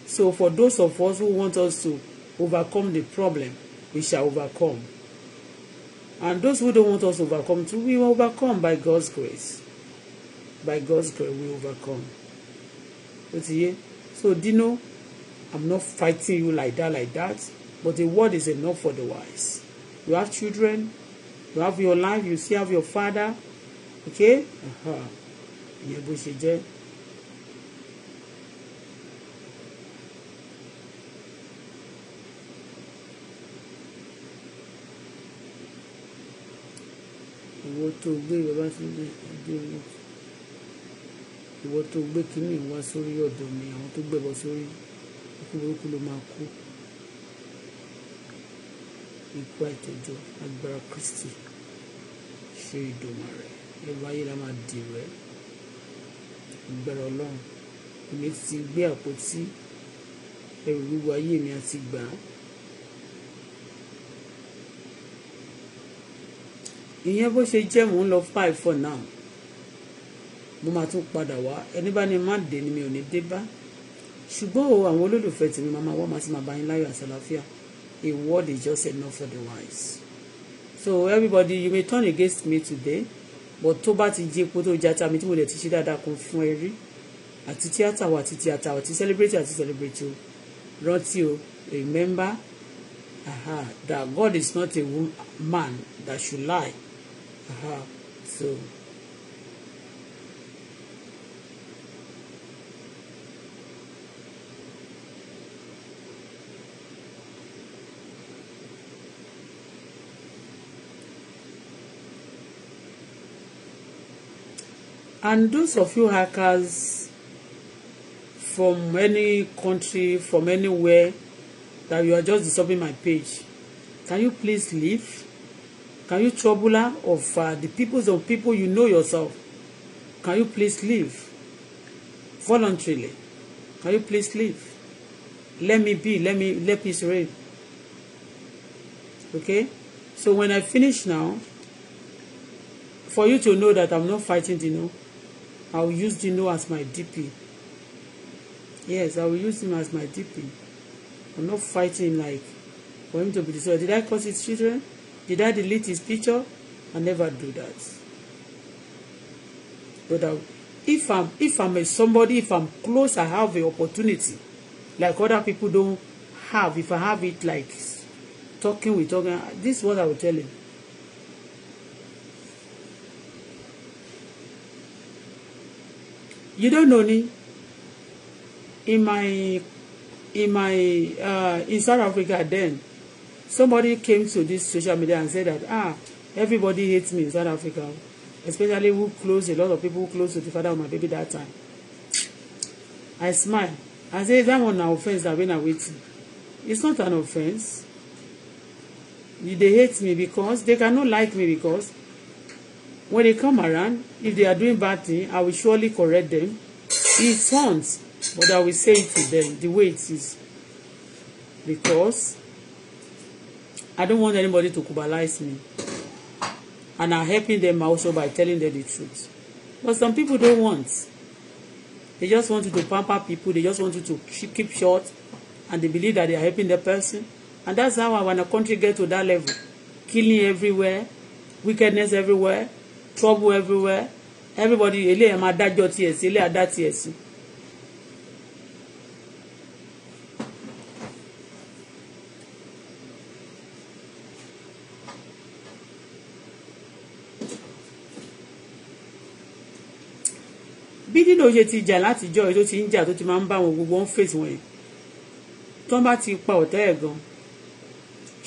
So for those of us who want us to overcome the problem, we shall overcome. And those who don't want us to overcome too, we will overcome by God's grace. By God's grace, we overcome. So Dino, I'm not fighting you like that, like that. But the word is enough for the wise. You have children, you have your life, you still have your father. Okay? Uh-huh. ìwọ tó gbé Babátúndé Adéwọ̀ ìwọ tó gbé kínní wá sórí ọ̀dọ̀ mi àwọn tó gbẹ̀bọ sórí ikú burúkú ló máa kú ikú àìtọ́jọ́ agbára Kristi ṣe ìdòmọ̀ rẹ̀ ẹ̀rọ ayé la máa dì rẹ̀ ìgbàrà Ọlọ́run èmi ti gbé àpótí ẹrù wíwo ayé mi àti gbà á. ìyẹn bó ṣe jẹ́ mò ń lọ five for now mo máa tún padà wá ẹni bá ní má dé ni mi ò ní dé bá ṣùgbọ́n o àwọn olólùfẹ́ tèmi máa máa wá máa ti máa bá yín láyọ̀ àti àlàáfíà a word is just enough for the wise so everybody you may turn against me today but tó bá ti jẹ epo tó jata mi tí mo lè ti ṣe dáadáa kan fún ẹ rí àti tíátà wa àti tíátà àti celebrate àti celebrate o rántí o remember aha, that God is not a man that should lie I have and those of you hackers from any country from anywhere that you are just disturbing my page can you please leave Can you troubler of uh, the peoples of people you know yourself? Can you please leave voluntarily? Can you please leave? Let me be. Let me let peace reign. Okay. So when I finish now, for you to know that I'm not fighting Dino, I will use Dino as my DP. Yes, I will use him as my DP. I'm not fighting like for him to be destroyed. Did I cause his children? Did I delete his picture? I never do that. But I, uh, if I'm if I'm a somebody, if I'm close, I have the opportunity. Like other people don't have. If I have it like talking with talking, this is what I will tell him. You don't know me. In my in my uh, in South Africa then somebody came to this social media and said that ah everybody hates me in South Africa especially who close a lot of people who close to the father of my baby that time I smile I say that one na offence that wey na wetin it's not an offence you dey hate me because they cannot like me because when they come around if they are doing bad thing I will surely correct them it sounds but I will say it to them the way it is because I don't want anybody to cubalize me. And I'm helping them also by telling them the truth. But some people don't want. They just want you to pamper people. They just want you to keep short. And they believe that they are helping the person. And that's how when a country get to that level. Killing everywhere, wickedness everywhere, trouble everywhere. Everybody, eléyà máa dájọ́ tiẹ̀ sí, eléyà dá tiẹ̀ sí. bí lílo ṣe ti jà látijọ́ ẹ tó ti ń jà tó ti máa ń bá wọn gbogbo ń fèsì wọn yẹn tán bá ti pa ọ̀tá ẹ̀ gan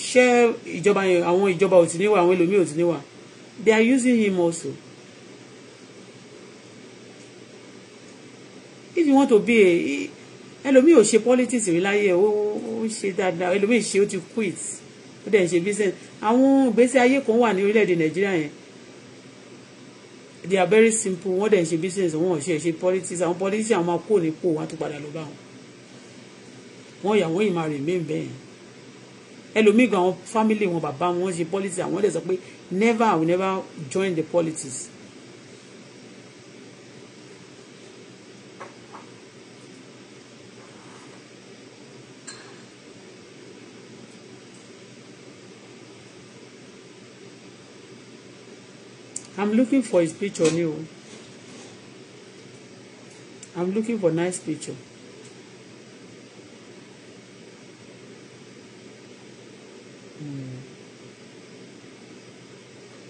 ṣé ìjọba yẹn àwọn ìjọba ò ti níwà àwọn ẹlòmíì ò ti níwà they are using him also if you want to be a ẹlòmíì ò ṣe politics rí láyé ẹ ó ń ṣe dáadáa ẹlòmíì ṣe ó ti quit ó dẹ̀ ń ṣe business àwọn ìgbésí ayé kan wà ní orílẹ̀-èdè nàìjíríà yẹn they are very simple wọ́n dẹ̀ ń ṣe business wọ́n ò ṣe ṣe politics àwọn politics àwọn máa kó ní pò wọ́n á tún padà lọ bá wọn wọ́n yà wọ́n yìí máa remain bẹ́ẹ̀ ẹlòmíì gan family wọn bàbá wọn ṣe politics àwọn dẹ̀ sọ pé never I will never join the politics i'm looking for his picture ni o i'm looking for nice picture. Mm.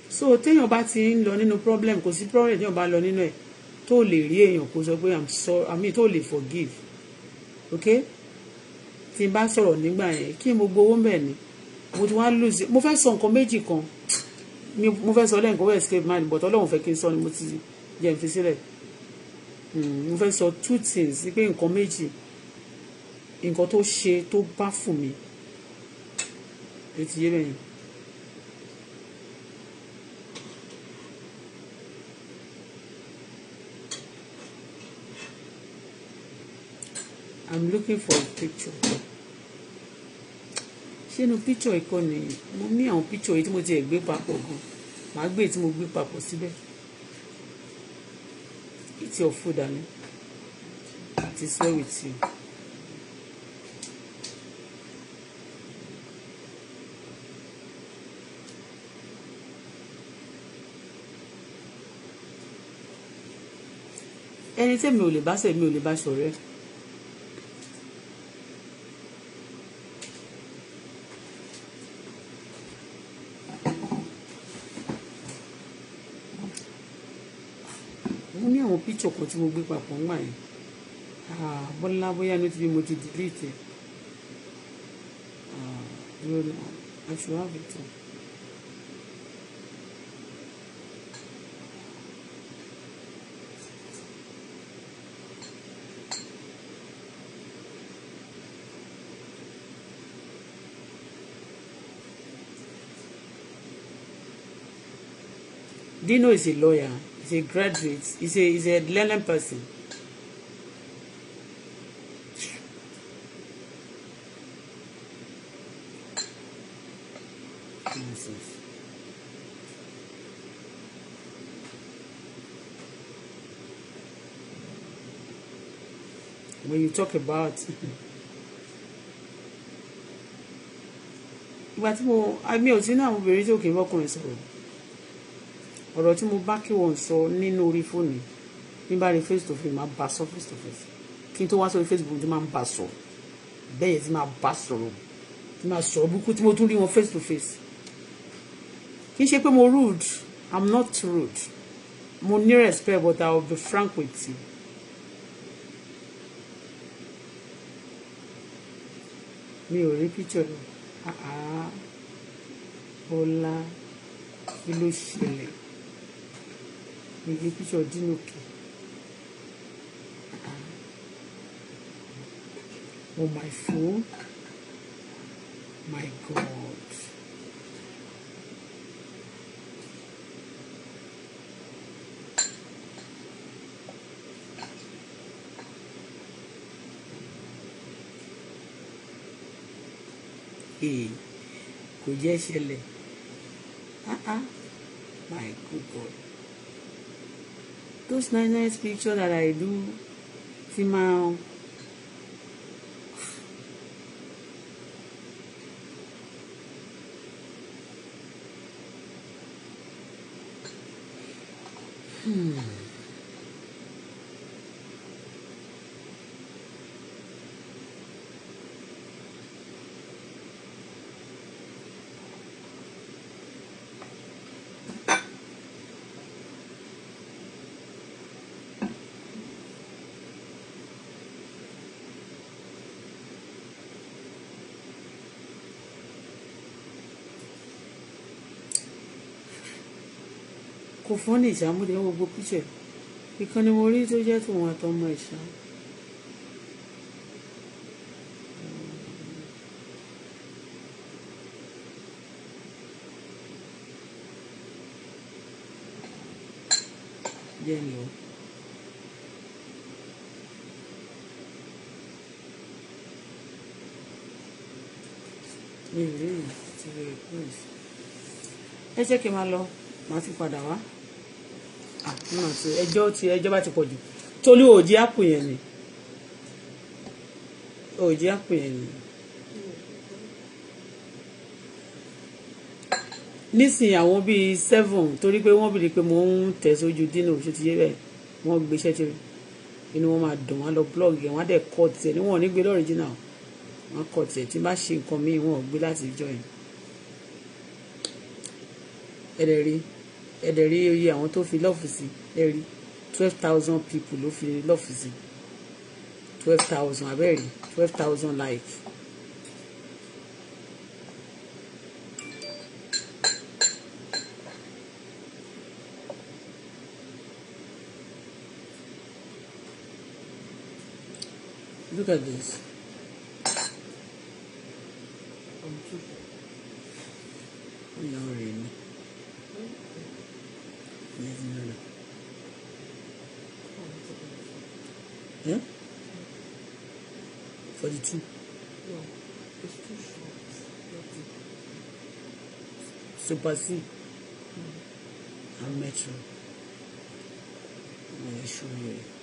so téèyàn bá ti ń lọ nínú problem kò sí problem téèyàn bá lọ nínú ẹ̀ tó lè rí èèyàn kó sọ pé i'm sorry i mean tó lè forgive okay tí n bá sọ̀rọ̀ nígbà yẹn kí n mo gbowó mbẹ̀ ni mo ti wá lose mo fẹ́ sọ nǹkan méjì kan mo fẹ́ sọ lẹ́yìn kó wẹ́ escape mind but ọlọ́run fẹ́ kí n sọ ni mo ti jẹ́ n fi sílẹ̀ hmm, mo fẹ́ sọ two things pé nǹkan méjì nǹkan tó ṣe tó bá fún mi ló bẹ́yìn. I'm looking for a picture sínú píchọ̀ ikọ̀ nìyí mo ní àwọn píchọ̀ yìí tí mo ti ẹ̀ gbé papọ̀ gan màá gbé tí mo gbé papọ̀ síbẹ̀ ìtì ọ̀fọ̀ dání àti sọ́ọ̀rì tì í. ẹni tẹ́mi ò lè bá ṣe mi ò lè bá ṣọ̀rẹ́ picture kan tí mo gbé papọ̀ ń wà yẹn ah, bọ́lá bóyá ní ti mo ti delete ẹ̀ dúró ní aṣọ àbùtàn. Dino is a lawyer. He's a graduate. He's a, he's a learning person. When you talk about but tí I mean, ò sí ní àwọn obìnrin tí òkè bọ́kùnrin ọ̀rọ̀ tí mo bá kí wọn sọ nínú orí fóònù mi bá rí face to face máa bá sọ face to face kí n tó wá sórí Facebook tí máa ń bá sọ bẹ́ẹ̀ yẹn tí máa bá sọ̀rọ̀ tí máa sọ̀rọ̀ búkú tí mo tún rí wọn face to face kì í ṣe pé mo rude I'm not rude mo ní respect but I will be frank with you. mi ò rí picture náà ah, ah. ọ̀la kí ṣẹlẹ̀ maybe picture Dino K. On oh, my phone. My God. Hey, kò jẹ́ ṣẹlẹ̀ ah ah my good God those nice nice picture that I do ti máa kò fọ́nì ìṣàmúdé ń wo gbogbo píṣẹ̀ ìkan ni mo rí tó jẹ́ tòun àtọmọ ìṣá. jẹ́ lọ. ẹ jẹ́ kí n máa lọ màá ti padà wá ẹjọ́ ti ẹjọ́ bá ti pọ̀ jù tolú òjì àpò yẹn ni òjì àpò yẹn ni nísìnyí àwọn bíi seven torí pé wọ́n bìrì pé mo ń tẹ̀ sójú dínà oṣù ti yé bẹ́ẹ̀ wọ́n gbéṣẹ́ ti inú wọn máa dùn wọn lọ blọọgì ẹ̀ wọ́n á dẹ̀ kọ́ tiẹ̀ níwọ̀n nígbè lọ́rìjìnà wọn kọ́ tiẹ̀ tí bá ṣe nǹkan míì wọn ò gbé láti jọ yìí ẹ̀rẹ̀ rí i ẹ̀dẹ̀ rí iye àwọn tó fi lọ́ọ̀fù sí ẹ̀rí twelve thousand people ló fi lọ́ọ̀fù twelve thousand abẹ́rẹ́ twelve thousand like. Look at this. Ìyá rẹ̀ ni sí i lọ́la. forty two. No, it's too short. Super C mm. and Metro.